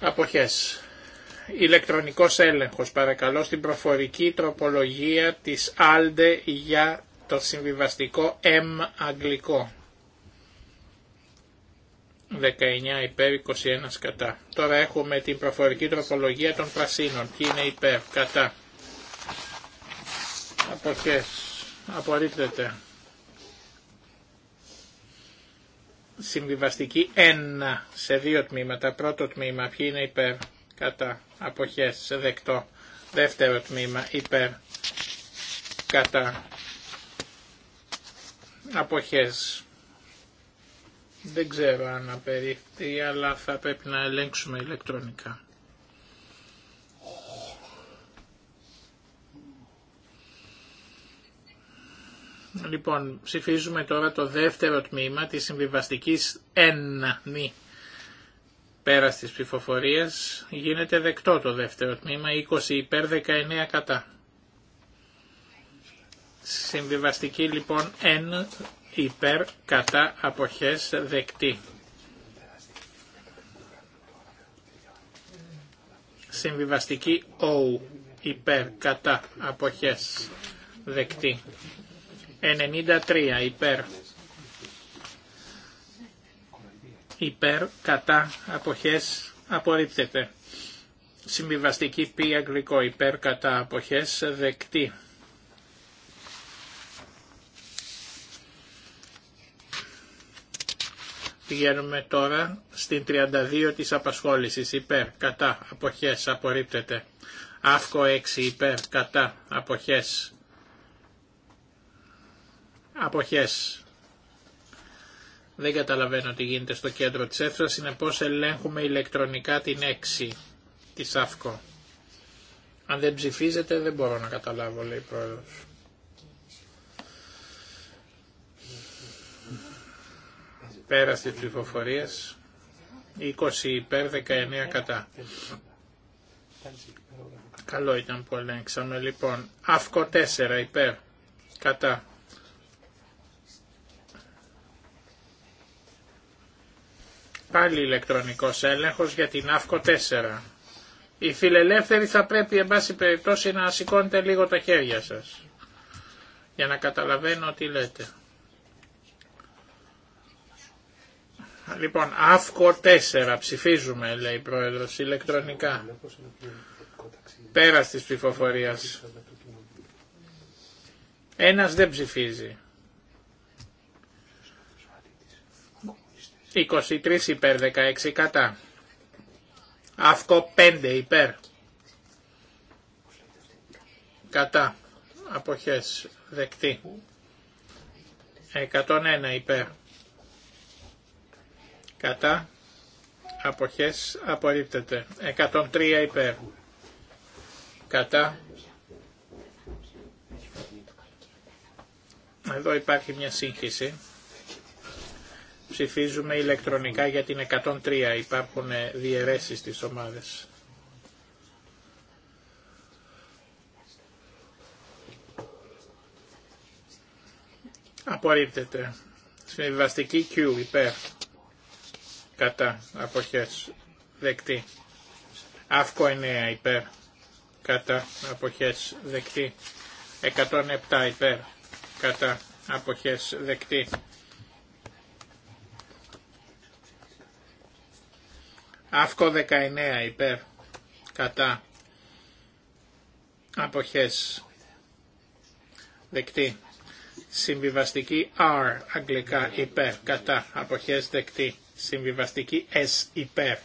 S4: αποχές ηλεκτρονικός έλεγχος παρακαλώ στην προφορική τροπολογία της ALDE για το συμβιβαστικό M αγγλικό 19 υπέρ 21 κατά τώρα έχουμε την προφορική τροπολογία των πρασίνων ποιοι είναι υπέρ κατά αποχές απορρίπτεται. Συμβιβαστική 1 σε δύο τμήματα. Πρώτο τμήμα, ποιοι είναι υπέρ, κατά, αποχές, σε δεκτό. Δεύτερο τμήμα, υπέρ, κατά, αποχές. Δεν ξέρω αν απερίφθη, αλλά θα πρέπει να ελέγξουμε ηλεκτρονικά. Λοιπόν, ψηφίζουμε τώρα το δεύτερο τμήμα της συμβιβαστικής μη Πέρα της ψηφοφορίας γίνεται δεκτό το δεύτερο τμήμα, 20 υπέρ 19 κατά. Συμβιβαστική λοιπόν εν υπέρ κατά αποχές δεκτή. Συμβιβαστική O υπέρ κατά αποχές δεκτή. 93 υπέρ. Υπέρ, κατά, αποχές, απορρίπτεται. Συμβιβαστική πι αγγλικό υπέρ, κατά, αποχές, δεκτή. Πηγαίνουμε τώρα στην 32 της απασχόλησης υπέρ, κατά, αποχές, απορρίπτεται. Αύκο 6 υπέρ, κατά, αποχές, Αποχές. Δεν καταλαβαίνω τι γίνεται στο κέντρο της Είναι συνεπώς ελέγχουμε ηλεκτρονικά την 6 της ΑΦΚΟ. Αν δεν ψηφίζετε δεν μπορώ να καταλάβω, λέει η πρόεδρος. Πέρα στις 20 υπέρ, 19 κατά. Καλό ήταν που ελέγξαμε. Λοιπόν, ΑΦΚΟ 4 υπέρ, κατά. Πάλι ηλεκτρονικός έλεγχος για την ΑΦΚΟ 4. Οι φιλελεύθεροι θα πρέπει εν πάση περιπτώσει να σηκώνετε λίγο τα χέρια σας για να καταλαβαίνω τι λέτε. Λοιπόν, ΑΦΚΟ 4 ψηφίζουμε, λέει η Πρόεδρος, ηλεκτρονικά. Πέρα της ψηφοφορίας. Ένας δεν ψηφίζει. 23 υπέρ 16 κατά. Αυκό 5 υπέρ. Κατά. Αποχές. Δεκτή. 101 υπέρ. Κατά. Αποχές. Απορρίπτεται. 103 υπέρ. Κατά. Εδώ υπάρχει μια σύγχυση. Ψηφίζουμε ηλεκτρονικά για την 103. Υπάρχουν διαιρέσεις στις ομάδες. Απορρίπτεται. Συμβιβαστική Q υπέρ. Κατά. Αποχές. Δεκτή. Αύκο 9 υπέρ. Κατά. Αποχές. Δεκτή. 107 υπέρ. Κατά. Αποχές. Δεκτή. Αύκο 19 υπέρ. Κατά. Αποχές. Δεκτή. Συμβιβαστική R αγγλικά υπέρ. Κατά. Αποχές δεκτή. Συμβιβαστική S υπέρ.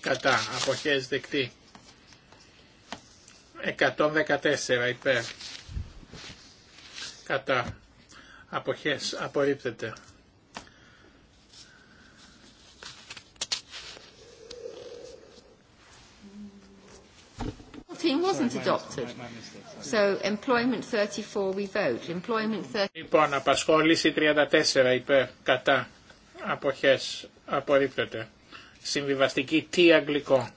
S4: Κατά. Αποχές δεκτή. 114 υπέρ. Κατά. Αποχές απορρίπτεται.
S1: wasn't adopted. So employment 34 we vote. Employment 34.
S4: Λοιπόν, απασχόληση 34 υπέρ, κατά, αποχές, απορρίπτεται. Συμβιβαστική τι αγγλικό.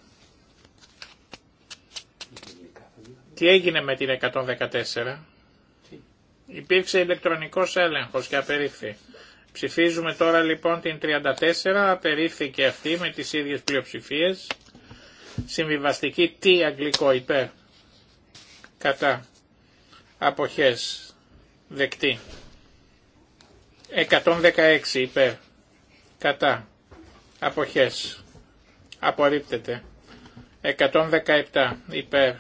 S4: Τι έγινε με την 114. Υπήρξε ηλεκτρονικός έλεγχος και απερίφθη. Ψηφίζουμε τώρα λοιπόν την 34, απερίφθηκε αυτή με τις ίδιες πλειοψηφίες. Συμβιβαστική τι αγγλικό υπέρ. Κατά. Αποχές. Δεκτή. 116 υπέρ. Κατά. Αποχές. Απορρίπτεται. 117 υπέρ.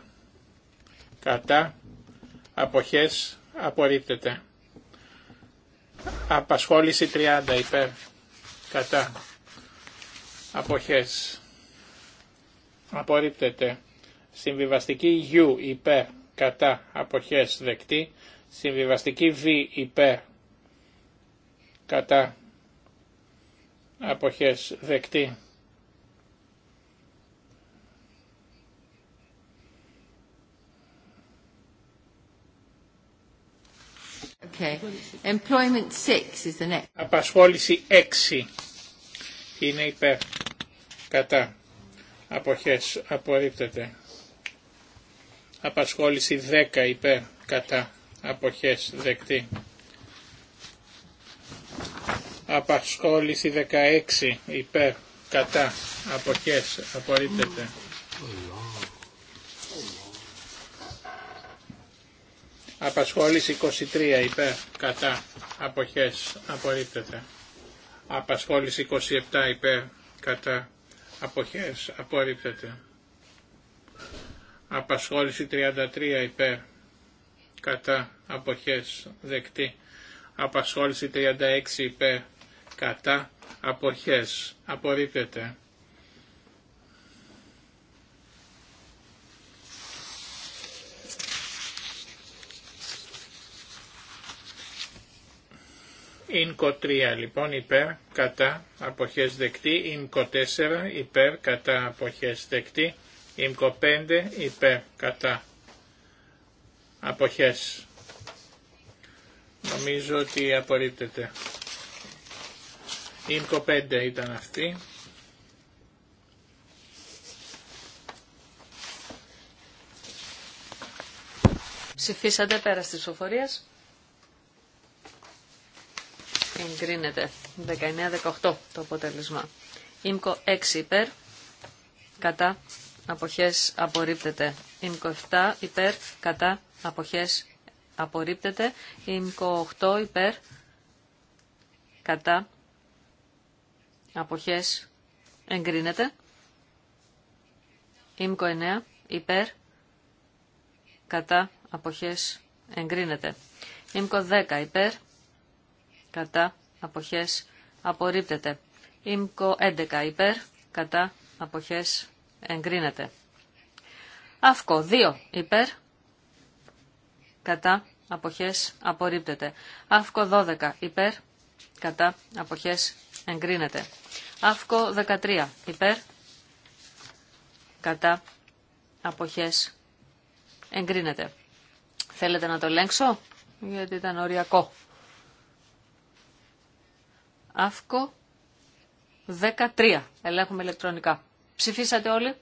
S4: Κατά. Αποχές. Απορρίπτεται. Απασχόληση 30 υπέρ. Κατά. Αποχές απορρίπτεται. Συμβιβαστική U υπέρ κατά αποχές δεκτή. Συμβιβαστική V υπέρ κατά αποχές δεκτή. Απασχόληση 6 είναι υπέρ κατά Αποχές. Απορρίπτεται. Απασχόληση 10 υπέρ κατά. Αποχές. Δεκτή. Απασχόληση 16 υπέρ κατά. Αποχές. Απορρίπτεται. Απασχόληση 23 υπέρ κατά. Αποχές. Απορρίπτεται. Απασχόληση 27 υπέρ κατά Αποχές. Απορρίπτεται. Απασχόληση 33 υπέρ. Κατά. Αποχές. Δεκτή. Απασχόληση 36 υπέρ. Κατά. Αποχές. Απορρίπτεται. Ινκο 3 λοιπόν υπέρ κατά αποχές δεκτή, Ινκο 4 υπέρ κατά αποχές δεκτή, Ινκο 5 υπέρ κατά αποχές. Νομίζω ότι απορρίπτεται. Ινκο 5 ήταν αυτή.
S3: Ψηφίσατε πέρα στις ψηφοφορίες εγκρίνεται. 19-18 το αποτέλεσμα. Ήμκο 6 υπέρ, κατά, αποχές απορρίπτεται. Ήμκο 7 υπέρ, κατά, αποχές απορρίπτεται. Ήμκο 8 υπέρ, κατά, αποχές εγκρίνεται. Ήμκο 9 υπέρ, κατά, αποχές εγκρίνεται. Ήμκο 10 υπέρ, κατά αποχές απορρίπτεται. Ήμκο 11 υπέρ κατά αποχές εγκρίνεται. άφκο 2 υπέρ κατά αποχές απορρίπτεται. άφκο 12 υπέρ κατά αποχές εγκρίνεται. άφκο 13 υπέρ κατά αποχές εγκρίνεται. Θέλετε να το ελέγξω, γιατί ήταν οριακό. Αύκο 13. Ελέγχουμε ηλεκτρονικά. Ψηφίσατε όλοι.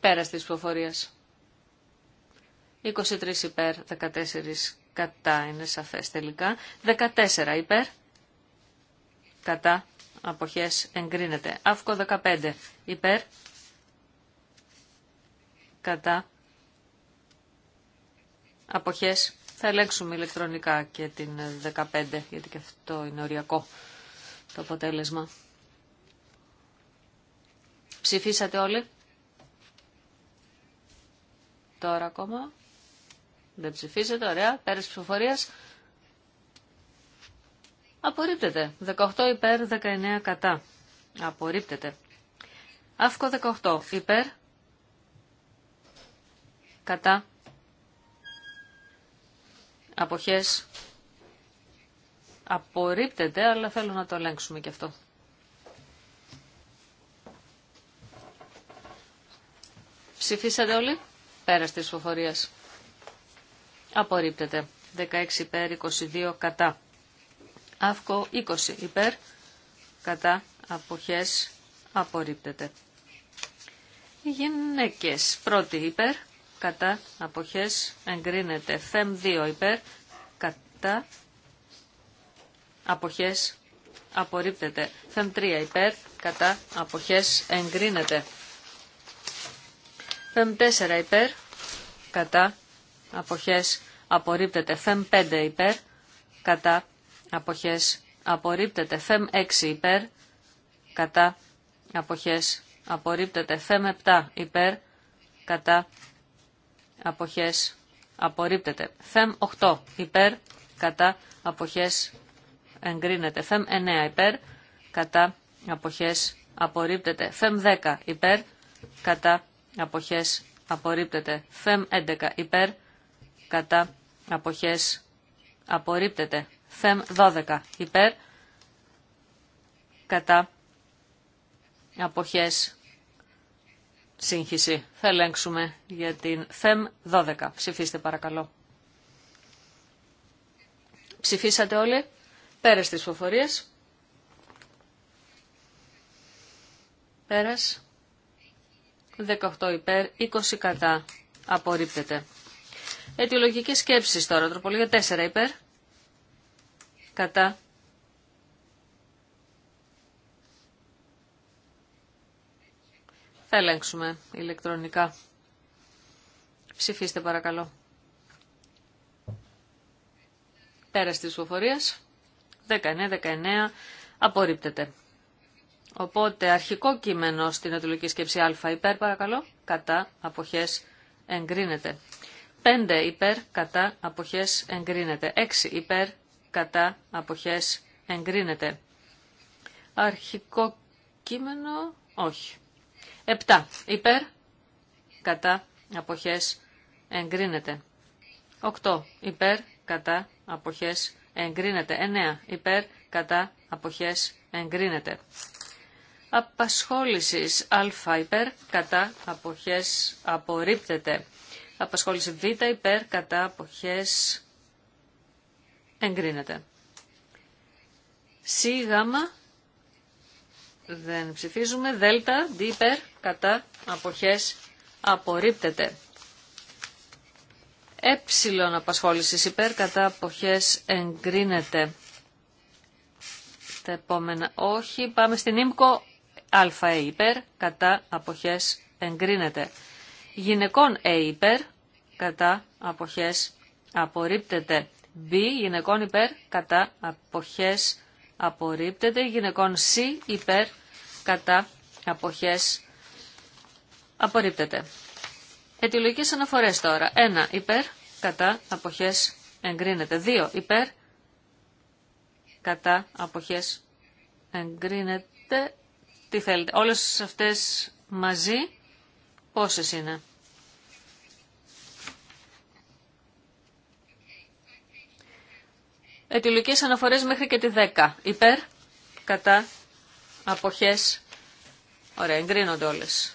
S3: Πέρα της ψηφοφορίας. 23 υπέρ, 14 κατά είναι σαφές τελικά. 14 υπέρ, κατά, αποχές εγκρίνεται. Αύκο 15 υπέρ, κατά, αποχές θα ελέγξουμε ηλεκτρονικά και την 15, γιατί και αυτό είναι οριακό το αποτέλεσμα. Ψηφίσατε όλοι. Τώρα ακόμα. Δεν ψηφίζετε, ωραία. Πέρας ψηφοφορίας. Απορρίπτεται. 18 υπέρ, 19 κατά. Απορρίπτεται. Αύκο 18 υπέρ. Κατά αποχές απορρίπτεται, αλλά θέλω να το ελέγξουμε και αυτό. Ψηφίσατε όλοι, πέρας της φοφορίας. Απορρίπτεται. 16 υπέρ, 22 κατά. Αύκο 20 υπέρ, κατά, αποχές, απορρίπτεται. Γυναίκες, πρώτη υπέρ, κατά αποχές εγκρίνεται. Φεμ 2 υπέρ κατά αποχές απορρίπτεται. Φεμ 3 υπέρ κατά αποχές εγκρίνεται. Φεμ 4 υπέρ κατά αποχές απορρίπτεται. Φεμ 5 υπέρ κατά αποχές απορρίπτεται. Φεμ 6 υπέρ κατά αποχές απορρίπτεται. Φεμ 7 υπέρ κατά αποχές απορρίπτεται. Φεμ 8 υπέρ κατά αποχές εγκρίνεται. Φεμ 9 υπέρ κατά αποχές απορρίπτεται. Φεμ 10 υπέρ κατά αποχές απορρίπτεται. Φεμ 11 υπέρ κατά αποχές απορρίπτεται. Φεμ 12 υπέρ κατά αποχές σύγχυση. Θα ελέγξουμε για την ΦΕΜ 12. Ψηφίστε παρακαλώ. Ψηφίσατε όλοι. Πέρας τις φοφορίες. Πέρας. 18 υπέρ, 20 κατά. Απορρίπτεται. Αιτιολογικές σκέψεις τώρα. Τροπολογία 4 υπέρ. Κατά. Θα ελέγξουμε ηλεκτρονικά. Ψηφίστε παρακαλώ. Πέρας της ψηφοφορίας. 19-19 απορρίπτεται. Οπότε αρχικό κείμενο στην ατολική σκέψη α υπέρ παρακαλώ, κατά αποχές εγκρίνεται. 5 υπέρ κατά αποχές εγκρίνεται. 6 υπέρ κατά αποχές εγκρίνεται. Αρχικό κείμενο όχι. 7. Υπέρ, κατά, αποχές, εγκρίνεται. 8. Υπέρ, κατά, αποχές, εγκρίνεται. 9. Υπέρ, κατά, αποχές, εγκρίνεται. Απασχόλησης α υπέρ, κατά, αποχές, απορρίπτεται. Απασχόληση β υπέρ, κατά, αποχές, εγκρίνεται. Σ δεν ψηφίζουμε. Δέλτα, δι υπέρ, κατά αποχές απορρίπτεται. Έψιλον ε απασχόλησης υπέρ κατά αποχές εγκρίνεται. Τα επόμενα όχι. Πάμε στην ΙΜΚΟ ΑΕ υπέρ κατά αποχές εγκρίνεται. Γυναικών Ε υπέρ κατά αποχές απορρίπτεται. Β γυναικών υπέρ κατά αποχές απορρίπτεται. Γυναικών Σ υπέρ κατά αποχές Απορρίπτεται. Ετιολογικέ αναφορέ τώρα. 1. Υπέρ. Κατά. αποχέ, Εγκρίνεται. 2. Υπέρ. Κατά. αποχέ, Εγκρίνεται. Τι θέλετε. Όλε αυτέ μαζί. πόσε είναι. Ετιολογικέ αναφορές μέχρι και τη 10. Υπέρ, κατά, απόχέ. Ωραία, εγκρίνονται όλες.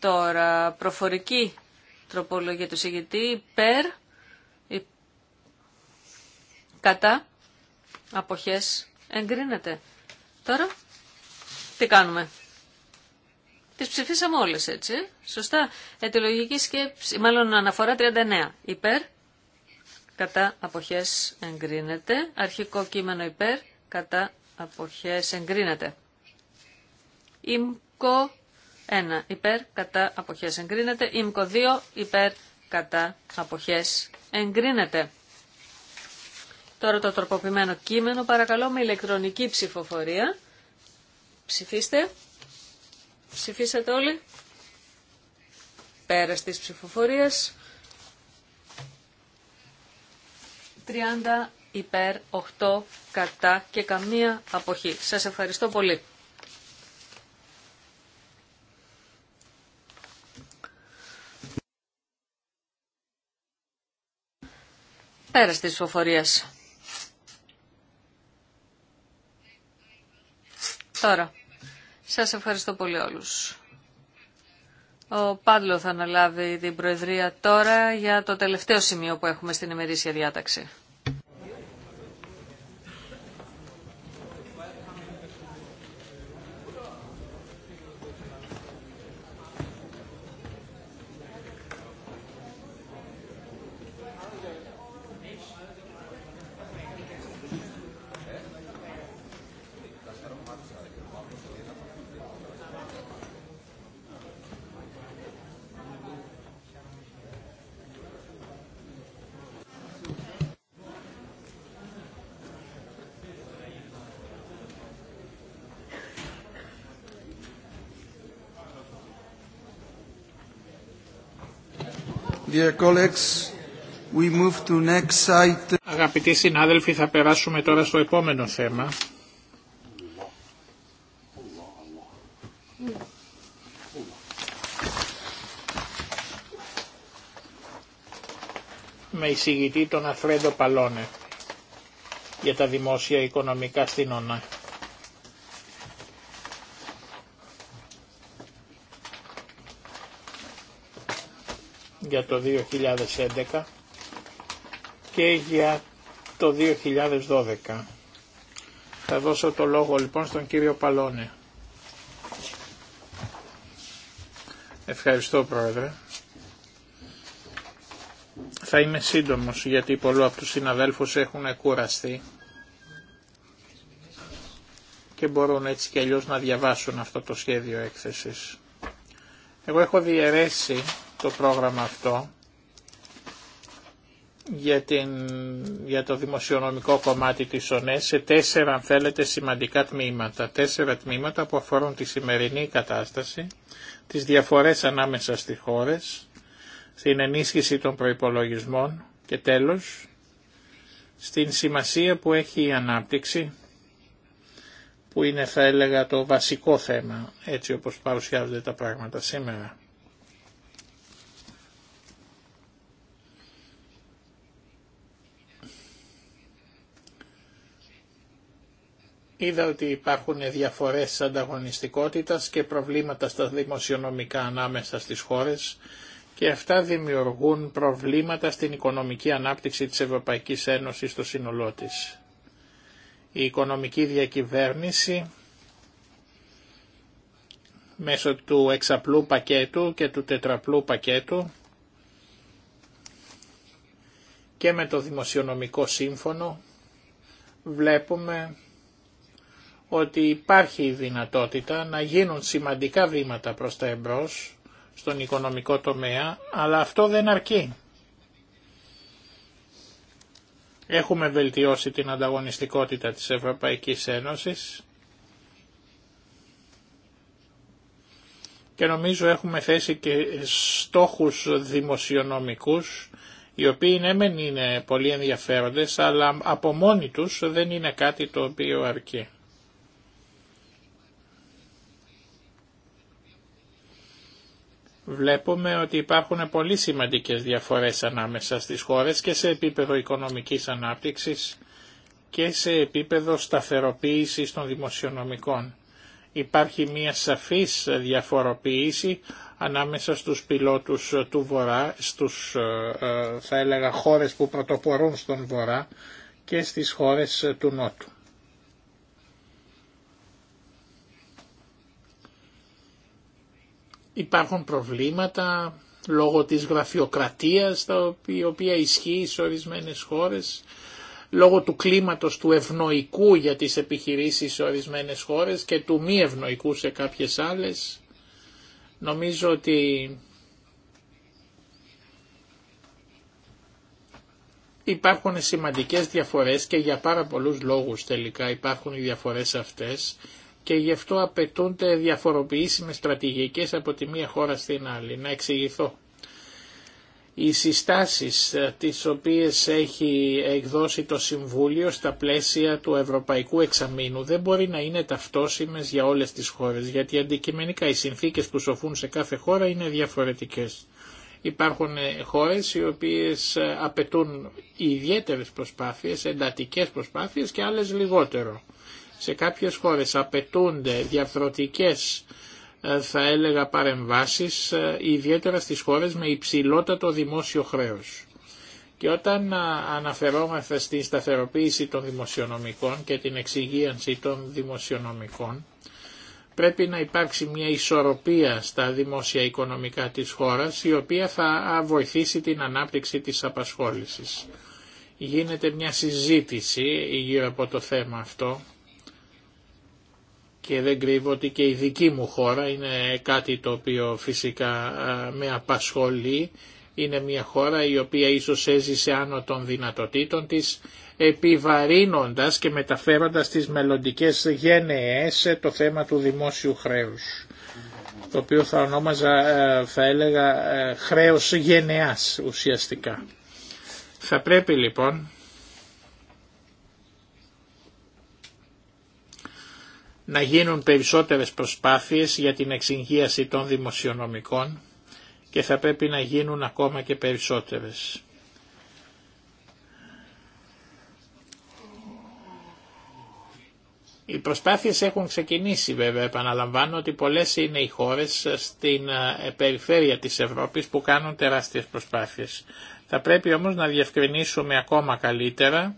S3: Τώρα, προφορική τροπολογία του συγγετή υπέρ, κατά, αποχές, εγκρίνεται. Τώρα, τι κάνουμε. Τις ψηφίσαμε όλες έτσι, σωστά. Αιτιολογική σκέψη, μάλλον αναφορά 39. Υπέρ, κατά, αποχές, εγκρίνεται. Αρχικό κείμενο υπέρ, κατά, αποχές, εγκρίνεται. Υμκο... 1 υπέρ κατά αποχές εγκρίνεται. Ήμκο 2 υπέρ κατά αποχές εγκρίνεται. Τώρα το τροποποιημένο κείμενο παρακαλώ με ηλεκτρονική ψηφοφορία. Ψηφίστε. Ψηφίσατε όλοι. πέρα τη ψηφοφορίας. 30 υπέρ, 8 κατά και καμία αποχή. Σας ευχαριστώ πολύ. Πέρας τη ψηφοφορίας. Τώρα, σας ευχαριστώ πολύ όλους. Ο Πάντλο θα αναλάβει την Προεδρία τώρα για το τελευταίο σημείο που έχουμε στην ημερήσια διάταξη.
S4: Αγαπητοί συνάδελφοι, θα περάσουμε τώρα στο επόμενο θέμα. Με εισηγητή τον Αφρέντο Παλώνε για τα δημόσια οικονομικά στην ΟΝΑ. για το 2011 και για το 2012. Θα δώσω το λόγο λοιπόν στον κύριο Παλώνε. Ευχαριστώ πρόεδρε. Θα είμαι σύντομος γιατί πολλοί από τους συναδέλφους έχουν κουραστεί και μπορούν έτσι και αλλιώς να διαβάσουν αυτό το σχέδιο έκθεσης. Εγώ έχω διαιρέσει το πρόγραμμα αυτό για, την, το δημοσιονομικό κομμάτι της ΟΝΕ σε τέσσερα αν θέλετε σημαντικά τμήματα. Τέσσερα τμήματα που αφορούν τη σημερινή κατάσταση, τις διαφορές ανάμεσα στις χώρες, στην ενίσχυση των προϋπολογισμών και τέλος στην σημασία που έχει η ανάπτυξη που είναι θα έλεγα το βασικό θέμα έτσι όπως παρουσιάζονται τα πράγματα σήμερα. Είδα ότι υπάρχουν διαφορές ανταγωνιστικότητας και προβλήματα στα δημοσιονομικά ανάμεσα στις χώρες και αυτά δημιουργούν προβλήματα στην οικονομική ανάπτυξη της Ευρωπαϊκής Ένωσης στο σύνολό της. Η οικονομική διακυβέρνηση μέσω του εξαπλού πακέτου και του τετραπλού πακέτου και με το δημοσιονομικό σύμφωνο βλέπουμε ότι υπάρχει η δυνατότητα να γίνουν σημαντικά βήματα προς τα εμπρός στον οικονομικό τομέα, αλλά αυτό δεν αρκεί. Έχουμε βελτιώσει την ανταγωνιστικότητα της Ευρωπαϊκής Ένωσης και νομίζω έχουμε θέσει και στόχους δημοσιονομικούς οι οποίοι ναι μεν είναι πολύ ενδιαφέροντες αλλά από μόνοι τους δεν είναι κάτι το οποίο αρκεί. βλέπουμε ότι υπάρχουν πολύ σημαντικές διαφορές ανάμεσα στις χώρες και σε επίπεδο οικονομικής ανάπτυξης και σε επίπεδο σταθεροποίησης των δημοσιονομικών. Υπάρχει μια σαφής διαφοροποίηση ανάμεσα στους πιλότους του Βορρά, στους ε, ε, θα έλεγα χώρες που πρωτοπορούν στον Βορρά και στις χώρες του Νότου. Υπάρχουν προβλήματα λόγω της γραφειοκρατίας τα οποία ισχύει σε ορισμένες χώρες, λόγω του κλίματος του ευνοϊκού για τις επιχειρήσεις σε ορισμένες χώρες και του μη ευνοϊκού σε κάποιες άλλες. Νομίζω ότι υπάρχουν σημαντικές διαφορές και για πάρα πολλούς λόγους τελικά υπάρχουν οι διαφορές αυτές και γι' αυτό απαιτούνται διαφοροποιήσιμες στρατηγικές από τη μία χώρα στην άλλη. Να εξηγηθώ. Οι συστάσεις ε, τις οποίες έχει εκδώσει το Συμβούλιο στα πλαίσια του Ευρωπαϊκού Εξαμήνου δεν μπορεί να είναι ταυτόσιμες για όλες τις χώρες, γιατί αντικειμενικά οι συνθήκες που σοφούν σε κάθε χώρα είναι διαφορετικές. Υπάρχουν ε, χώρες οι οποίες ε, απαιτούν ιδιαίτερες προσπάθειες, εντατικές προσπάθειες και άλλες λιγότερο. Σε κάποιες χώρες απαιτούνται διαφορετικές ε, θα έλεγα παρεμβάσεις, ε, ιδιαίτερα στις χώρες με υψηλότατο δημόσιο χρέος. Και όταν ε, αναφερόμαστε στην σταθεροποίηση των δημοσιονομικών και την εξυγίανση των δημοσιονομικών, πρέπει να υπάρξει μια ισορροπία στα δημόσια οικονομικά της χώρας, η οποία θα βοηθήσει την ανάπτυξη της απασχόλησης. Γίνεται μια συζήτηση γύρω από το θέμα αυτό, και δεν κρύβω ότι και η δική μου χώρα είναι κάτι το οποίο φυσικά με απασχολεί. Είναι μια χώρα η οποία ίσως έζησε άνω των δυνατοτήτων της, επιβαρύνοντας και μεταφέροντας τις μελλοντικέ σε το θέμα του δημόσιου χρέους, το οποίο θα ονόμαζα, θα έλεγα, χρέος γενεάς ουσιαστικά. Θα πρέπει λοιπόν να γίνουν περισσότερες προσπάθειες για την εξυγίαση των δημοσιονομικών και θα πρέπει να γίνουν ακόμα και περισσότερες. Οι προσπάθειες έχουν ξεκινήσει βέβαια, επαναλαμβάνω ότι πολλές είναι οι χώρες στην ε, περιφέρεια της Ευρώπης που κάνουν τεράστιες προσπάθειες. Θα πρέπει όμως να διευκρινίσουμε ακόμα καλύτερα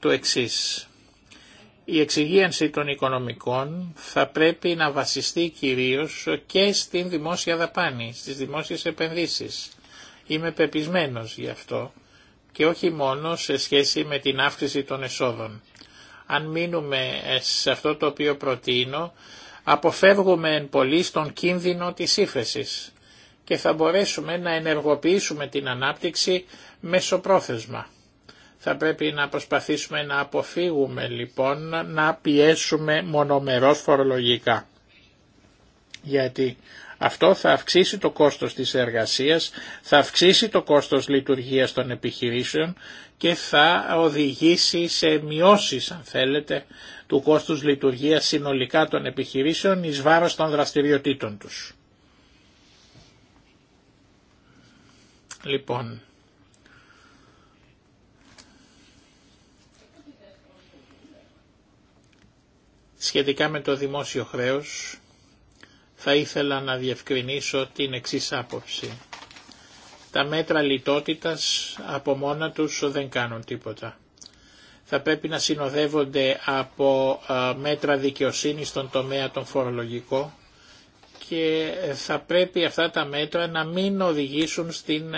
S4: το εξής. Η εξυγίανση των οικονομικών θα πρέπει να βασιστεί κυρίως και στην δημόσια δαπάνη, στις δημόσιες επενδύσεις. Είμαι πεπισμένος γι' αυτό και όχι μόνο σε σχέση με την αύξηση των εσόδων. Αν μείνουμε σε αυτό το οποίο προτείνω, αποφεύγουμε εν πολύ στον κίνδυνο της ύφεση και θα μπορέσουμε να ενεργοποιήσουμε την ανάπτυξη μεσοπρόθεσμα. Θα πρέπει να προσπαθήσουμε να αποφύγουμε λοιπόν να πιέσουμε μονομερός φορολογικά. Γιατί αυτό θα αυξήσει το κόστος της εργασίας, θα αυξήσει το κόστος λειτουργίας των επιχειρήσεων και θα οδηγήσει σε μειώσεις, αν θέλετε, του κόστους λειτουργίας συνολικά των επιχειρήσεων εις βάρος των δραστηριοτήτων τους. Λοιπόν, Σχετικά με το δημόσιο χρέος, θα ήθελα να διευκρινίσω την εξής άποψη. Τα μέτρα λιτότητας από μόνα τους δεν κάνουν τίποτα. Θα πρέπει να συνοδεύονται από μέτρα δικαιοσύνης στον τομέα των φορολογικό και θα πρέπει αυτά τα μέτρα να μην οδηγήσουν στην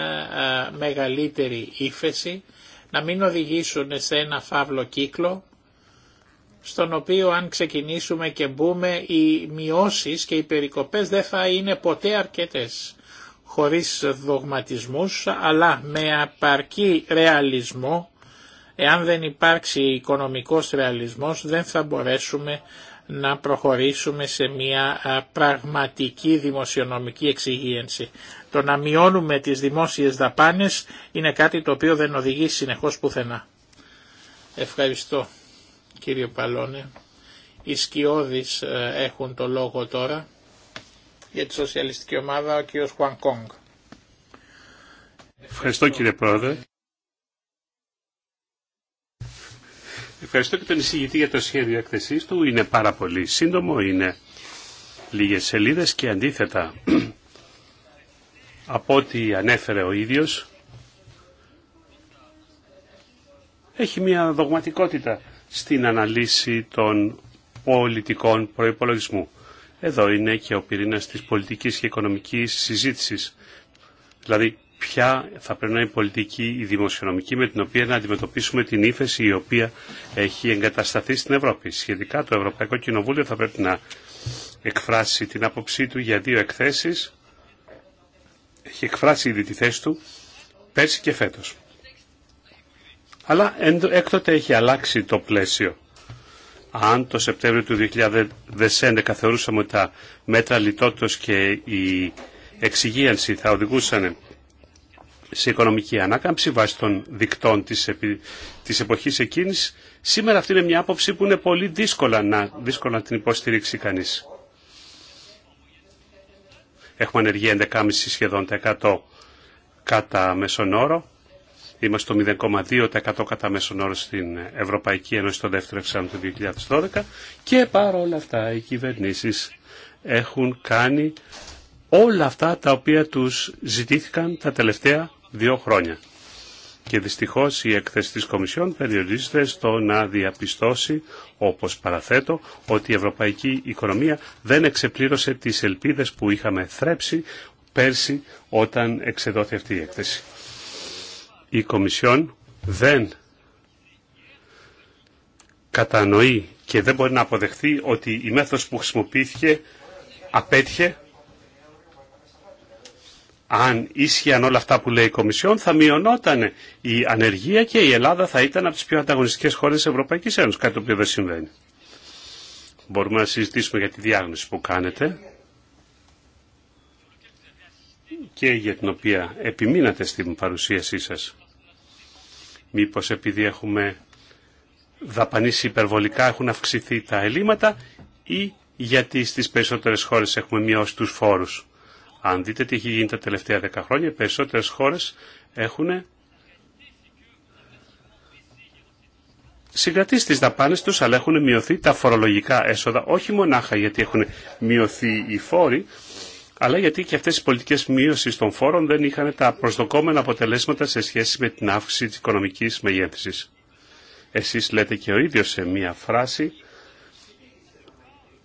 S4: μεγαλύτερη ύφεση, να μην οδηγήσουν σε ένα φαύλο κύκλο στον οποίο αν ξεκινήσουμε και μπούμε οι μειώσεις και οι περικοπές δεν θα είναι ποτέ αρκετές χωρίς δογματισμούς αλλά με απαρκή ρεαλισμό εάν δεν υπάρξει οικονομικός ρεαλισμός δεν θα μπορέσουμε να προχωρήσουμε σε μια πραγματική δημοσιονομική εξυγίανση. Το να μειώνουμε τις δημόσιες δαπάνες είναι κάτι το οποίο δεν οδηγεί συνεχώς πουθενά. Ευχαριστώ κύριε Παλώνε. Οι σκιώδεις ε, έχουν το λόγο τώρα για τη σοσιαλιστική ομάδα, ο κύριος Χουαν Κόγκ.
S2: Ευχαριστώ κύριε Πρόεδρε. Ευχαριστώ και τον εισηγητή για το σχέδιο εκθεσής του. Είναι πάρα πολύ σύντομο, είναι λίγες σελίδες και αντίθετα από ό,τι ανέφερε ο ίδιος έχει μια δογματικότητα στην αναλύση των πολιτικών προϋπολογισμού. Εδώ είναι και ο πυρήνας της πολιτικής και οικονομικής συζήτησης. Δηλαδή, ποια θα πρέπει να είναι η πολιτική, η δημοσιονομική, με την οποία να αντιμετωπίσουμε την ύφεση η οποία έχει εγκατασταθεί στην Ευρώπη. Σχετικά το Ευρωπαϊκό Κοινοβούλιο θα πρέπει να εκφράσει την άποψή του για δύο εκθέσεις. Έχει εκφράσει ήδη τη θέση του πέρσι και φέτος. Αλλά έκτοτε έχει αλλάξει το πλαίσιο. Αν το Σεπτέμβριο του 2011 θεωρούσαμε ότι τα μέτρα λιτότητος και η εξυγίανση θα οδηγούσαν σε οικονομική ανάκαμψη βάσει των δικτών της, επι... της εποχής εκείνης, σήμερα αυτή είναι μια άποψη που είναι πολύ δύσκολα να, δύσκολα την υποστηρίξει κανείς. Έχουμε ανεργία 11,5 σχεδόν 100 κατά μεσονόρο. Είμαστε το 0,2% κατά μέσον όρο στην Ευρωπαϊκή Ένωση το δεύτερο εξάμεινο του 2012 και παρόλα αυτά οι κυβερνήσεις έχουν κάνει όλα αυτά τα οποία τους ζητήθηκαν τα τελευταία δύο χρόνια. Και δυστυχώς η έκθεση της Κομισιόν περιορίζεται στο να διαπιστώσει, όπως παραθέτω, ότι η ευρωπαϊκή οικονομία δεν εξεπλήρωσε τις ελπίδες που είχαμε θρέψει πέρσι όταν εξεδόθη αυτή η έκθεση η Κομισιόν δεν κατανοεί και δεν μπορεί να αποδεχθεί ότι η μέθοδος που χρησιμοποιήθηκε απέτυχε. Αν ίσχυαν όλα αυτά που λέει η Κομισιόν θα μειωνόταν η ανεργία και η Ελλάδα θα ήταν από τις πιο ανταγωνιστικές χώρες της Ευρωπαϊκής Ένωσης, κάτι το οποίο δεν συμβαίνει. Μπορούμε να συζητήσουμε για τη διάγνωση που κάνετε και για την οποία επιμείνατε στην παρουσίασή σας. Μήπως επειδή έχουμε δαπανίσει υπερβολικά έχουν αυξηθεί τα ελλείμματα ή γιατί στις περισσότερες χώρες έχουμε μειώσει τους φόρους. Αν δείτε τι έχει γίνει τα τελευταία δέκα χρόνια, οι περισσότερες χώρες έχουν συγκρατήσει τις δαπάνες τους, αλλά έχουν μειωθεί τα φορολογικά έσοδα, όχι μονάχα γιατί έχουν μειωθεί οι φόροι, αλλά γιατί και αυτές οι πολιτικές μείωσης των φόρων δεν είχαν τα προσδοκόμενα αποτελέσματα σε σχέση με την αύξηση της οικονομικής μεγέθυνσης. Εσείς λέτε και ο ίδιος σε μία φράση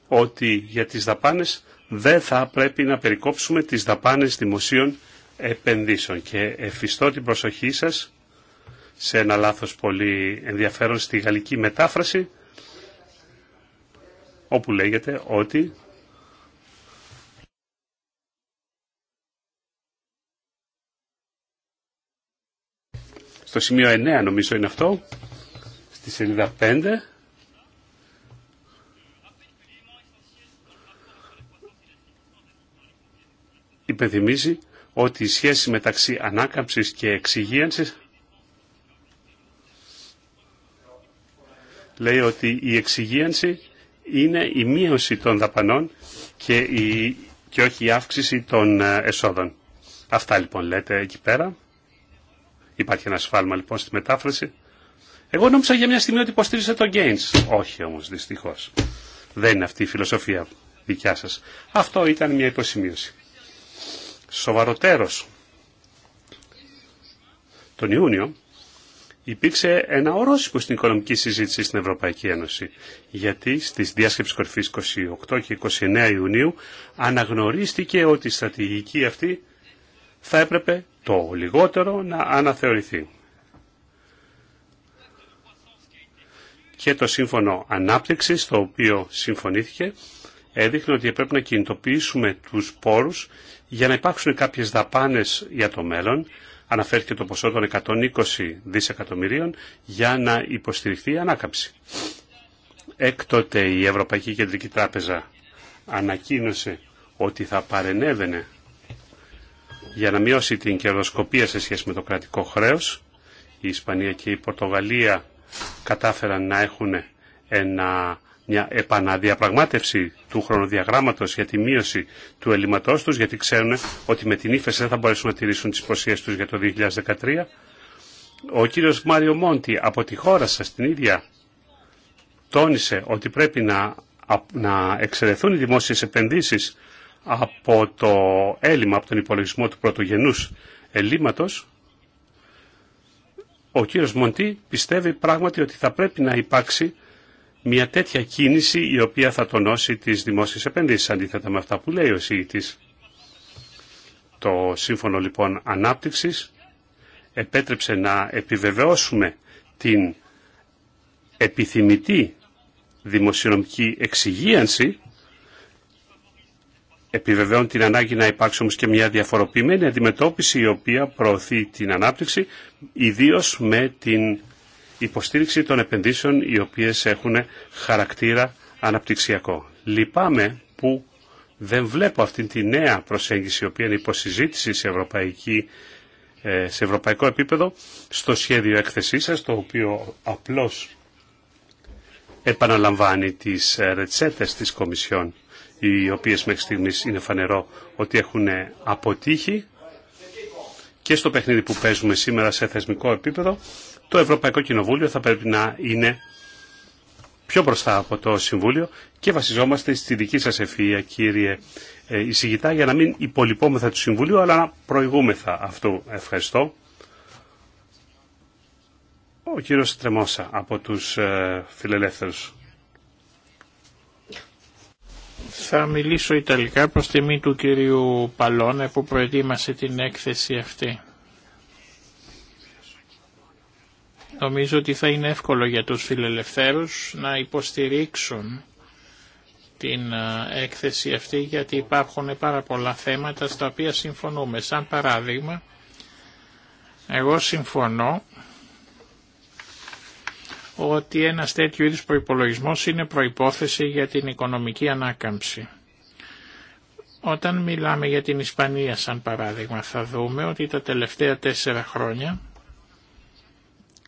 S2: ότι για τις δαπάνες δεν θα πρέπει να περικόψουμε τις δαπάνες δημοσίων επενδύσεων και εφιστώ την προσοχή σας σε ένα λάθος πολύ ενδιαφέρον στη γαλλική μετάφραση όπου λέγεται ότι στο σημείο 9 νομίζω είναι αυτό, στη σελίδα 5. Υπενθυμίζει ότι η σχέση μεταξύ ανάκαμψης και εξυγίανσης λέει ότι η εξυγίανση είναι η μείωση των δαπανών και, η, και όχι η αύξηση των ε, εσόδων. Αυτά λοιπόν λέτε εκεί πέρα. Υπάρχει ένα σφάλμα λοιπόν στη μετάφραση. Εγώ νόμιζα για μια στιγμή ότι υποστήριζε τον Γκέινς. Όχι όμως δυστυχώς. Δεν είναι αυτή η φιλοσοφία δικιά σα. Αυτό ήταν μια υποσημείωση. Σοβαροτέρος. Τον Ιούνιο υπήρξε ένα ορόσημο στην οικονομική συζήτηση στην Ευρωπαϊκή Ένωση. Γιατί στις διάσκεψει κορυφή 28 και 29 Ιουνίου αναγνωρίστηκε ότι η στρατηγική αυτή θα έπρεπε το λιγότερο να αναθεωρηθεί. Και το σύμφωνο ανάπτυξης, το οποίο συμφωνήθηκε, έδειχνε ότι πρέπει να κινητοποιήσουμε τους πόρους για να υπάρξουν κάποιες δαπάνες για το μέλλον, αναφέρθηκε το ποσό των 120 δισεκατομμυρίων, για να υποστηριχθεί η ανάκαμψη. Έκτοτε η Ευρωπαϊκή Κεντρική Τράπεζα ανακοίνωσε ότι θα παρενέβαινε για να μειώσει την κερδοσκοπία σε σχέση με το κρατικό χρέος. Η Ισπανία και η Πορτογαλία κατάφεραν να έχουν ένα, μια επαναδιαπραγμάτευση του χρονοδιαγράμματος για τη μείωση του έλλειμματός τους, γιατί ξέρουν ότι με την ύφεση δεν θα μπορέσουν να τηρήσουν τις προσίες τους για το 2013. Ο κύριος Μάριο Μόντι από τη χώρα σας την ίδια τόνισε ότι πρέπει να, να εξαιρεθούν οι δημόσιες επενδύσεις από το έλλειμμα, από τον υπολογισμό του πρωτογενούς ελλείμματος, ο κύριος Μοντή πιστεύει πράγματι ότι θα πρέπει να υπάρξει μια τέτοια κίνηση η οποία θα τονώσει τις δημόσιες επενδύσεις, αντίθετα με αυτά που λέει ο ΣΥΓΙΤΙΣ. Το Σύμφωνο λοιπόν Ανάπτυξης επέτρεψε να επιβεβαιώσουμε την επιθυμητή δημοσιονομική εξυγίανση επιβεβαιώνει την ανάγκη να υπάρξει όμως και μια διαφοροποιημένη αντιμετώπιση η οποία προωθεί την ανάπτυξη, ιδίως με την υποστήριξη των επενδύσεων οι οποίες έχουν χαρακτήρα αναπτυξιακό. Λυπάμαι που δεν βλέπω αυτή τη νέα προσέγγιση η οποία είναι υποσυζήτηση σε, ευρωπαϊκή, ε, σε ευρωπαϊκό επίπεδο στο σχέδιο έκθεσή σας το οποίο απλώς επαναλαμβάνει τις ε, ρετσέτες της Κομισιόν οι οποίες μέχρι στιγμής είναι φανερό ότι έχουν αποτύχει και στο παιχνίδι που παίζουμε σήμερα σε θεσμικό επίπεδο, το Ευρωπαϊκό Κοινοβούλιο θα πρέπει να είναι πιο μπροστά από το Συμβούλιο και βασιζόμαστε στη δική σας ευφυΐα κύριε ε, εισηγητά για να μην υπολοιπόμεθα του Συμβουλίου αλλά να προηγούμεθα αυτού. Ευχαριστώ. Ο κύριος Τρεμόσα από τους ε, φιλελεύθερους.
S4: Θα μιλήσω Ιταλικά προς τιμή του κυρίου Παλώνε που προετοίμασε την έκθεση αυτή. Νομίζω ότι θα είναι εύκολο για τους φιλελευθέρους να υποστηρίξουν την έκθεση αυτή γιατί υπάρχουν πάρα πολλά θέματα στα οποία συμφωνούμε. Σαν παράδειγμα, εγώ συμφωνώ ότι ένα τέτοιο είδους προϋπολογισμός είναι προϋπόθεση για την οικονομική ανάκαμψη. Όταν μιλάμε για την Ισπανία σαν παράδειγμα θα δούμε ότι τα τελευταία τέσσερα χρόνια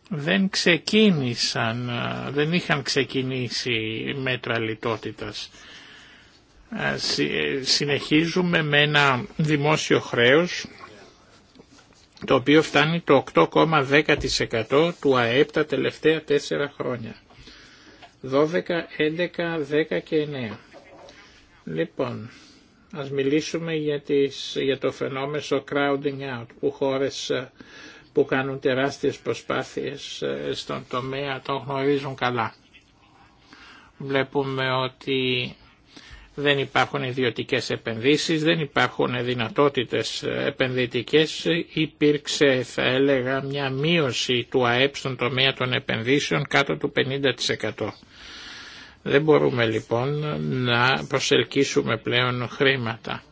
S4: δεν ξεκίνησαν, δεν είχαν ξεκινήσει μέτρα λιτότητας. Συνεχίζουμε με ένα δημόσιο χρέος το οποίο φτάνει το 8,10% του ΑΕΠ τα τελευταία 4 χρόνια. 12, 11, 10 και 9. Λοιπόν, ας μιλήσουμε για, το φαινόμενο crowding out που χώρες ε, που κάνουν τεράστιες προσπάθειες ε, στον τομέα τον γνωρίζουν καλά. Βλέπουμε ότι δεν υπάρχουν ιδιωτικές επενδύσεις, δεν υπάρχουν δυνατότητες επενδυτικές, υπήρξε θα έλεγα μια μείωση του ΑΕΠ στον τομέα των επενδύσεων κάτω του 50%. Δεν μπορούμε λοιπόν να προσελκύσουμε πλέον χρήματα.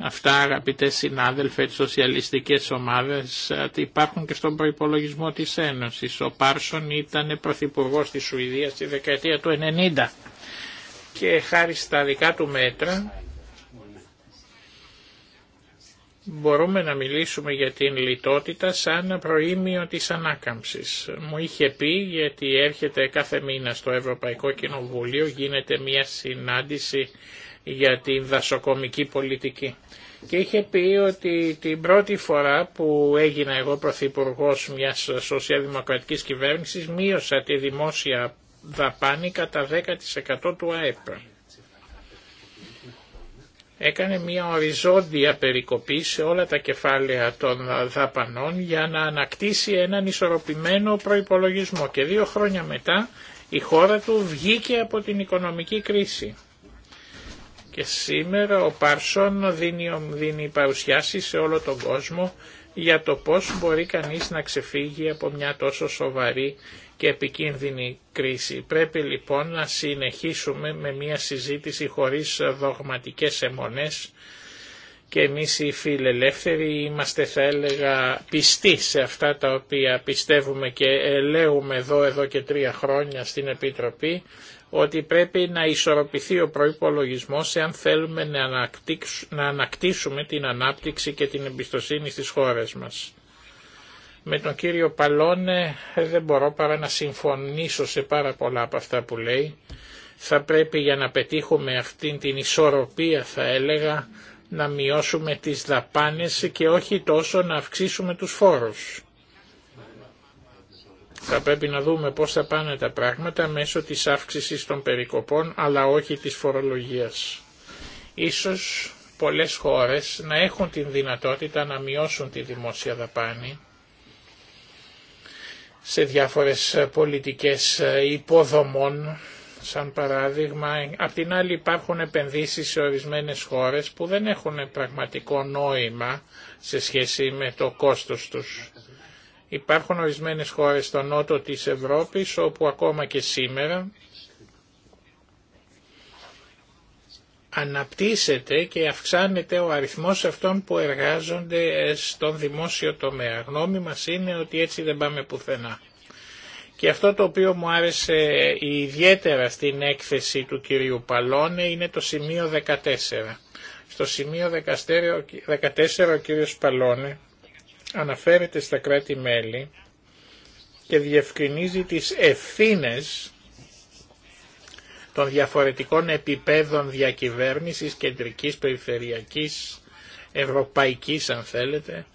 S4: Αυτά αγαπητές συνάδελφε της σοσιαλιστικές ομάδες ε, υπάρχουν και στον προϋπολογισμό της Ένωσης. Ο Πάρσον ήταν πρωθυπουργό της Σουηδίας στη δεκαετία του 90 και χάρη στα δικά του μέτρα μπορούμε να μιλήσουμε για την λιτότητα σαν προήμιο της ανάκαμψης. Μου είχε πει γιατί έρχεται κάθε μήνα στο Ευρωπαϊκό Κοινοβούλιο γίνεται μια συνάντηση για την δασοκομική πολιτική. Και είχε πει ότι την πρώτη φορά που έγινα εγώ πρωθυπουργό μιας σοσιαλδημοκρατική κυβέρνησης μείωσα τη δημόσια δαπάνη κατά 10% του ΑΕΠ. Έκανε μια οριζόντια περικοπή σε όλα τα κεφάλαια των δαπανών για να ανακτήσει έναν ισορροπημένο προϋπολογισμό και δύο χρόνια μετά η χώρα του βγήκε από την οικονομική κρίση. Και σήμερα ο Πάρσον δίνει, δίνει παρουσιάσει σε όλο τον κόσμο για το πώς μπορεί κανείς να ξεφύγει από μια τόσο σοβαρή και επικίνδυνη κρίση. Πρέπει λοιπόν να συνεχίσουμε με μια συζήτηση χωρίς δογματικές αιμονές και εμείς οι φιλελεύθεροι είμαστε θα έλεγα πιστοί σε αυτά τα οποία πιστεύουμε και λέγουμε εδώ εδώ και τρία χρόνια στην Επιτροπή ότι πρέπει να ισορροπηθεί ο προϋπολογισμός εάν θέλουμε να, ανακτήσουμε την ανάπτυξη και την εμπιστοσύνη στις χώρες μας. Με τον κύριο Παλώνε ε, δεν μπορώ παρά να συμφωνήσω σε πάρα πολλά από αυτά που λέει. Θα πρέπει για να πετύχουμε αυτήν την ισορροπία θα έλεγα να μειώσουμε τις δαπάνες και όχι τόσο να αυξήσουμε τους φόρους. Θα πρέπει να δούμε πώς θα πάνε τα πράγματα μέσω της αύξησης των περικοπών αλλά όχι της φορολογίας. Ίσως πολλές χώρες να έχουν την δυνατότητα να μειώσουν τη δημόσια δαπάνη σε διάφορες πολιτικές υποδομών σαν παράδειγμα. Απ' την άλλη υπάρχουν επενδύσεις σε ορισμένες χώρες που δεν έχουν πραγματικό νόημα σε σχέση με το κόστος τους. Υπάρχουν ορισμένες χώρες στο νότο της Ευρώπης όπου ακόμα και σήμερα αναπτύσσεται και αυξάνεται ο αριθμός αυτών που εργάζονται ε, στον δημόσιο τομέα. Γνώμη μας είναι ότι έτσι δεν πάμε πουθενά. Και αυτό το οποίο μου άρεσε ε, ιδιαίτερα στην έκθεση του κυρίου Παλώνε είναι το σημείο 14. Στο σημείο 14 ο κύριος Παλώνε αναφέρεται στα κράτη-μέλη και διευκρινίζει τις ευθύνες των διαφορετικών επιπέδων διακυβέρνησης κεντρικής, περιφερειακής, ευρωπαϊκής αν θέλετε,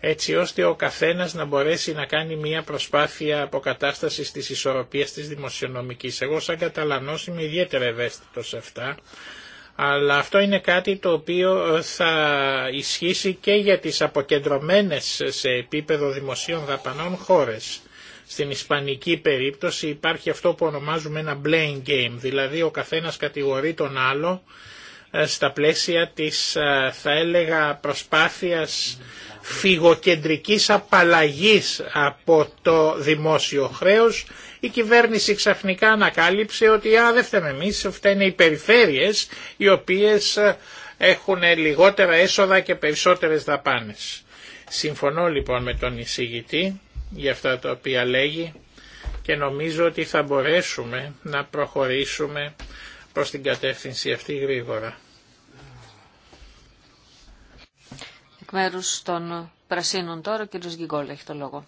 S4: έτσι ώστε ο καθένας να μπορέσει να κάνει μια προσπάθεια αποκατάστασης της ισορροπίας της δημοσιονομικής. Εγώ σαν καταλανός είμαι ιδιαίτερα ευαίσθητος σε αυτά, αλλά αυτό είναι κάτι το οποίο ε, θα ισχύσει και για τις αποκεντρωμένες σε επίπεδο δημοσίων δαπανών χώρες. Στην ισπανική περίπτωση υπάρχει αυτό που ονομάζουμε ένα blame game, δηλαδή ο καθένας κατηγορεί τον άλλο ε, στα πλαίσια της ε, θα έλεγα προσπάθειας φυγοκεντρικής απαλλαγής από το δημόσιο χρέος, η κυβέρνηση ξαφνικά ανακάλυψε ότι α, δεν φταίμε εμείς, αυτά είναι οι περιφέρειες οι οποίες ε, έχουν λιγότερα έσοδα και περισσότερες δαπάνες. Συμφωνώ λοιπόν με τον εισηγητή για αυτά τα οποία λέγει και νομίζω ότι θα μπορέσουμε να προχωρήσουμε προς την κατεύθυνση αυτή γρήγορα.
S3: Εκ μέρου των Πρασίνων τώρα, ο κύριος Γκυγκόλ έχει το λόγο.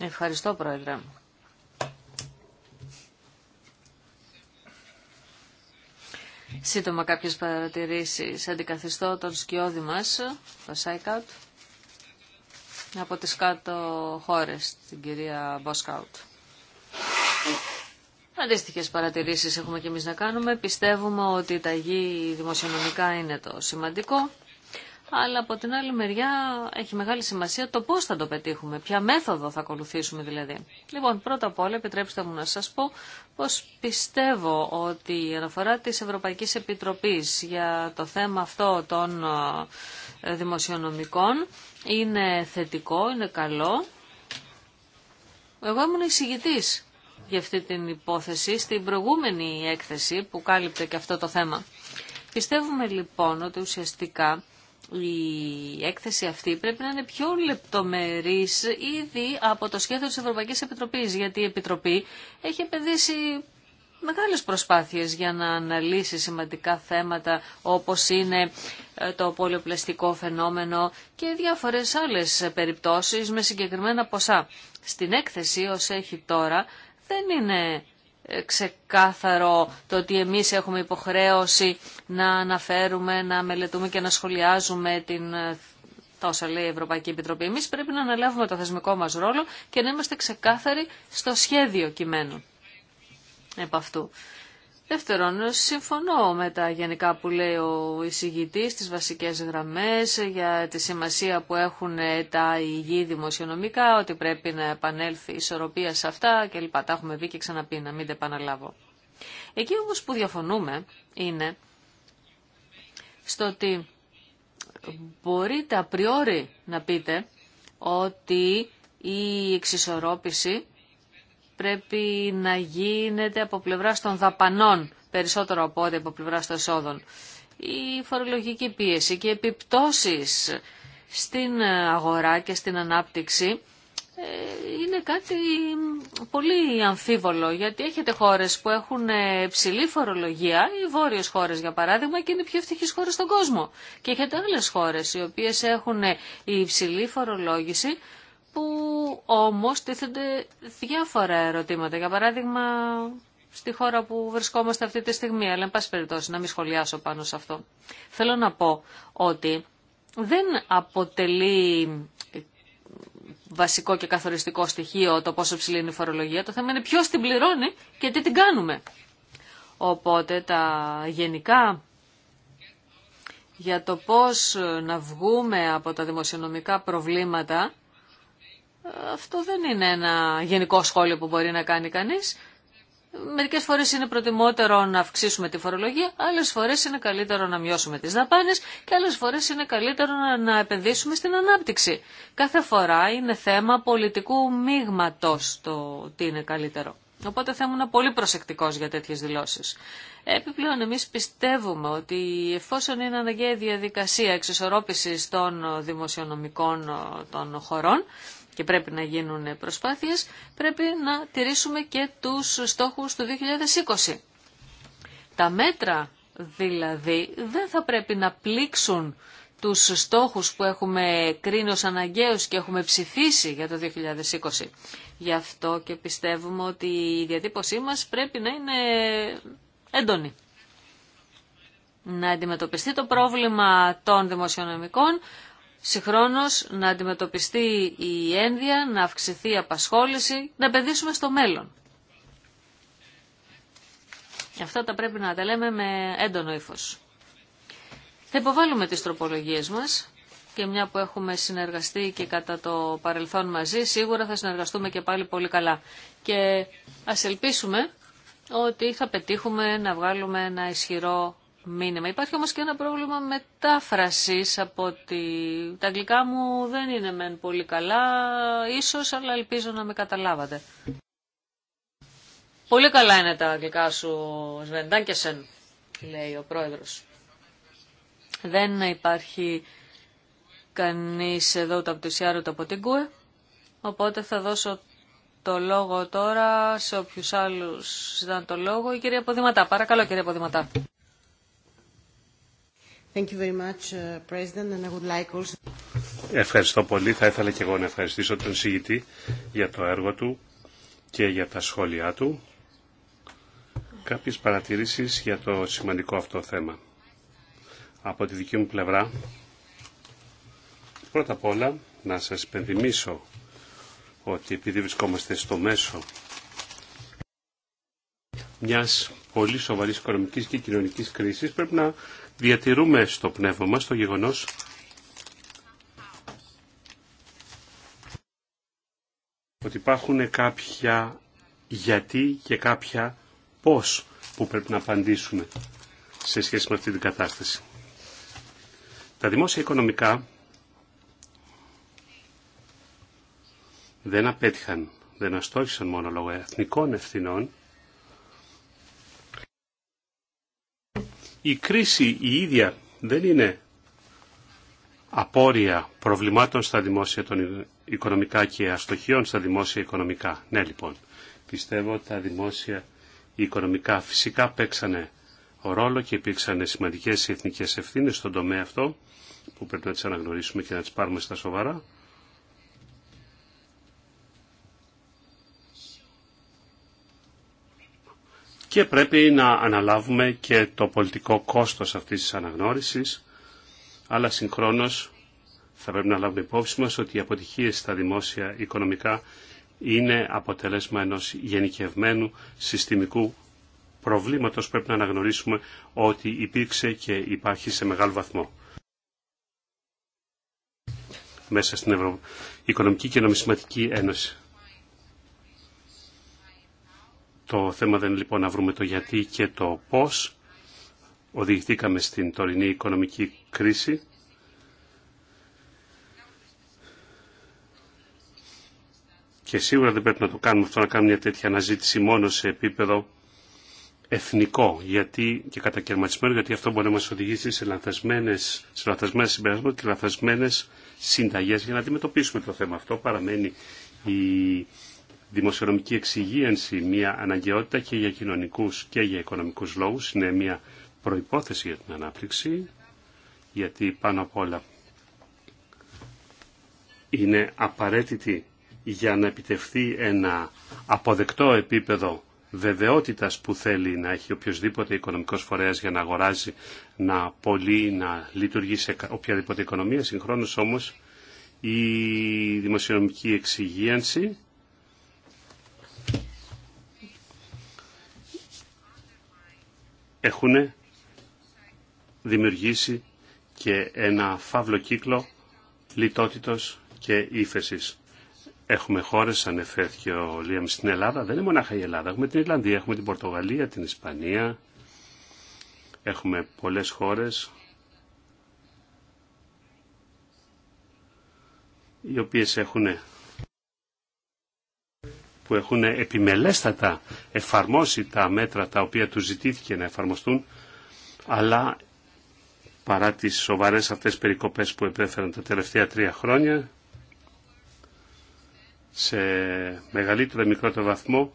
S3: Ευχαριστώ, Πρόεδρε. Σύντομα κάποιες παρατηρήσεις. Αντικαθιστώ τον σκιώδη μας, το Σάικαουτ, από τις κάτω χώρες, την κυρία Μποσκάουτ. Αντίστοιχες παρατηρήσεις έχουμε και εμείς να κάνουμε. Πιστεύουμε ότι τα γη δημοσιονομικά είναι το σημαντικό αλλά από την άλλη μεριά έχει μεγάλη σημασία το πώς θα το πετύχουμε, ποια μέθοδο θα ακολουθήσουμε δηλαδή. Λοιπόν, πρώτα απ' όλα επιτρέψτε μου να σας πω πως πιστεύω ότι η αναφορά της Ευρωπαϊκής Επιτροπής για το θέμα αυτό των ε, δημοσιονομικών είναι θετικό, είναι καλό. Εγώ ήμουν εισηγητής για αυτή την υπόθεση στην προηγούμενη έκθεση που κάλυπτε και αυτό το θέμα. Πιστεύουμε λοιπόν ότι ουσιαστικά η έκθεση αυτή πρέπει να είναι πιο λεπτομερής ήδη από το σχέδιο της Ευρωπαϊκής Επιτροπής, γιατί η Επιτροπή έχει επενδύσει μεγάλες προσπάθειες για να αναλύσει σημαντικά θέματα όπως είναι ε, το πολυοπλαστικό φαινόμενο και διάφορες άλλες περιπτώσεις με συγκεκριμένα ποσά. Στην έκθεση ως έχει τώρα δεν είναι ξεκάθαρο το ότι εμείς έχουμε υποχρέωση να αναφέρουμε, να μελετούμε και να σχολιάζουμε την ε, τόσα λέει Ευρωπαϊκή Επιτροπή. Εμείς πρέπει να αναλάβουμε το θεσμικό μας ρόλο και να είμαστε ξεκάθαροι στο σχέδιο κειμένου επ' Δεύτερον, συμφωνώ με τα γενικά που λέει ο εισηγητή, τι βασικές γραμμές για τη σημασία που έχουν τα υγιή δημοσιονομικά, ότι πρέπει να επανέλθει η ισορροπία σε αυτά κλπ. Τα έχουμε δει και ξαναπεί, να μην τα επαναλάβω. Εκεί όμως που διαφωνούμε είναι στο ότι μπορείτε απριόρι να πείτε ότι η εξισορρόπηση πρέπει να γίνεται από πλευρά των δαπανών περισσότερο από ό,τι από πλευρά των εσόδων. Η φορολογική πίεση και οι επιπτώσεις στην αγορά και στην ανάπτυξη ε, είναι κάτι πολύ αμφίβολο γιατί έχετε χώρες που έχουν ψηλή φορολογία, οι βόρειες χώρες για παράδειγμα και είναι οι πιο ευτυχείς χώρες στον κόσμο και έχετε άλλες χώρες οι οποίες έχουν υψηλή φορολόγηση που όμως τίθενται διάφορα ερωτήματα. Για παράδειγμα, στη χώρα που βρισκόμαστε αυτή τη στιγμή, αλλά εν πάση περιπτώσει να μην σχολιάσω πάνω σε αυτό. Θέλω να πω ότι δεν αποτελεί βασικό και καθοριστικό στοιχείο το πόσο ψηλή είναι η φορολογία. Το θέμα είναι ποιος την πληρώνει και τι την κάνουμε. Οπότε τα γενικά για το πώς να βγούμε από τα δημοσιονομικά προβλήματα αυτό δεν είναι ένα γενικό σχόλιο που μπορεί να κάνει κανείς. Μερικές φορές είναι προτιμότερο να αυξήσουμε τη φορολογία, άλλες φορές είναι καλύτερο να μειώσουμε τις δαπάνες και άλλες φορές είναι καλύτερο να επενδύσουμε στην ανάπτυξη. Κάθε φορά είναι θέμα πολιτικού μείγματος το τι είναι καλύτερο. Οπότε θα ήμουν πολύ προσεκτικός για τέτοιες δηλώσεις. Επιπλέον εμείς πιστεύουμε ότι εφόσον είναι αναγκαία διαδικασία εξισορρόπησης των δημοσιονομικών των χωρών, και πρέπει να γίνουν προσπάθειες, πρέπει να τηρήσουμε και τους στόχους του 2020. Τα μέτρα δηλαδή δεν θα πρέπει να πλήξουν τους στόχους που έχουμε κρίνει ως αναγκαίους και έχουμε ψηφίσει για το 2020. Γι' αυτό και πιστεύουμε ότι η διατύπωσή μας πρέπει να είναι έντονη. Να αντιμετωπιστεί το πρόβλημα των δημοσιονομικών συγχρόνως να αντιμετωπιστεί η ένδια, να αυξηθεί η απασχόληση, να επενδύσουμε στο μέλλον. Αυτά τα πρέπει να τα λέμε με έντονο ύφος. Θα υποβάλουμε τις τροπολογίες μας και μια που έχουμε συνεργαστεί και κατά το παρελθόν μαζί, σίγουρα θα συνεργαστούμε και πάλι πολύ καλά. Και ας ελπίσουμε ότι θα πετύχουμε να βγάλουμε ένα ισχυρό μήνυμα. Υπάρχει όμως και ένα πρόβλημα μετάφρασης από ότι τα αγγλικά μου δεν είναι μεν πολύ καλά, ίσως, αλλά ελπίζω να με καταλάβατε. Πολύ καλά είναι τα αγγλικά σου, Σβεντάνκεσεν, λέει ο πρόεδρος. Δεν υπάρχει κανείς εδώ ούτε από τη Σιάρου, από την οπότε θα δώσω το λόγο τώρα σε όποιους άλλους ζητάνε το λόγο. Η κυρία Ποδηματά, παρακαλώ κυρία Ποδηματά.
S2: Ευχαριστώ πολύ. Θα ήθελα και εγώ να ευχαριστήσω τον συγητή για το έργο του και για τα σχόλιά του. Κάποιες παρατηρήσεις για το σημαντικό αυτό θέμα. Από τη δική μου πλευρά, πρώτα απ' όλα να σας υπενθυμίσω ότι επειδή βρισκόμαστε στο μέσο μιας πολύ σοβαρής οικονομικής και κοινωνικής κρίσης πρέπει να διατηρούμε στο πνεύμα μας το γεγονός ότι υπάρχουν κάποια γιατί και κάποια πώς που πρέπει να απαντήσουμε σε σχέση με αυτή την κατάσταση. Τα δημόσια οικονομικά δεν απέτυχαν, δεν αστόχησαν μόνο λόγω εθνικών ευθυνών, Η κρίση η ίδια δεν είναι απόρρια προβλημάτων στα δημόσια των οικονομικά και αστοχιών στα δημόσια οικονομικά. Ναι λοιπόν, πιστεύω τα δημόσια οικονομικά φυσικά παίξανε ρόλο και υπήρξαν σημαντικές εθνικές ευθύνες στον τομέα αυτό που πρέπει να τις αναγνωρίσουμε και να τις πάρουμε στα σοβαρά. και πρέπει να αναλάβουμε και το πολιτικό κόστος αυτής της αναγνώρισης, αλλά συγχρόνως θα πρέπει να λάβουμε υπόψη μας ότι οι αποτυχίες στα δημόσια οικονομικά είναι αποτέλεσμα ενός γενικευμένου συστημικού προβλήματος πρέπει να αναγνωρίσουμε ότι υπήρξε και υπάρχει σε μεγάλο βαθμό. Μέσα στην Ευρω... Οικονομική και Νομισματική Ένωση. Το θέμα δεν είναι λοιπόν να βρούμε το γιατί και το πώς. Οδηγηθήκαμε στην τωρινή οικονομική κρίση. Και σίγουρα δεν πρέπει να το κάνουμε αυτό, να κάνουμε μια τέτοια αναζήτηση μόνο σε επίπεδο εθνικό γιατί, και κατακαιρματισμένο, γιατί αυτό μπορεί να μας οδηγήσει σε, λαθασμένες σε συμπεράσματα και λαθασμένες συνταγές για να αντιμετωπίσουμε το θέμα. Αυτό παραμένει η δημοσιονομική εξυγίανση μια αναγκαιότητα και για κοινωνικούς και για οικονομικούς λόγους. Είναι μια προϋπόθεση για την ανάπτυξη, γιατί πάνω απ' όλα είναι απαραίτητη για να επιτευχθεί ένα αποδεκτό επίπεδο βεβαιότητας που θέλει να έχει οποιοδήποτε οικονομικός φορέας για να αγοράζει, να πωλεί, να λειτουργεί σε οποιαδήποτε οικονομία. Συγχρόνως όμως η δημοσιονομική εξυγίανση έχουν δημιουργήσει και ένα φαύλο κύκλο λιτότητος και ύφεσης. Έχουμε χώρες, σαν ο Λίαμ στην Ελλάδα, δεν είναι μονάχα η Ελλάδα, έχουμε την Ιρλανδία, έχουμε την Πορτογαλία, την Ισπανία, έχουμε πολλές χώρες οι οποίες έχουν που έχουν επιμελέστατα εφαρμόσει τα μέτρα τα οποία τους ζητήθηκε να εφαρμοστούν, αλλά παρά τις σοβαρές αυτές περικοπές που επέφεραν τα τελευταία τρία χρόνια, σε μεγαλύτερο ή μικρότερο βαθμό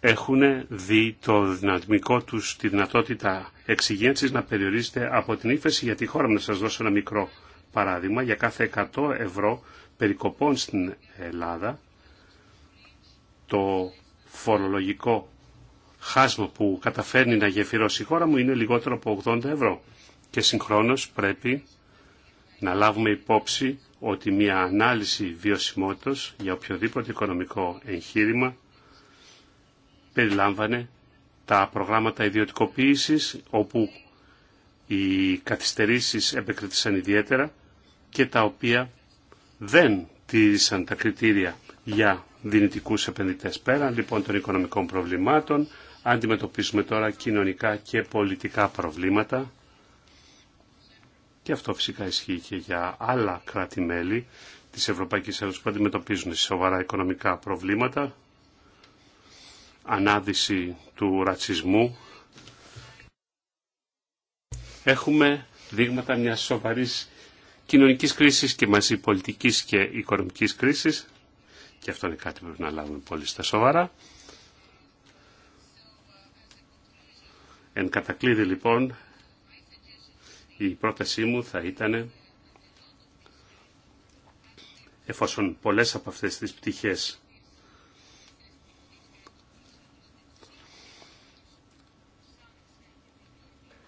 S2: έχουν δει το δυναμικό τους, τη δυνατότητα εξυγένσης να περιορίζεται από την ύφεση για τη χώρα Να σας δώσω ένα μικρό παράδειγμα. Για κάθε 100 ευρώ περικοπών στην Ελλάδα, το φορολογικό χάσμα που καταφέρνει να γεφυρώσει η χώρα μου είναι λιγότερο από 80 ευρώ. Και συγχρόνως πρέπει να λάβουμε υπόψη ότι μια ανάλυση βιωσιμότητας για οποιοδήποτε οικονομικό εγχείρημα περιλάμβανε τα προγράμματα ιδιωτικοποίησης όπου οι καθυστερήσεις επεκριθήσαν ιδιαίτερα και τα οποία δεν τήρησαν τα κριτήρια για δυνητικούς επενδυτές. Πέραν λοιπόν των οικονομικών προβλημάτων, αντιμετωπίζουμε τώρα κοινωνικά και πολιτικά προβλήματα και αυτό φυσικά ισχύει και για άλλα κράτη-μέλη της Ευρωπαϊκής Ένωσης που αντιμετωπίζουν σοβαρά οικονομικά προβλήματα, ανάδυση του ρατσισμού. Έχουμε δείγματα μιας σοβαρής κοινωνικής κρίσης και μαζί πολιτικής και οικονομικής κρίσης και αυτό είναι κάτι που πρέπει να λάβουμε πολύ στα σοβαρά. Εν κατακλείδη λοιπόν, η πρότασή μου θα ήταν, εφόσον πολλές από αυτές τις πτυχές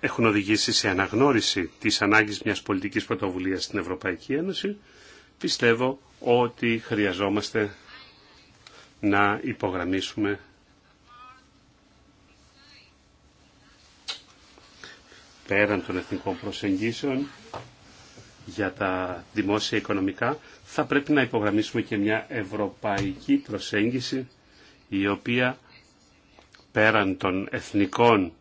S2: έχουν οδηγήσει σε αναγνώριση της ανάγκης μιας πολιτικής πρωτοβουλίας στην Ευρωπαϊκή Ένωση, πιστεύω ότι χρειαζόμαστε να υπογραμμίσουμε πέραν των εθνικών προσεγγίσεων για τα δημόσια οικονομικά, θα πρέπει να υπογραμμίσουμε και μια ευρωπαϊκή προσέγγιση η οποία πέραν των εθνικών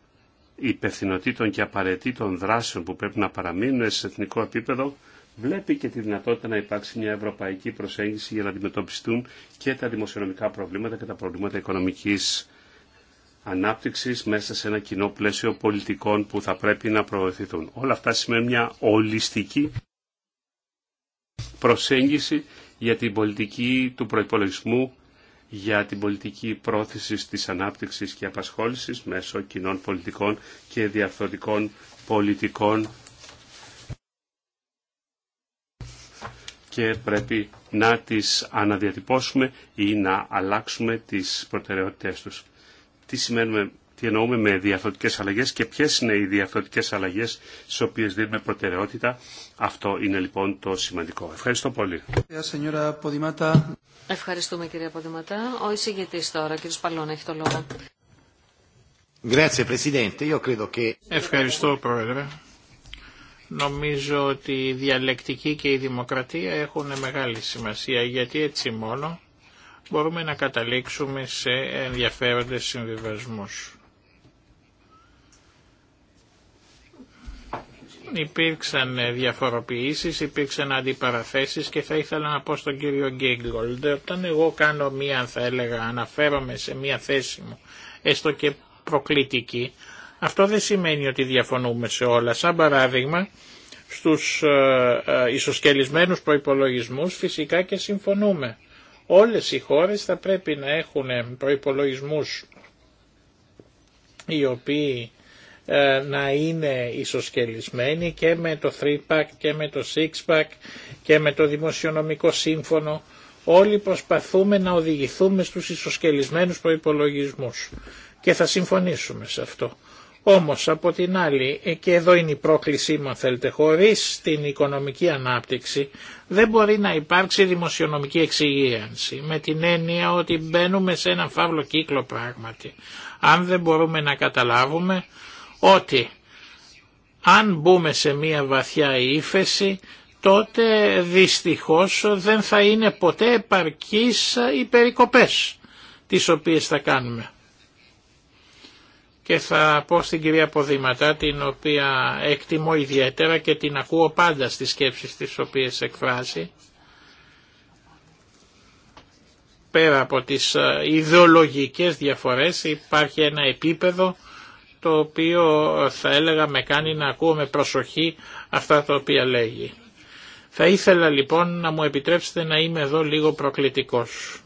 S2: υπευθυνοτήτων και απαραίτητων δράσεων που πρέπει να παραμείνουν σε εθνικό επίπεδο βλέπει και τη δυνατότητα να υπάρξει μια ευρωπαϊκή προσέγγιση για να αντιμετωπιστούν και τα δημοσιονομικά προβλήματα και τα προβλήματα οικονομικής ανάπτυξης μέσα σε ένα κοινό πλαίσιο πολιτικών που θα πρέπει να προωθηθούν. Όλα αυτά σημαίνουν μια ολιστική προσέγγιση για την πολιτική του προϋπολογισμού, για την πολιτική πρόθεση της ανάπτυξης και απασχόλησης μέσω κοινών πολιτικών και διαφθορτικών πολιτικών και πρέπει να τις αναδιατυπώσουμε ή να αλλάξουμε τις προτεραιότητές τους. Τι, σημαίνουμε, τι εννοούμε με διαφορετικές αλλαγές και ποιες είναι οι διαφορετικές αλλαγές στις οποίες δίνουμε προτεραιότητα. Αυτό είναι λοιπόν το σημαντικό. Ευχαριστώ πολύ.
S3: Ευχαριστούμε κυρία Ποδηματά. Ο εισηγητής τώρα, κύριο Παλών, έχει το λόγο.
S4: Ευχαριστώ πρόεδρε. Νομίζω ότι η διαλεκτική και η δημοκρατία έχουν μεγάλη σημασία γιατί έτσι μόνο μπορούμε να καταλήξουμε σε ενδιαφέροντες συμβιβασμούς. Υπήρξαν διαφοροποιήσεις, υπήρξαν αντιπαραθέσεις και θα ήθελα να πω στον κύριο Γκίγκολντ. όταν εγώ κάνω μία, θα έλεγα, αναφέρομαι σε μία θέση μου, έστω και προκλητική, αυτό δεν σημαίνει ότι διαφωνούμε σε όλα. Σαν παράδειγμα, στους ε, ε, ισοσκελισμένους προϋπολογισμούς φυσικά και συμφωνούμε. Όλες οι χώρες θα πρέπει να έχουν προϋπολογισμούς οι οποίοι ε, να είναι ισοσκελισμένοι και με το 3-pack και με το 6-pack και με το δημοσιονομικό σύμφωνο. Όλοι προσπαθούμε να οδηγηθούμε στους ισοσκελισμένους προϋπολογισμούς και θα συμφωνήσουμε σε αυτό. Όμως από την άλλη, ε, και εδώ είναι η πρόκλησή μου αν θέλετε, χωρίς την οικονομική ανάπτυξη δεν μπορεί να υπάρξει δημοσιονομική εξυγίανση με την έννοια ότι μπαίνουμε σε ένα φαύλο κύκλο πράγματι. Αν δεν μπορούμε να καταλάβουμε ότι αν μπούμε σε μία βαθιά ύφεση τότε δυστυχώς δεν θα είναι ποτέ επαρκής οι περικοπές τις οποίες θα κάνουμε και θα πω στην κυρία Ποδήματα την οποία εκτιμώ ιδιαίτερα και την ακούω πάντα στις σκέψεις τις οποίες εκφράζει πέρα από τις ε, ιδεολογικές διαφορές υπάρχει ένα επίπεδο το οποίο ε, θα έλεγα με κάνει να ακούω με προσοχή αυτά τα οποία λέγει. Θα ήθελα λοιπόν να μου επιτρέψετε να είμαι εδώ λίγο προκλητικός.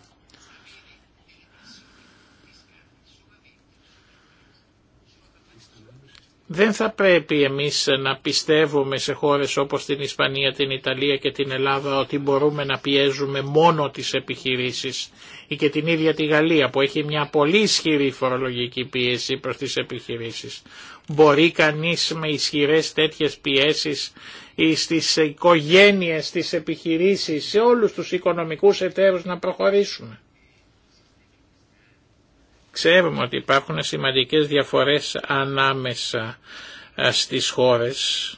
S4: Δεν θα πρέπει εμείς να πιστεύουμε σε χώρες όπως την Ισπανία, την Ιταλία και την Ελλάδα ότι μπορούμε να πιέζουμε μόνο τις επιχειρήσεις ή και την ίδια τη Γαλλία που έχει μια πολύ ισχυρή φορολογική πίεση προς τις επιχειρήσεις. Μπορεί κανείς με ισχυρές τέτοιες πιέσεις ή στις οικογένειες, στις επιχειρήσεις, σε όλους τους οικονομικούς εταίρους να προχωρήσουμε. Ξέρουμε ότι υπάρχουν σημαντικές διαφορές ανάμεσα στις χώρες,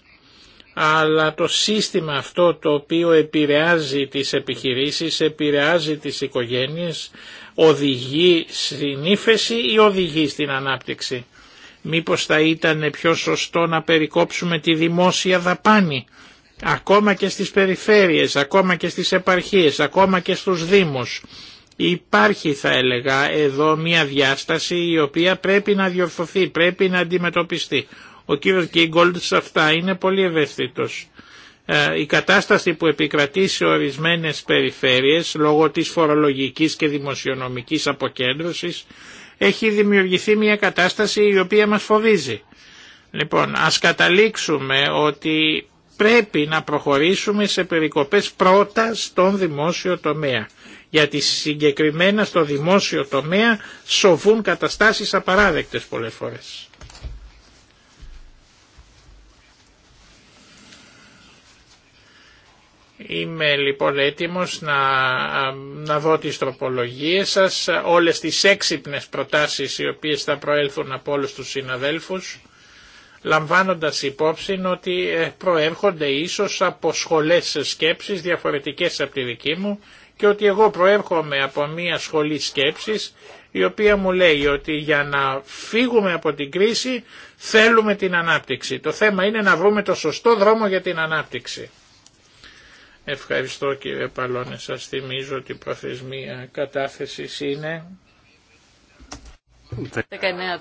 S4: αλλά το σύστημα αυτό το οποίο επηρεάζει τις επιχειρήσεις, επηρεάζει τις οικογένειες, οδηγεί στην ύφεση ή οδηγεί στην ανάπτυξη. Μήπως θα ήταν πιο σωστό να περικόψουμε τη δημόσια δαπάνη, ακόμα και στις περιφέρειες, ακόμα και στις επαρχίες, ακόμα και στους δήμους, Υπάρχει θα έλεγα εδώ μια διάσταση η οποία πρέπει να διορθωθεί, πρέπει να αντιμετωπιστεί. Ο κύριος Γκίγκολτ σε αυτά είναι πολύ ευαίσθητος. Ε, η κατάσταση που επικρατεί σε ορισμένες περιφέρειες λόγω της φορολογικής και δημοσιονομικής αποκέντρωσης έχει δημιουργηθεί μια κατάσταση η οποία μας φοβίζει. Λοιπόν, ας καταλήξουμε ότι πρέπει να προχωρήσουμε σε περικοπές πρώτα στον δημόσιο τομέα γιατί συγκεκριμένα στο δημόσιο τομέα σοβούν καταστάσεις απαράδεκτες πολλές φορές. Είμαι λοιπόν έτοιμος να, να δω τις τροπολογίες σας, όλες τις έξυπνες προτάσεις οι οποίες θα προέλθουν από όλους τους συναδέλφους, λαμβάνοντας υπόψη ότι ε, προέρχονται ίσως από σχολές σκέψεις διαφορετικές από τη δική μου και ότι εγώ προέρχομαι από μια σχολή σκέψης η οποία μου λέει ότι για να φύγουμε από την κρίση θέλουμε την ανάπτυξη. Το θέμα είναι να βρούμε το σωστό δρόμο για την ανάπτυξη. Ευχαριστώ κύριε Παλώνε. Σας θυμίζω ότι η προθεσμία κατάθεσης είναι... 19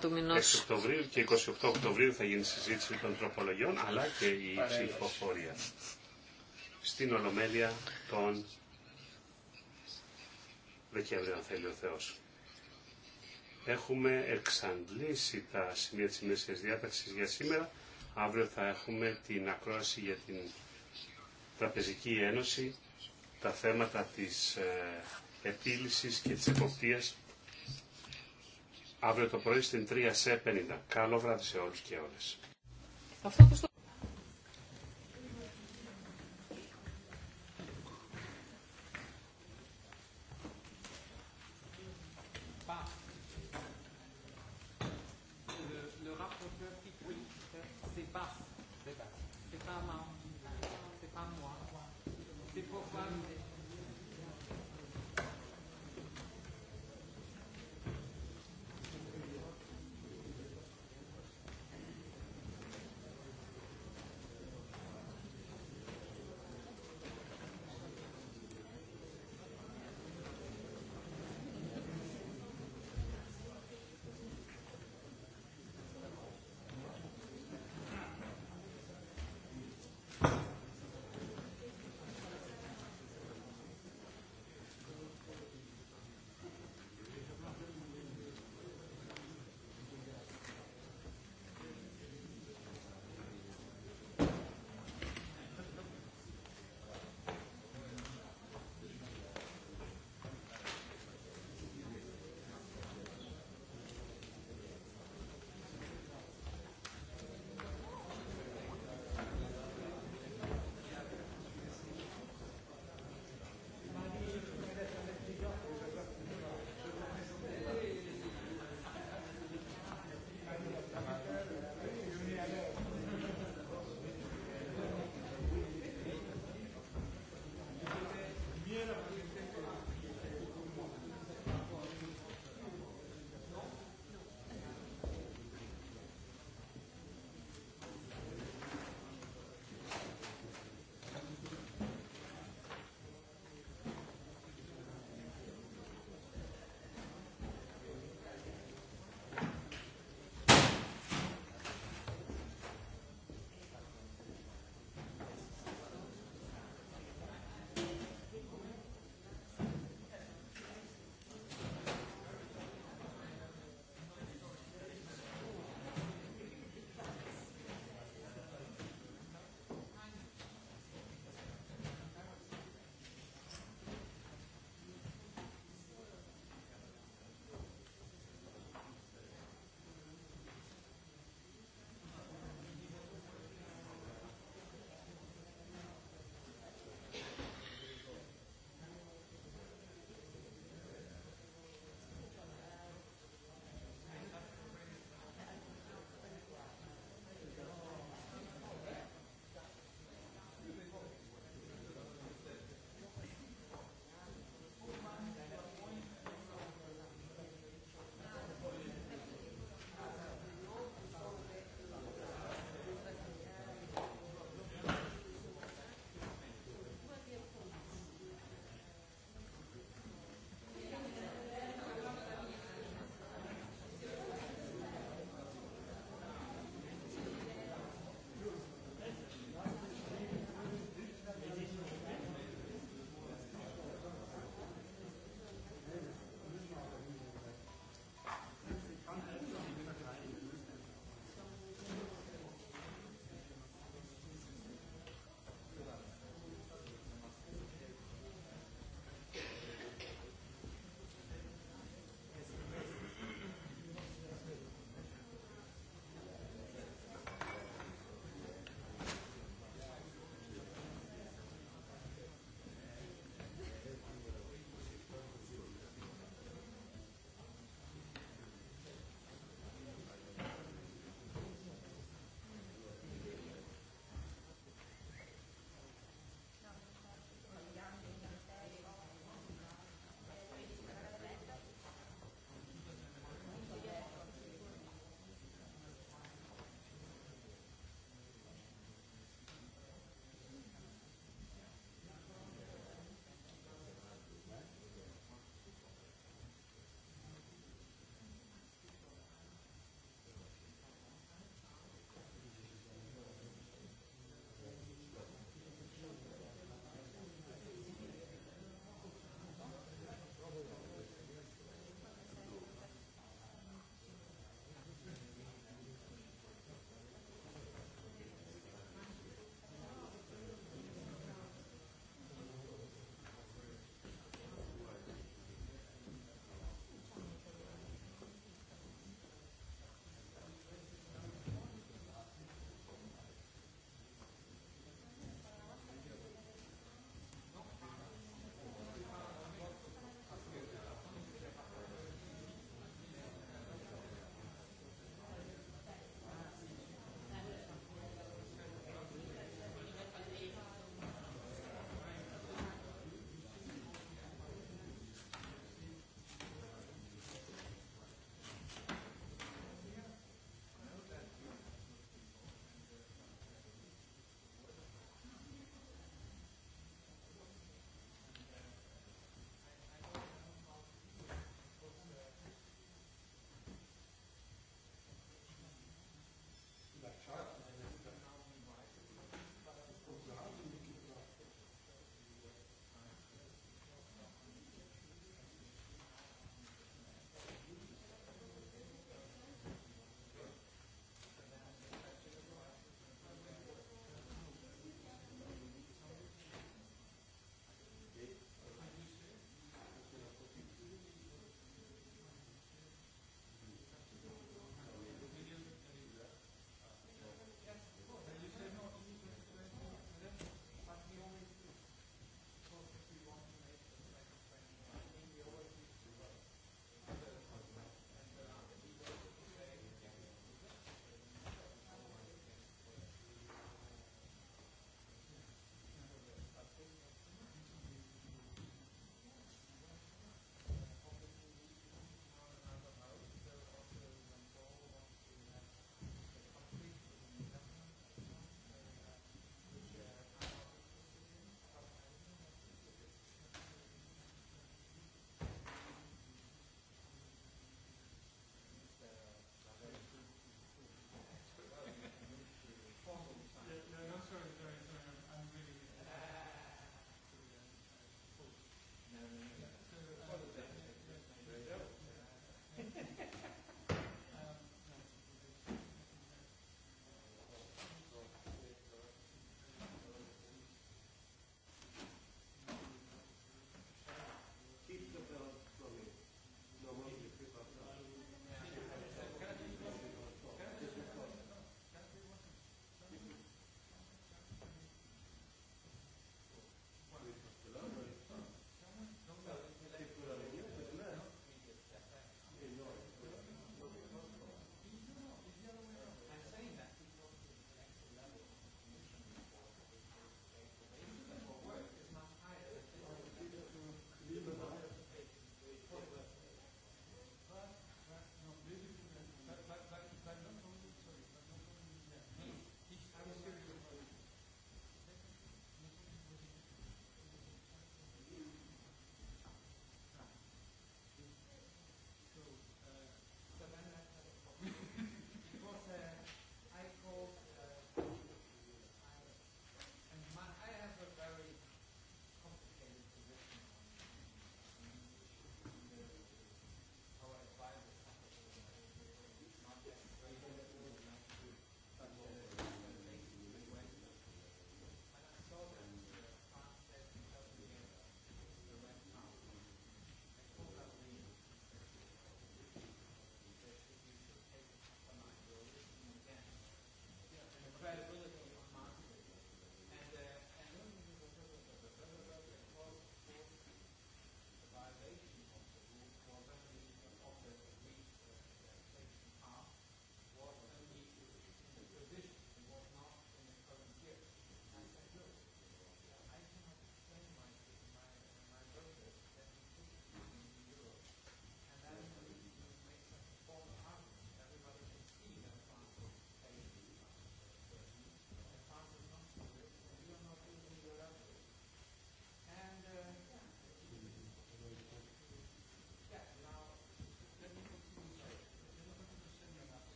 S3: του μηνός. 6 Οκτωβρίου
S2: και 28 Οκτωβρίου θα γίνει συζήτηση των τροπολογιών αλλά και η ψηφοφορία στην Ολομέλεια των... Δεκέμβριο, αν θέλει ο Θεός. Έχουμε εξαντλήσει τα σημεία της ημερήσιας διάταξης για σήμερα. Αύριο θα έχουμε την ακρόαση για την Τραπεζική Ένωση, τα θέματα της ε, επίλυσης και της εποπτείας. Αύριο το πρωί στην 3 σε 50. Καλό βράδυ σε όλους και
S3: όλες.